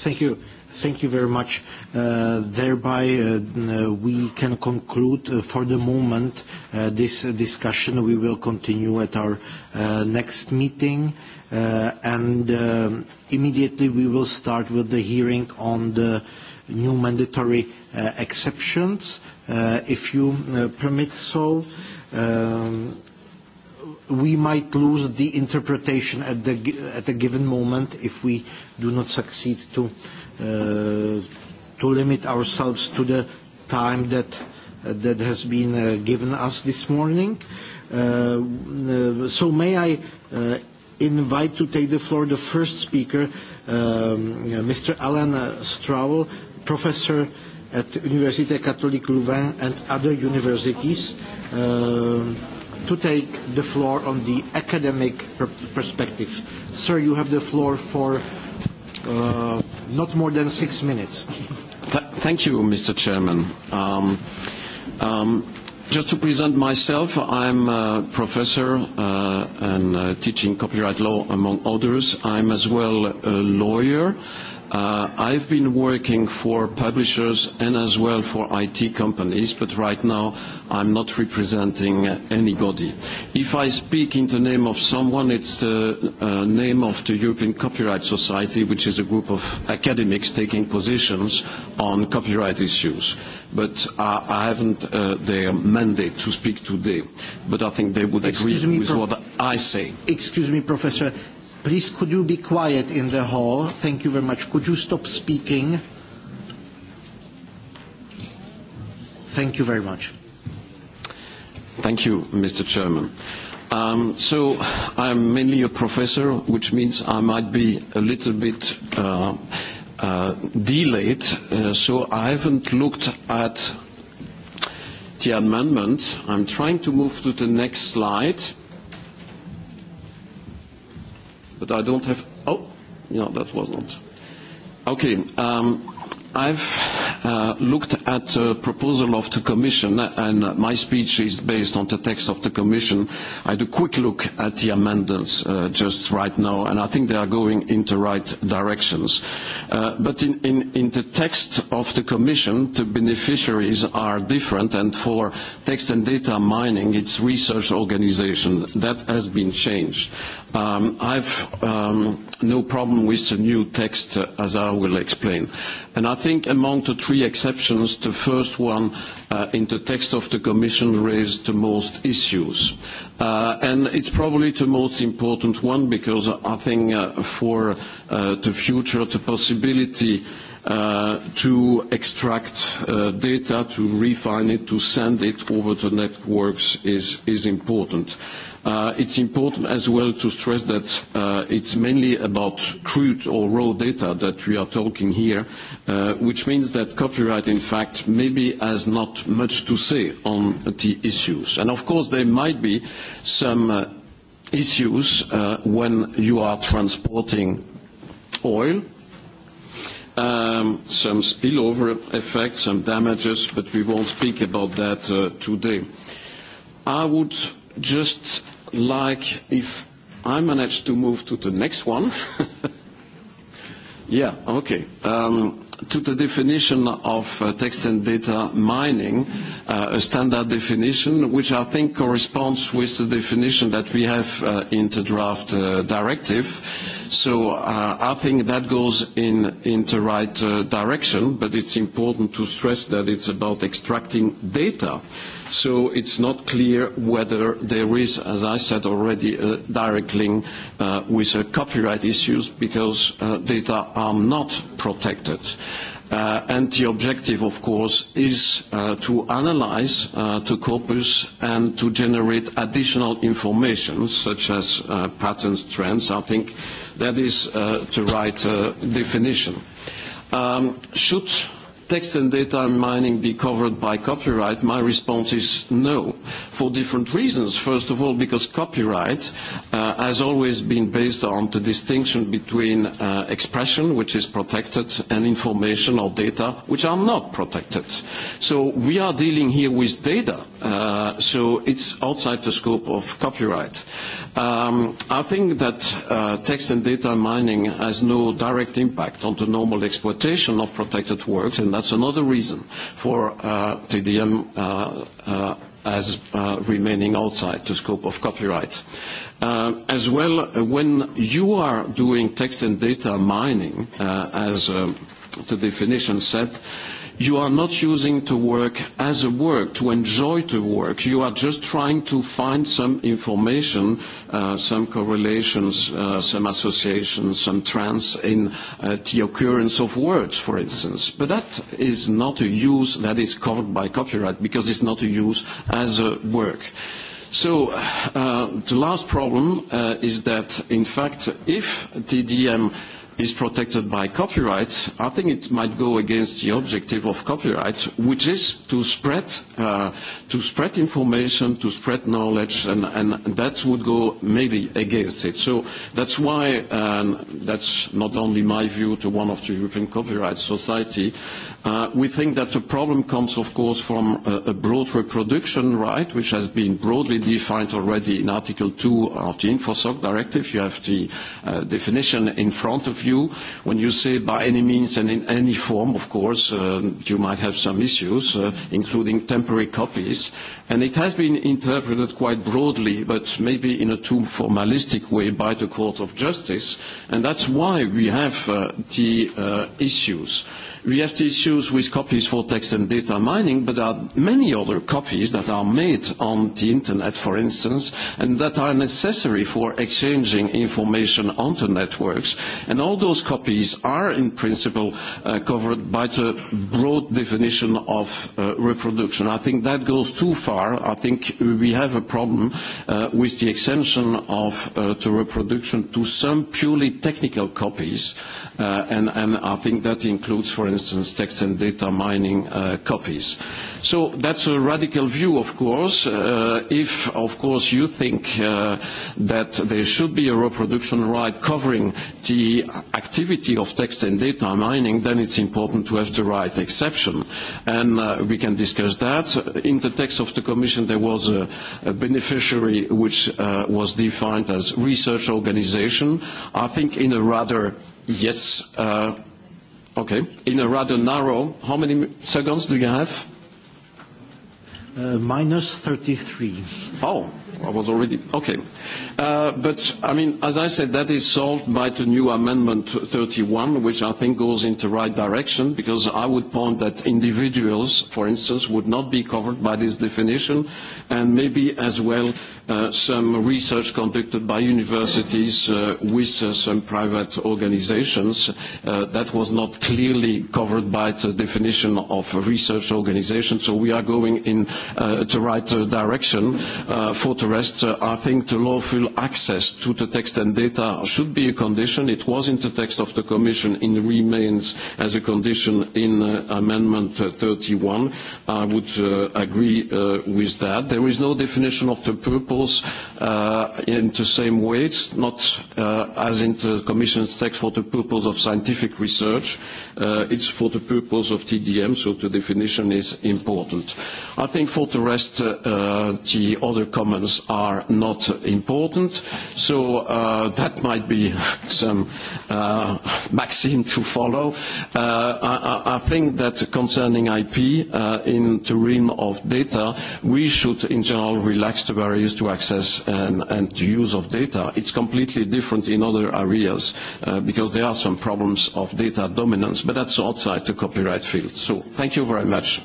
thank you. Thank you very much. Uh, thereby, uh, uh, we can conclude uh, for the moment uh, this discussion. We will continue at our uh, next meeting. and immediately we will start with the hearing on the new mandatory exceptions, if you permit so. Um, we might lose the interpretation at, the, at a given moment if we do not succeed to uh, Uh, to limit ourselves to the time that uh, that has been uh, given us this morning. so may I invite to take the floor the first speaker, Mr. Um, Alan Strawell, professor at Université Catholique Louvain and other universities uh, to take the floor on the academic per perspective. Sir, you have the floor for uh, not more than six minutes. thank you, Mr. Chairman. Um, um, just to present myself, I'm a professor uh, and uh, teaching copyright law, among others. I'm as well a lawyer. Uh, I've been working for publishers and as well for IT companies, but right now I'm not representing anybody. If I speak in the name of someone, it's the uh, name of the European Copyright Society, which is a group of academics taking positions on copyright issues. But uh, I haven't uh, their mandate to speak today. But I think they would Excuse agree me, with what I say. Excuse me, Professor Please could you be quiet in the hall? Thank you very much. Could you stop speaking? Thank you very much. Thank you, Mr. Chairman. Um, so I'm mainly a professor, which means I might be a little bit uh, uh, delayed. Uh, so I haven't looked at the amendment. I'm trying to move to the next slide but I don't have... Oh, yeah, that was not. Okay. Um, I've uh, looked at the proposal of the Commission, and my speech is based on the text of the Commission. I had a quick look at the amendments uh, just right now, and I think they are going in the right directions. Uh, but in, in, in, the text of the Commission, the beneficiaries are different, and for text and data mining, it's research organization. That has been changed. Um, I've um, no problem with the new text, uh, as I will explain. And I think among the three exceptions, the first one uh, in the text of the Commission raised the most issues. Uh, and it's probably the most important one because I think uh, for uh, the future, the possibility Uh, to extract uh, data, to refine it, to send it over the networks is, is important. Uh, it's important as well to stress that uh, it's mainly about crude or raw data that we are talking here, uh, which means that copyright, in fact, maybe has not much to say on the issues. And of course, there might be some uh, issues uh, when you are transporting oil, um, some spillover effects, some damages, but we won't speak about that today. I would just like if I manage to move to the next one. yeah, okay. Um, to the definition of uh, text and data mining, uh, a standard definition, which I think corresponds with the definition that we have uh, in the draft uh, directive. So uh, I think that goes in, in the right uh, direction, but it's important to stress that it's about extracting data So it's not clear whether there is, as I said already, a direct link uh, with uh, copyright issues because uh, data are not protected. Uh, and the objective, of course, is uh, to analyze, uh, to corpus, and to generate additional information, such as uh, patterns, trends. I think that is uh, the right uh, definition. Um, should text and data mining be covered by copyright, my response is no, for different reasons. First of all, because copyright uh, has always been based on the distinction between uh, expression, which is protected, and information or data, which are not protected. So we are dealing here with data, uh, so it's outside the scope of copyright. Um, I think that uh, text and data mining has no direct impact on the normal exploitation of protected works, and that's another reason for uh, TDM uh, uh, as uh, remaining outside the scope of copyright. Uh, as well, uh, when you are doing text and data mining, uh, as um, the definition said, You are not using to work as a work, to enjoy to work. You are just trying to find some information, uh, some correlations, uh, some associations, some trends in uh, the occurrence of words, for instance. But that is not a use that is covered by copyright because it's not a use as a work. So uh, the last problem uh, is that, in fact, if TDM is protected by copyright, I think it might go against the objective of copyright, which is to spread, uh, to spread information, to spread knowledge, and, and that would go maybe against it. So that's why, uh, that's not only my view to one of the European Copyright Society, Uh, we think that the problem comes, of course, from uh, a, broad reproduction right, which has been broadly defined already in Article 2 of the InfoSoc Directive. You have the uh, definition in front of you. When you say by any means and in any form, of course, you might have some issues, including temporary copies. And it has been interpreted quite broadly, but maybe in a too formalistic way by the Court of Justice. And that's why we have the issues. We have issues with copies for text and data mining, but there are many other copies that are made on the internet, for instance, and that are necessary for exchanging information onto networks. And all those copies are, in principle, uh, covered by the broad definition of uh, reproduction. I think that goes too far. I think we have a problem uh, with the extension of uh, the reproduction to some purely technical copies, uh, and, and I think that includes, for instance, uh, text and data mining uh, copies. So that's a radical view, of course. Uh, if, of course, you think uh, that there should be a reproduction right covering the activity of text and data mining, then it's important to have the right exception. And uh, we can discuss that. In the text of the Commission, there was a, a beneficiary which uh, was defined as research organization. I think in a rather, yes, uh, Okay. In a rather narrow, how many seconds do you have? Uh, minus 33. Oh, I was already okay. Uh, but I mean, as I said, that is solved by the new amendment 31, which I think goes in the right direction because I would point that individuals, for instance, would not be covered by this definition, and maybe as well uh, some research conducted by universities uh, with uh, some private organizations uh, that was not clearly covered by the definition of research organization. So we are going in uh, the right direction for the interest, uh, I think the lawful access to the text and data should be a condition. It was in the text of the Commission. It remains as a condition in uh, Amendment 31. Uh, I would uh, agree uh, with that. There is no definition of the purpose uh, in the same way. It's not uh, as in the Commission's text for the purpose of scientific research. Uh, it's for the purpose of TDM, so the definition is important. I think for the rest, uh, uh the other comments elections are not important. So uh, that might be some uh, maxim to follow. Uh, I, I think that concerning IP uh, in the realm of data, we should in general relax the barriers to access and, and use of data. It's completely different in other areas uh, because there are some problems of data dominance, but that's outside the copyright field. So thank you very much.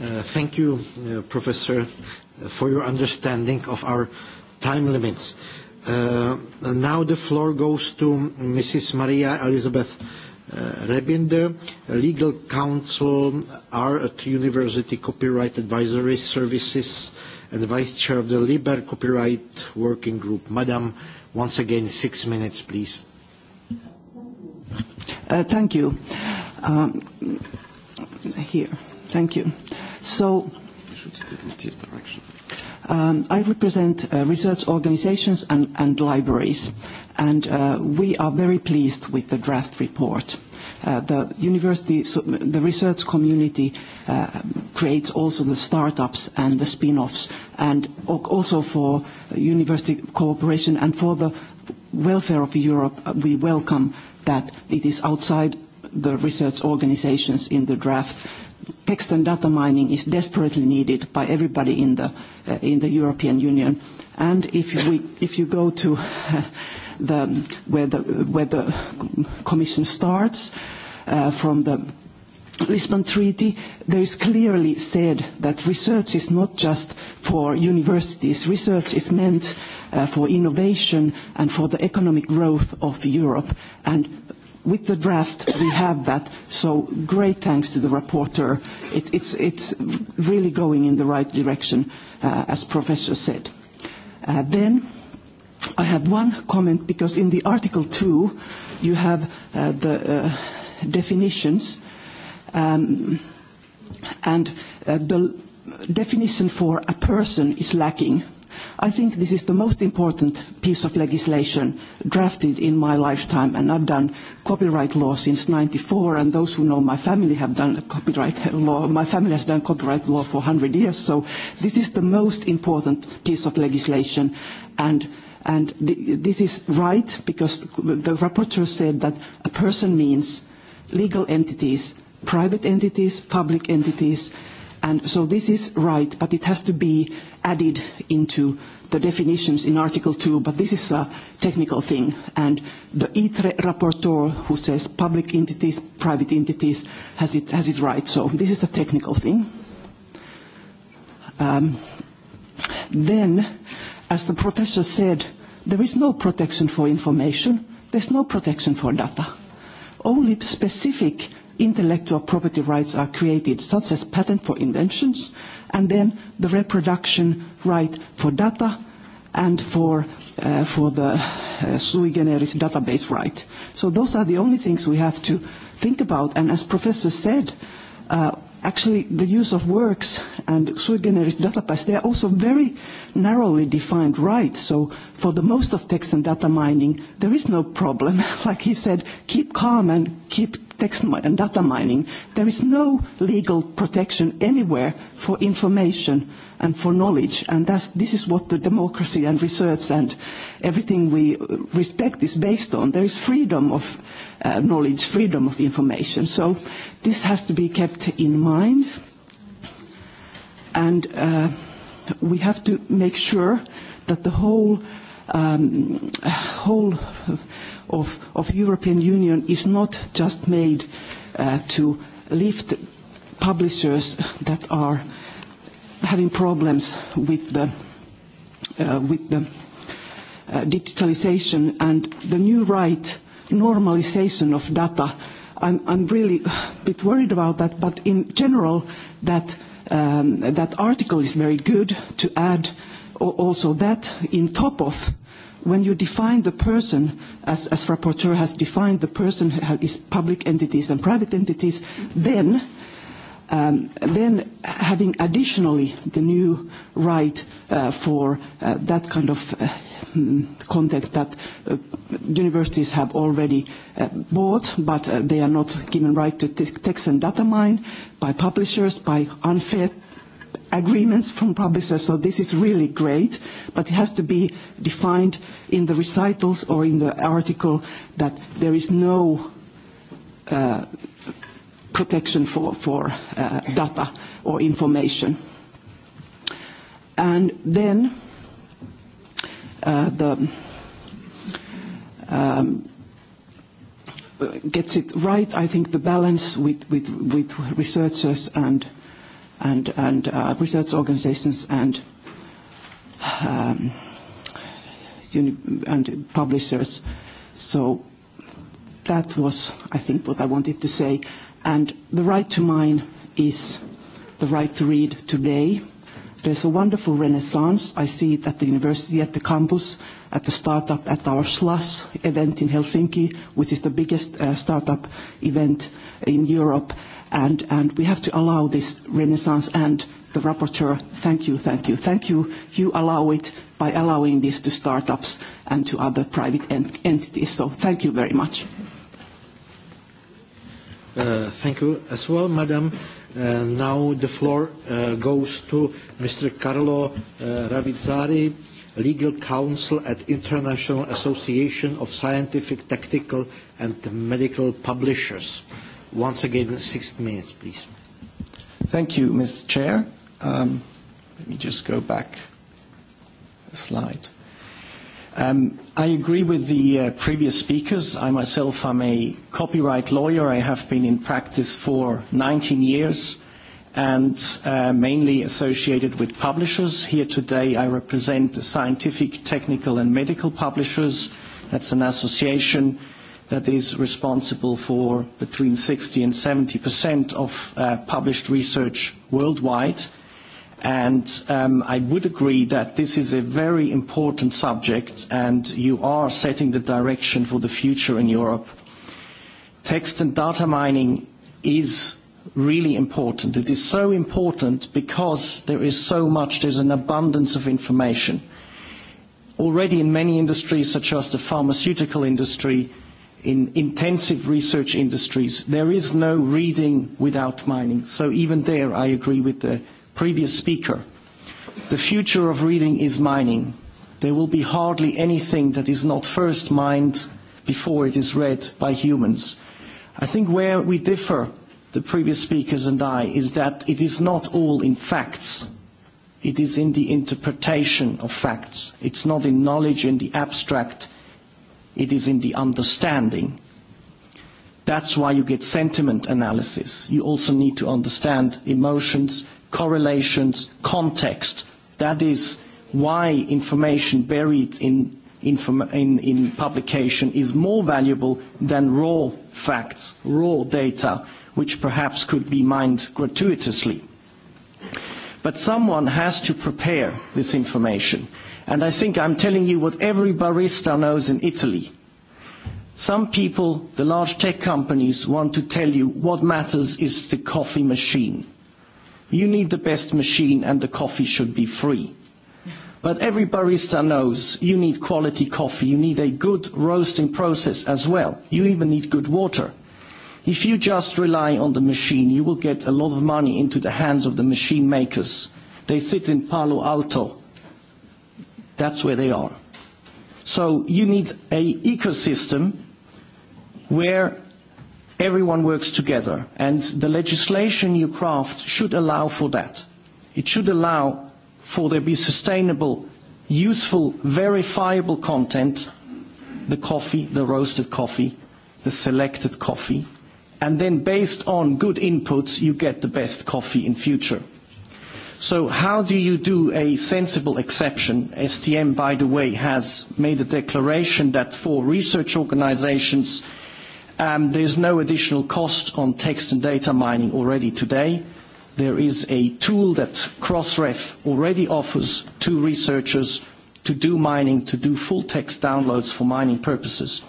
Uh, thank you, uh, Professor, for your understanding of our time limits. Uh, now the floor goes to Mrs. Maria Elizabeth uh, Rebinder, legal counsel R at University Copyright Advisory Services and vice chair of the Liber Copyright Working Group. Madam, once again, six minutes, please. Uh, thank you. Um, here, thank you. Uh, So um, I represent uh, research organizations and, and libraries, and uh, we are very pleased with the draft report. Uh, the university, so the research community uh, creates also the startups and the spin-offs, and also for university cooperation and for the welfare of Europe, uh, we welcome that it is outside the research organizations in the draft text and data mining is desperately needed by everybody in the, uh, in the European Union. And if, we, if you go to uh, the, where, the, where the Commission starts uh, from the Lisbon Treaty, there is clearly said that research is not just for universities. Research is meant uh, for innovation and for the economic growth of Europe. And with the draft, we have that. So great thanks to the rapporteur. It, it's, it's really going in the right direction, uh, as Professor said. Uh, then I have one comment, because in the Article 2, you have uh, the uh, definitions, um, and uh, the definition for a person is lacking I think this is the most important piece of legislation drafted in my lifetime, and I've done copyright law since 94, and those who know my family have done copyright law. My family has done copyright law for 100 years, so this is the most important piece of legislation, and and th this is right because the rapporteur said that a person means legal entities, private entities, public entities, and so this is right, but it has to be added into the definitions in Article 2, but this is a technical thing. And the ITRE rapporteur, who says public entities, private entities, has it, has it right. So this is a technical thing. Um, then, as the professor said, there is no protection for information. There's no protection for data. Only specific intellectual property rights are created, such as patent for inventions, and then the reproduction right for data and for, uh, for the uh, sui generis database right. So those are the only things we have to think about. And as Professor said, uh, actually the use of works and sui generis database, they are also very narrowly defined rights. So for the most of text and data mining, there is no problem. like he said, keep calm and keep text and data mining, there is no legal protection anywhere for information and for knowledge. And that's, this is what the democracy and research and everything we uh, respect is based on. There is freedom of uh, knowledge, freedom of information. So this has to be kept in mind. And uh, we have to make sure that the whole um, whole of, of European Union is not just made uh, to lift publishers that are having problems with the, uh, with the uh, digitalization and the new right normalization of data. I'm, I'm really a bit worried about that, but in general, that, um, that article is very good to add also that in top of when you define the person, as, as rapporteur has defined the person is public entities and private entities, then um, then having additionally the new right uh, for uh, that kind of uh, hmm, content that uh, universities have already uh, bought, but uh, they are not given right to text and data mine by publishers, by unfair agreements from publishers, so this is really great, but it has to be defined in the recitals or in the article that there is no uh, protection for, for uh, data or information. And then uh, the um, gets it right, I think, the balance with, with, with researchers and and, and uh, research organizations and, um, and publishers. So that was, I think, what I wanted to say. And the right to mine is the right to read today. There's a wonderful renaissance. I see it at the university, at the campus, at the startup, at our SLUS event in Helsinki, which is the biggest uh, startup event in Europe and, and we have to allow this renaissance and the rapporteur, thank you, thank you, thank you. You allow it by allowing this to startups and to other private ent entities. So thank you very much. Uh, thank you as well, Madam. Uh, now the floor uh, goes to Mr. Carlo uh, Ravizzari, Legal Counsel at International Association of Scientific, Technical and Medical Publishers. Uh, Once again, six minutes, please. Thank you, Mr. Chair. Um, let me just go back a slide. Um, I agree with the uh, previous speakers. I myself am a copyright lawyer. I have been in practice for 19 years and uh, mainly associated with publishers. Here today I represent the scientific, technical and medical publishers. That's an association that is responsible for between 60 and 70% of uh, published research worldwide. And um, I would agree that this is a very important subject, and you are setting the direction for the future in Europe. Text and data mining is really important. It is so important because there is so much, there's an abundance of information. Already in many industries, such as the pharmaceutical industry, in intensive research industries, there is no reading without mining. So even there, I agree with the previous speaker. The future of reading is mining. There will be hardly anything that is not first mined before it is read by humans. I think where we differ, the previous speakers and I, is that it is not all in facts. It is in the interpretation of facts. It's not in knowledge in the abstract It is in the understanding. That's why you get sentiment analysis. You also need to understand emotions, correlations, context. That is why information buried in, inform in, in publication is more valuable than raw facts, raw data, which perhaps could be mined gratuitously. But someone has to prepare this information. And I think I'm telling you what every barista knows in Italy. Some people, the large tech companies, want to tell you what matters is the coffee machine. You need the best machine and the coffee should be free. But every barista knows you need quality coffee, you need a good roasting process as well. You even need good water. If you just rely on the machine, you will get a lot of money into the hands of the machine makers. They sit in Palo Alto That's where they are. So you need an ecosystem where everyone works together. And the legislation you craft should allow for that. It should allow for there be sustainable, useful, verifiable content, the coffee, the roasted coffee, the selected coffee, and then based on good inputs, you get the best coffee in future. So how do you do a sensible exception? STM, by the way, has made a declaration that for research organizations, um, there's no additional cost on text and data mining already today. There is a tool that Crossref already offers to researchers to do mining, to do full text downloads for mining purposes.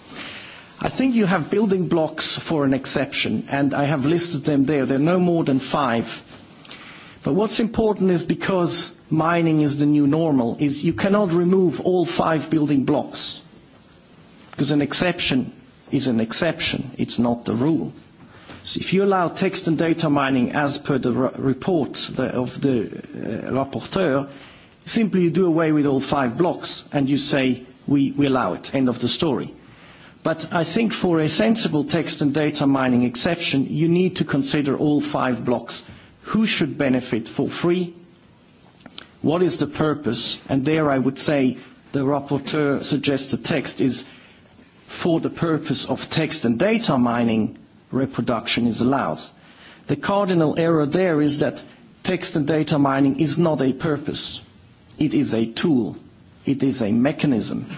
I think you have building blocks for an exception, and I have listed them there. There are no more than five. But what's important is because mining is the new normal, is you cannot remove all five building blocks. Because an exception is an exception, it's not the rule. So if you allow text and data mining as per the report of the uh, rapporteur, simply you do away with all five blocks and you say, we, we allow it, end of the story. But I think for a sensible text and data mining exception, you need to consider all five blocks who should benefit for free, what is the purpose, and there I would say the rapporteur suggests the text is for the purpose of text and data mining, reproduction is allowed. The cardinal error there is that text and data mining is not a purpose. It is a tool. It is a mechanism.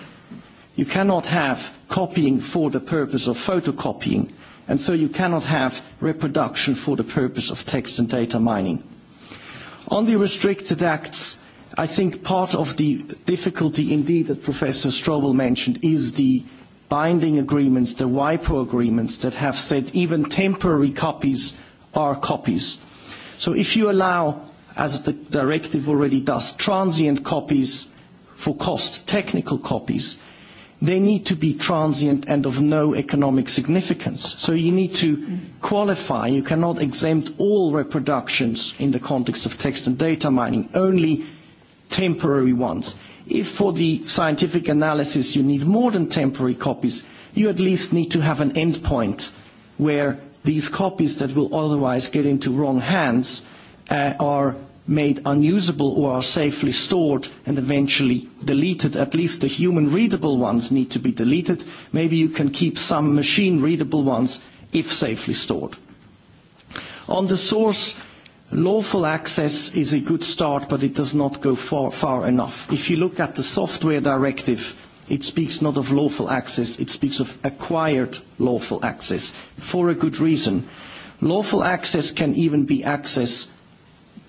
You cannot have copying for the purpose of photocopying And so you cannot have reproduction for the purpose of text and data mining. On the restricted acts, I think part of the difficulty indeed that Professor Strobel mentioned is the binding agreements, the WIPO agreements that have said even temporary copies are copies. So if you allow, as the directive already does, transient copies for cost, technical copies, they need to be transient and of no economic significance. So you need to qualify. You cannot exempt all reproductions in the context of text and data mining, only temporary ones. If for the scientific analysis you need more than temporary copies, you at least need to have an endpoint where these copies that will otherwise get into wrong hands uh, are made unusable or are safely stored and eventually deleted. At least the human readable ones need to be deleted. Maybe you can keep some machine readable ones if safely stored. On the source, lawful access is a good start, but it does not go far, far enough. If you look at the software directive, it speaks not of lawful access, it speaks of acquired lawful access, for a good reason. Lawful access can even be access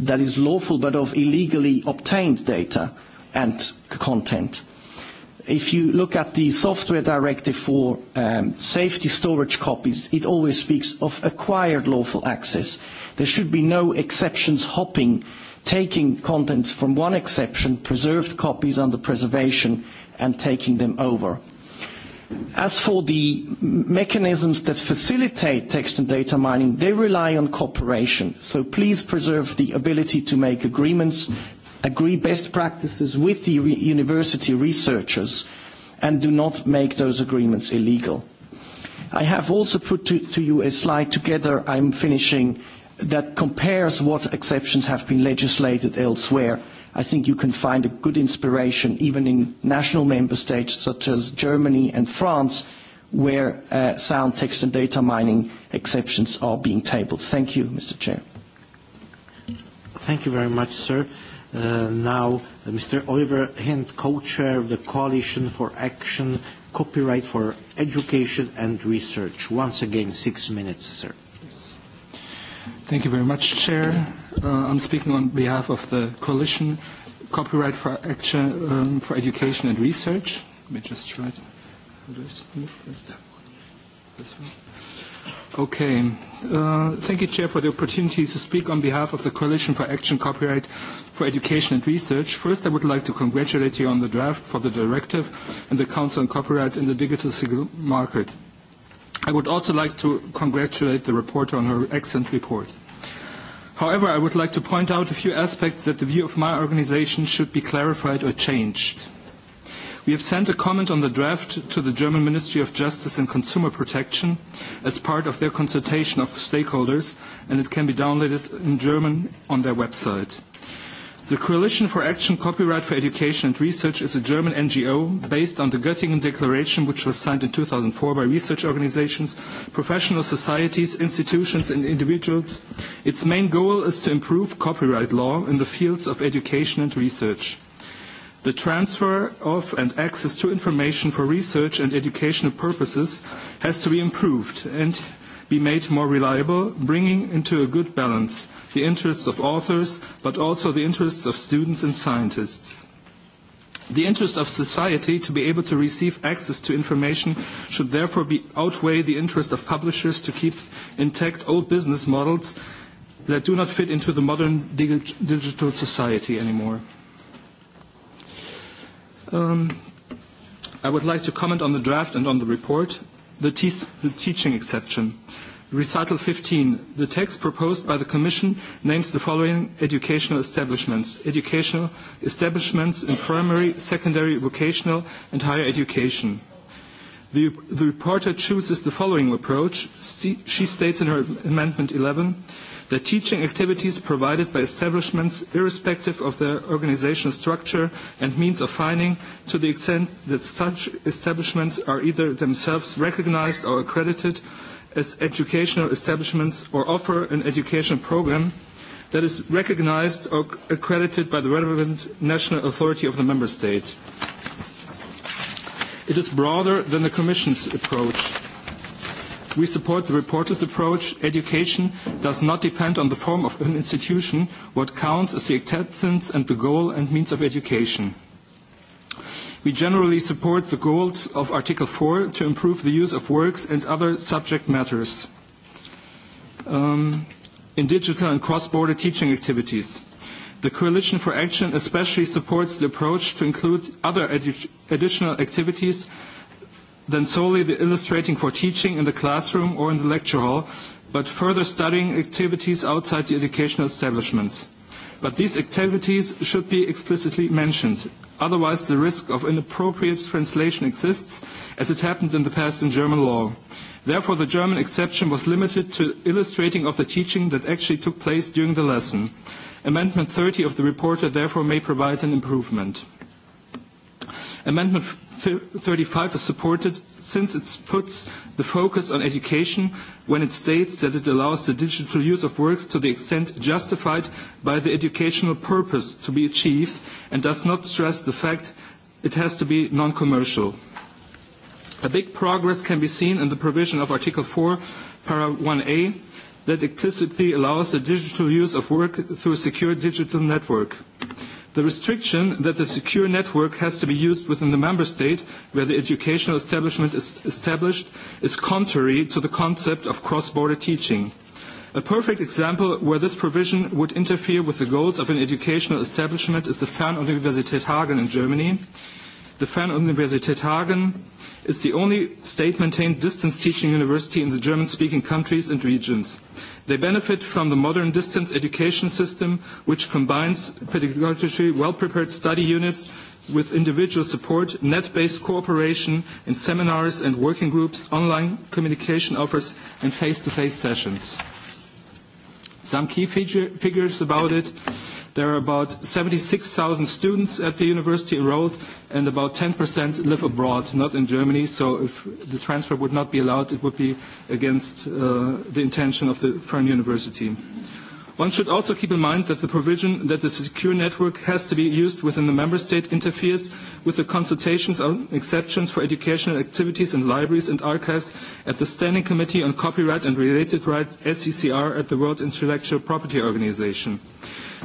that is lawful but of illegally obtained data and content. If you look at the software directive for um, safety storage copies, it always speaks of acquired lawful access. There should be no exceptions hopping, taking content from one exception, preserved copies under preservation, and taking them over. As for the mechanisms that facilitate text and data mining, they rely on cooperation. So please preserve the ability to make agreements, agree best practices with the re university researchers, and do not make those agreements illegal. I have also put to, to you a slide together, I'm finishing, that compares what exceptions have been legislated elsewhere I think you can find a good inspiration even in national member states such as Germany and France where uh, sound text and data mining exceptions are being tabled. Thank you, Mr. Chair. Thank you very much, sir. Uh, now, uh, Mr. Oliver Hint, co-chair of the Coalition for Action, Copyright for Education and Research. Once again, six minutes, sir. Thank you very much, Chair. Uh, I'm speaking on behalf of the coalition Copyright for, Action, um, for Education and Research. Let me just try to... This, this This one. Okay. Uh, thank you, Chair, for the opportunity to speak on behalf of the Coalition for Action Copyright for Education and Research. First, I would like to congratulate you on the draft for the directive and the Council on Copyright in the Digital Single Market. I would also like to congratulate the reporter on her excellent report. However, I would like to point out a few aspects that the view of my organization should be clarified or changed. We have sent a comment on the draft to the German Ministry of Justice and Consumer Protection as part of their consultation of stakeholders, and it can be downloaded in German on their website. The Coalition for Action Copyright for Education and Research is a German NGO based on the Göttingen Declaration, which was signed in 2004 by research organizations, professional societies, institutions, and individuals. Its main goal is to improve copyright law in the fields of education and research. The transfer of and access to information for research and educational purposes has to be improved and be made more reliable, bringing into a good balance – the interests of authors, but also the interests of students and scientists. The interest of society to be able to receive access to information should therefore be, outweigh the interest of publishers to keep intact old business models that do not fit into the modern dig digital society anymore. Um, I would like to comment on the draft and on the report, the, te the teaching exception. Recital 15. The text proposed by the Commission names the following educational establishments. Educational establishments in primary, secondary, vocational and higher education. The, the reporter chooses the following approach. She states in her Amendment 11 that teaching activities provided by establishments, irrespective of their organizational structure and means of finding, to the extent that such establishments are either themselves recognized or accredited, as educational establishments or offer an educational program that is recognized or accredited by the relevant national authority of the member state. It is broader than the Commission's approach. We support the reporter's approach. Education does not depend on the form of an institution. What counts is the acceptance and the goal and means of education. We generally support the goals of Article 4 to improve the use of works and other subject matters um, in digital and cross-border teaching activities. The Coalition for Action especially supports the approach to include other additional activities than solely the illustrating for teaching in the classroom or in the lecture hall, but further studying activities outside the educational establishments. But these activities should be explicitly mentioned. Otherwise, the risk of inappropriate translation exists, as it happened in the past in German law. Therefore, the German exception was limited to illustrating of the teaching that actually took place during the lesson. Amendment 30 of the reporter therefore may provide an improvement. Amendment 35 is supported since it puts the focus on education when it states that it allows the digital use of works to the extent justified by the educational purpose to be achieved and does not stress the fact it has to be non-commercial. A big progress can be seen in the provision of Article 4, Para 1a, that explicitly allows the digital use of work through a secure digital network. The restriction that the secure network has to be used within the member state where the educational establishment is established is contrary to the concept of cross-border teaching. A perfect example where this provision would interfere with the goals of an educational establishment is the Fernuniversität Hagen in Germany. The Fernuniversität Hagen is the only state-maintained distance teaching university in the German-speaking countries and regions. They benefit from the modern distance education system, which combines pedagogically well-prepared study units with individual support, net-based cooperation in seminars and working groups, online communication offers, and face-to-face -face sessions. Some key figure, figures about it. There are about 76,000 students at the university enrolled, and about 10% live abroad, not in Germany. So if the transfer would not be allowed, it would be against uh, the intention of the foreign university. One should also keep in mind that the provision that the secure network has to be used within the member state interferes with the consultations on exceptions for educational activities in libraries and archives at the Standing Committee on Copyright and Related Rights, (SCCR) at the World Intellectual Property Organization.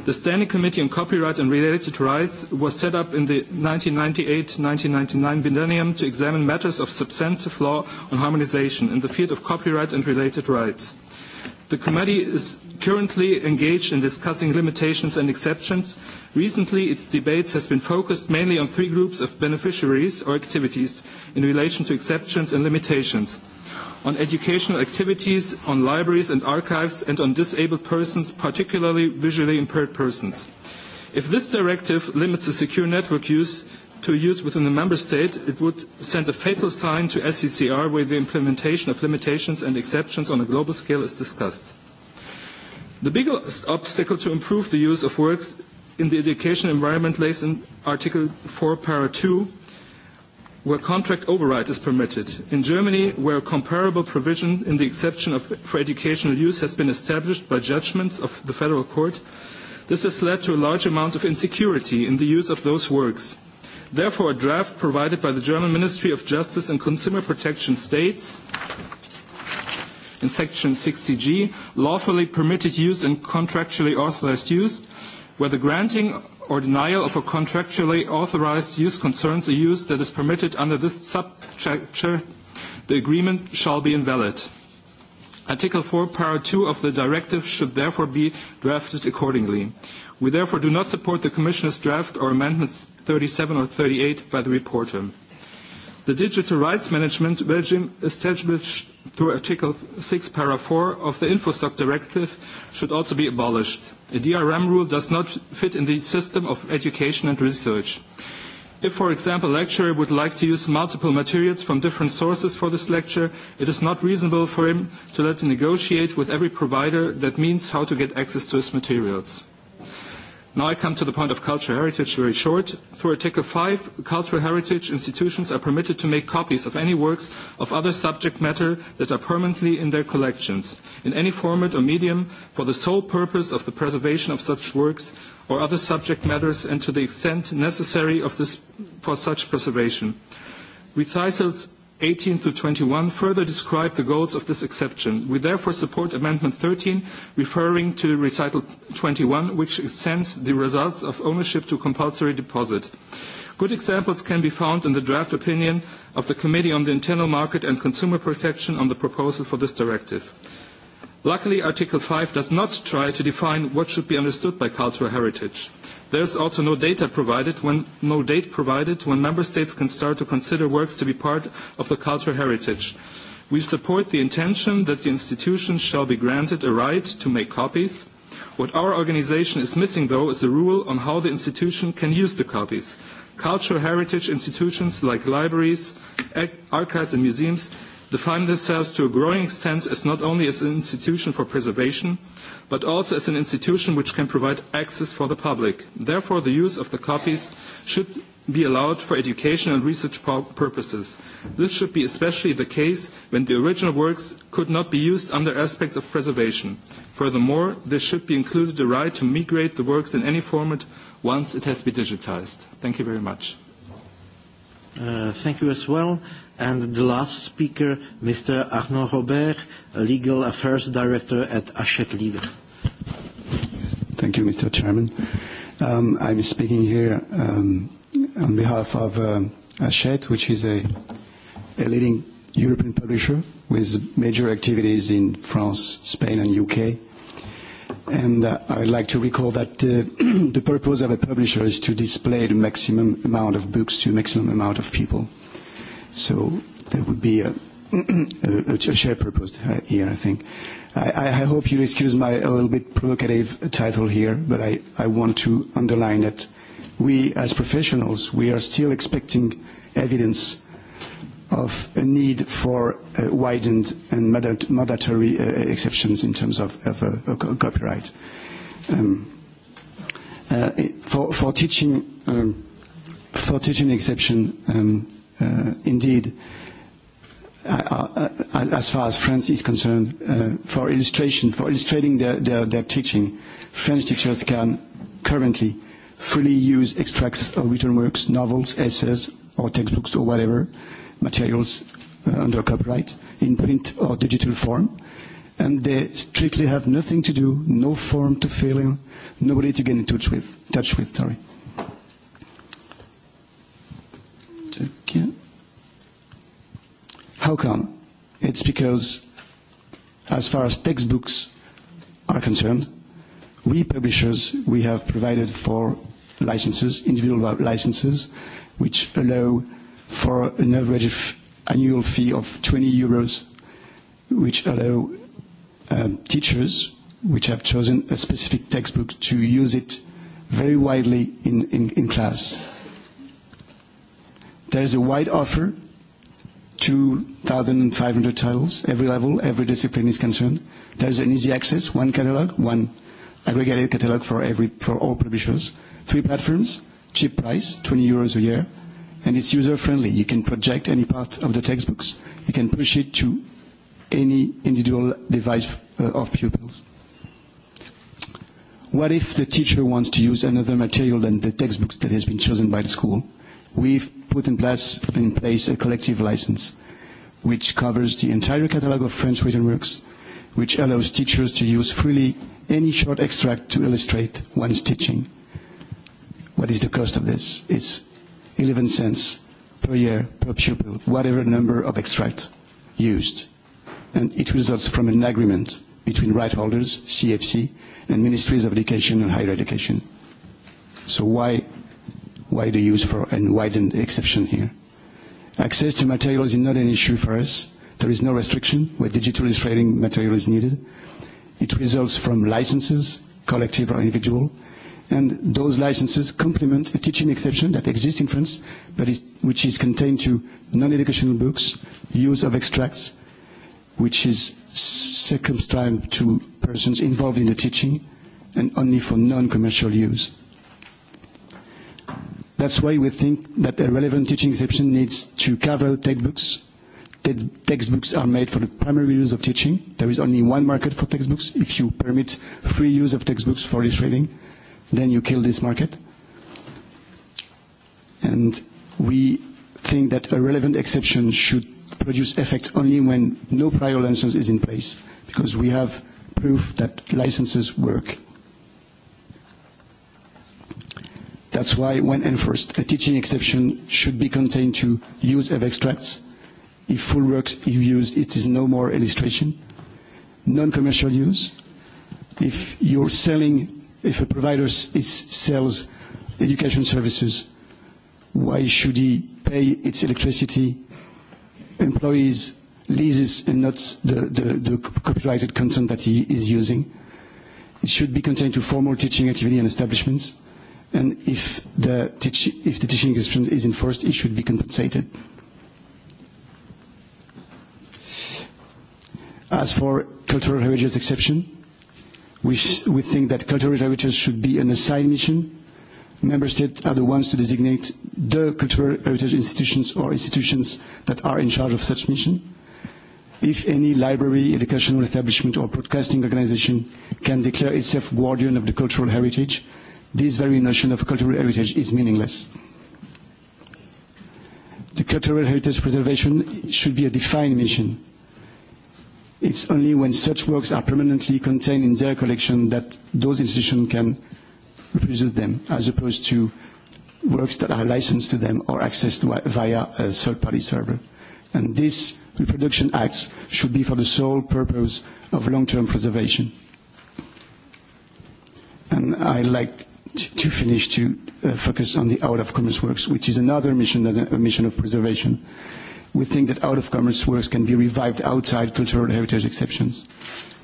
The Standing Committee on Copyright and Related Rights was set up in the 1998-1999 millennium to examine matters of substantive law on harmonization in the field of copyright and related rights. The committee is currently engaged in discussing limitations and exceptions. Recently, its debates has been focused mainly on three groups of beneficiaries or activities in relation to exceptions and limitations on educational activities, on libraries and archives, and on disabled persons, particularly visually impaired persons. If this directive limits the secure network use, to use within the member state, it would send a fatal sign to SCCR where the implementation of limitations and exceptions on a global scale is discussed. The biggest obstacle to improve the use of words in the education environment lays in Article 4, Para 2, where contract override is permitted. In Germany, where a comparable provision in the exception of, for educational use has been established by judgments of the federal court, this has led to a large amount of insecurity in the use of those works. Therefore, a draft provided by the German Ministry of Justice and Consumer Protection states in section 60G, lawfully permitted use and contractually authorized use, where the granting or denial of a contractually authorized use concerns a use that is permitted under this subchapter, the agreement shall be invalid. Article 4, Para 2 of the directive should therefore be drafted accordingly. We therefore do not support the Commissioner's draft or amendments 37 or 38 by the reporter. The digital rights management regime established through Article 6, Para 4 of the InfoSoc Directive should also be abolished. A DRM rule does not fit in the system of education and research. If, for example, a lecturer would like to use multiple materials from different sources for this lecture, it is not reasonable for him to let him negotiate with every provider that means how to get access to his materials. Now I come to the point of cultural heritage very short. Through Article 5, cultural heritage institutions are permitted to make copies of any works of other subject matter that are permanently in their collections, in any format or medium, for the sole purpose of the preservation of such works or other subject matters and to the extent necessary of this, for such preservation. Recitals 18 to 21 further describe the goals of this exception. We therefore support Amendment 13, referring to Recital 21, which extends the results of ownership to compulsory deposit. Good examples can be found in the draft opinion of the Committee on the Internal Market and Consumer Protection on the proposal for this directive. Luckily, Article 5 does not try to define what should be understood by cultural heritage. There is also no data provided when no date provided when member states can start to consider works to be part of the cultural heritage. We support the intention that the institution shall be granted a right to make copies. What our organisation is missing though is a rule on how the institution can use the copies. Cultural heritage institutions like libraries, archives and museums define themselves to a growing extent as not only as an institution for preservation but also as an institution which can provide access for the public. Therefore, the use of the copies should be allowed for education and research purposes. This should be especially the case when the original works could not be used under aspects of preservation. Furthermore, there should be included the right to migrate the works in any format once it has been digitized. Thank you very much. Uh, thank you as well and the last speaker, Mr. Arnaud Robert, Legal Affairs Director at Hachette Livre. Thank you, Mr. Chairman. Um, I'm speaking here um, on behalf of um, Hachette, which is a, a leading European publisher with major activities in France, Spain, and UK. And uh, I would like to recall that uh, the purpose of a publisher is to display the maximum amount of books to maximum amount of people. So there would be a, a, a shared purpose here, uh, I think. I, I hope you'll excuse my a little bit provocative title here, but I, I want to underline that we as professionals, we are still expecting evidence of a need for uh, widened and mandatory uh, exceptions in terms of, of uh, copyright. Um, uh, for, for teaching um, for teaching exception, um, Uh, indeed, uh, uh, as far as France is concerned, uh, for illustration, for illustrating their, their, their, teaching, French teachers can currently freely use extracts of written works, novels, essays, or textbooks or whatever materials uh, under copyright in print or digital form. And they strictly have nothing to do, no form to fill in, nobody to get in touch with. Touch with, sorry. can't. How come? It's because, as far as textbooks are concerned, we publishers, we have provided for licenses, individual licenses, which allow for an average annual fee of 20 euros, which allow um, teachers which have chosen a specific textbook to use it very widely in, in, in class There is a wide offer, 2,500 titles, every level, every discipline is concerned. There is an easy access, one catalog, one aggregated catalog for, every, for all publishers. Three platforms, cheap price, 20 euros a year, and it's user-friendly. You can project any part of the textbooks. You can push it to any individual device uh, of pupils. What if the teacher wants to use another material than the textbooks that has been chosen by the school? we've put in place, in place a collective license which covers the entire catalogue of French written works, which allows teachers to use freely any short extract to illustrate one's teaching. What is the cost of this? It's 11 cents per year per pupil, whatever number of extracts used. And it results from an agreement between right holders, CFC, and Ministries of Education and Higher Education. So why wider use for and widened exception here. Access to materials is not an issue for us. There is no restriction where digitally trading material is needed. It results from licenses, collective or individual, and those licenses complement a teaching exception that exists in France, but is, which is contained to non-educational books, use of extracts, which is circumscribed to persons involved in the teaching, and only for non-commercial use. That's why we think that a relevant teaching exception needs to cover textbooks. Te textbooks are made for the primary use of teaching. There is only one market for textbooks. If you permit free use of textbooks for illustrating, then you kill this market. And we think that a relevant exception should produce effect only when no prior license is in place, because we have proof that licenses work. That's why, when enforced, a teaching exception should be contained to use of extracts. If full works is used, it is no more illustration. Non-commercial use. If you're selling, if a provider is, sells education services, why should he pay its electricity, employees, leases, and not the, the, the copyrighted content that he is using? It should be contained to formal teaching activity and establishments and if the, teach, if the teaching is enforced, it should be compensated. As for cultural heritage exception, we, we think that cultural heritage should be an assigned mission. Member states are the ones to designate the cultural heritage institutions or institutions that are in charge of such mission. If any library, educational establishment or broadcasting organization can declare itself guardian of the cultural heritage, this very notion of cultural heritage is meaningless. The cultural heritage preservation should be a defined mission. It's only when such works are permanently contained in their collection that those institutions can reproduce them, as opposed to works that are licensed to them or accessed via a third-party server. And this reproduction acts should be for the sole purpose of long-term preservation. And I like to, finish to uh, focus on the out of commerce works, which is another mission, a uh, mission of preservation. We think that out of commerce works can be revived outside cultural heritage exceptions.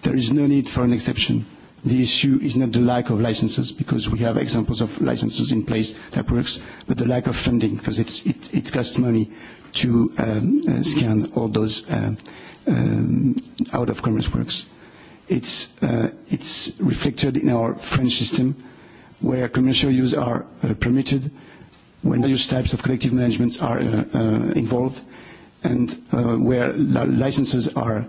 There is no need for an exception. The issue is not the lack of licenses, because we have examples of licenses in place that works, but the lack of funding, because it's, it, it costs money to um, uh, scan all those uh, um, out of commerce works. It's, uh, it's reflected in our French system where commercial use are uh, permitted, when various types of collective management are uh, uh, involved, and uh, where licenses are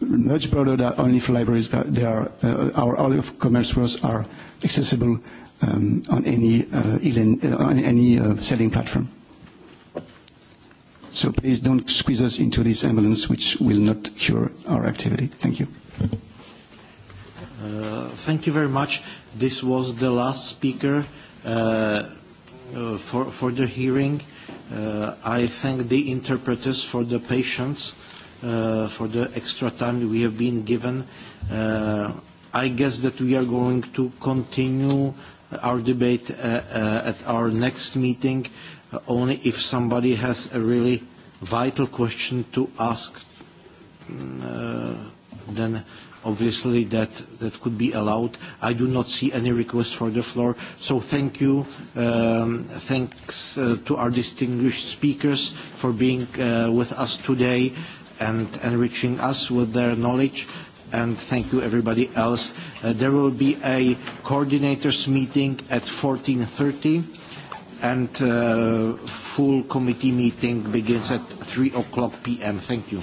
much broader than only for libraries, but they are, uh, our all of commerce works are accessible um, on any, uh, uh, on any uh, selling platform. So please don't squeeze us into this ambulance, which will not cure our activity. Thank you. Uh, thank you very much. This was the last speaker uh, uh, for, for the hearing. Uh, I thank the interpreters for the patience, uh, for the extra time we have been given. Uh, I guess that we are going to continue our debate uh, uh, at our next meeting, uh, only if somebody has a really vital question to ask, mm, uh, then obviously that, that could be allowed. I do not see any request for the floor. So thank you. Um, thanks uh, to our distinguished speakers for being uh, with us today and enriching us with their knowledge. And thank you everybody else. Uh, there will be a coordinators meeting at 14.30 and uh, full committee meeting begins at 3 o'clock p.m. Thank you.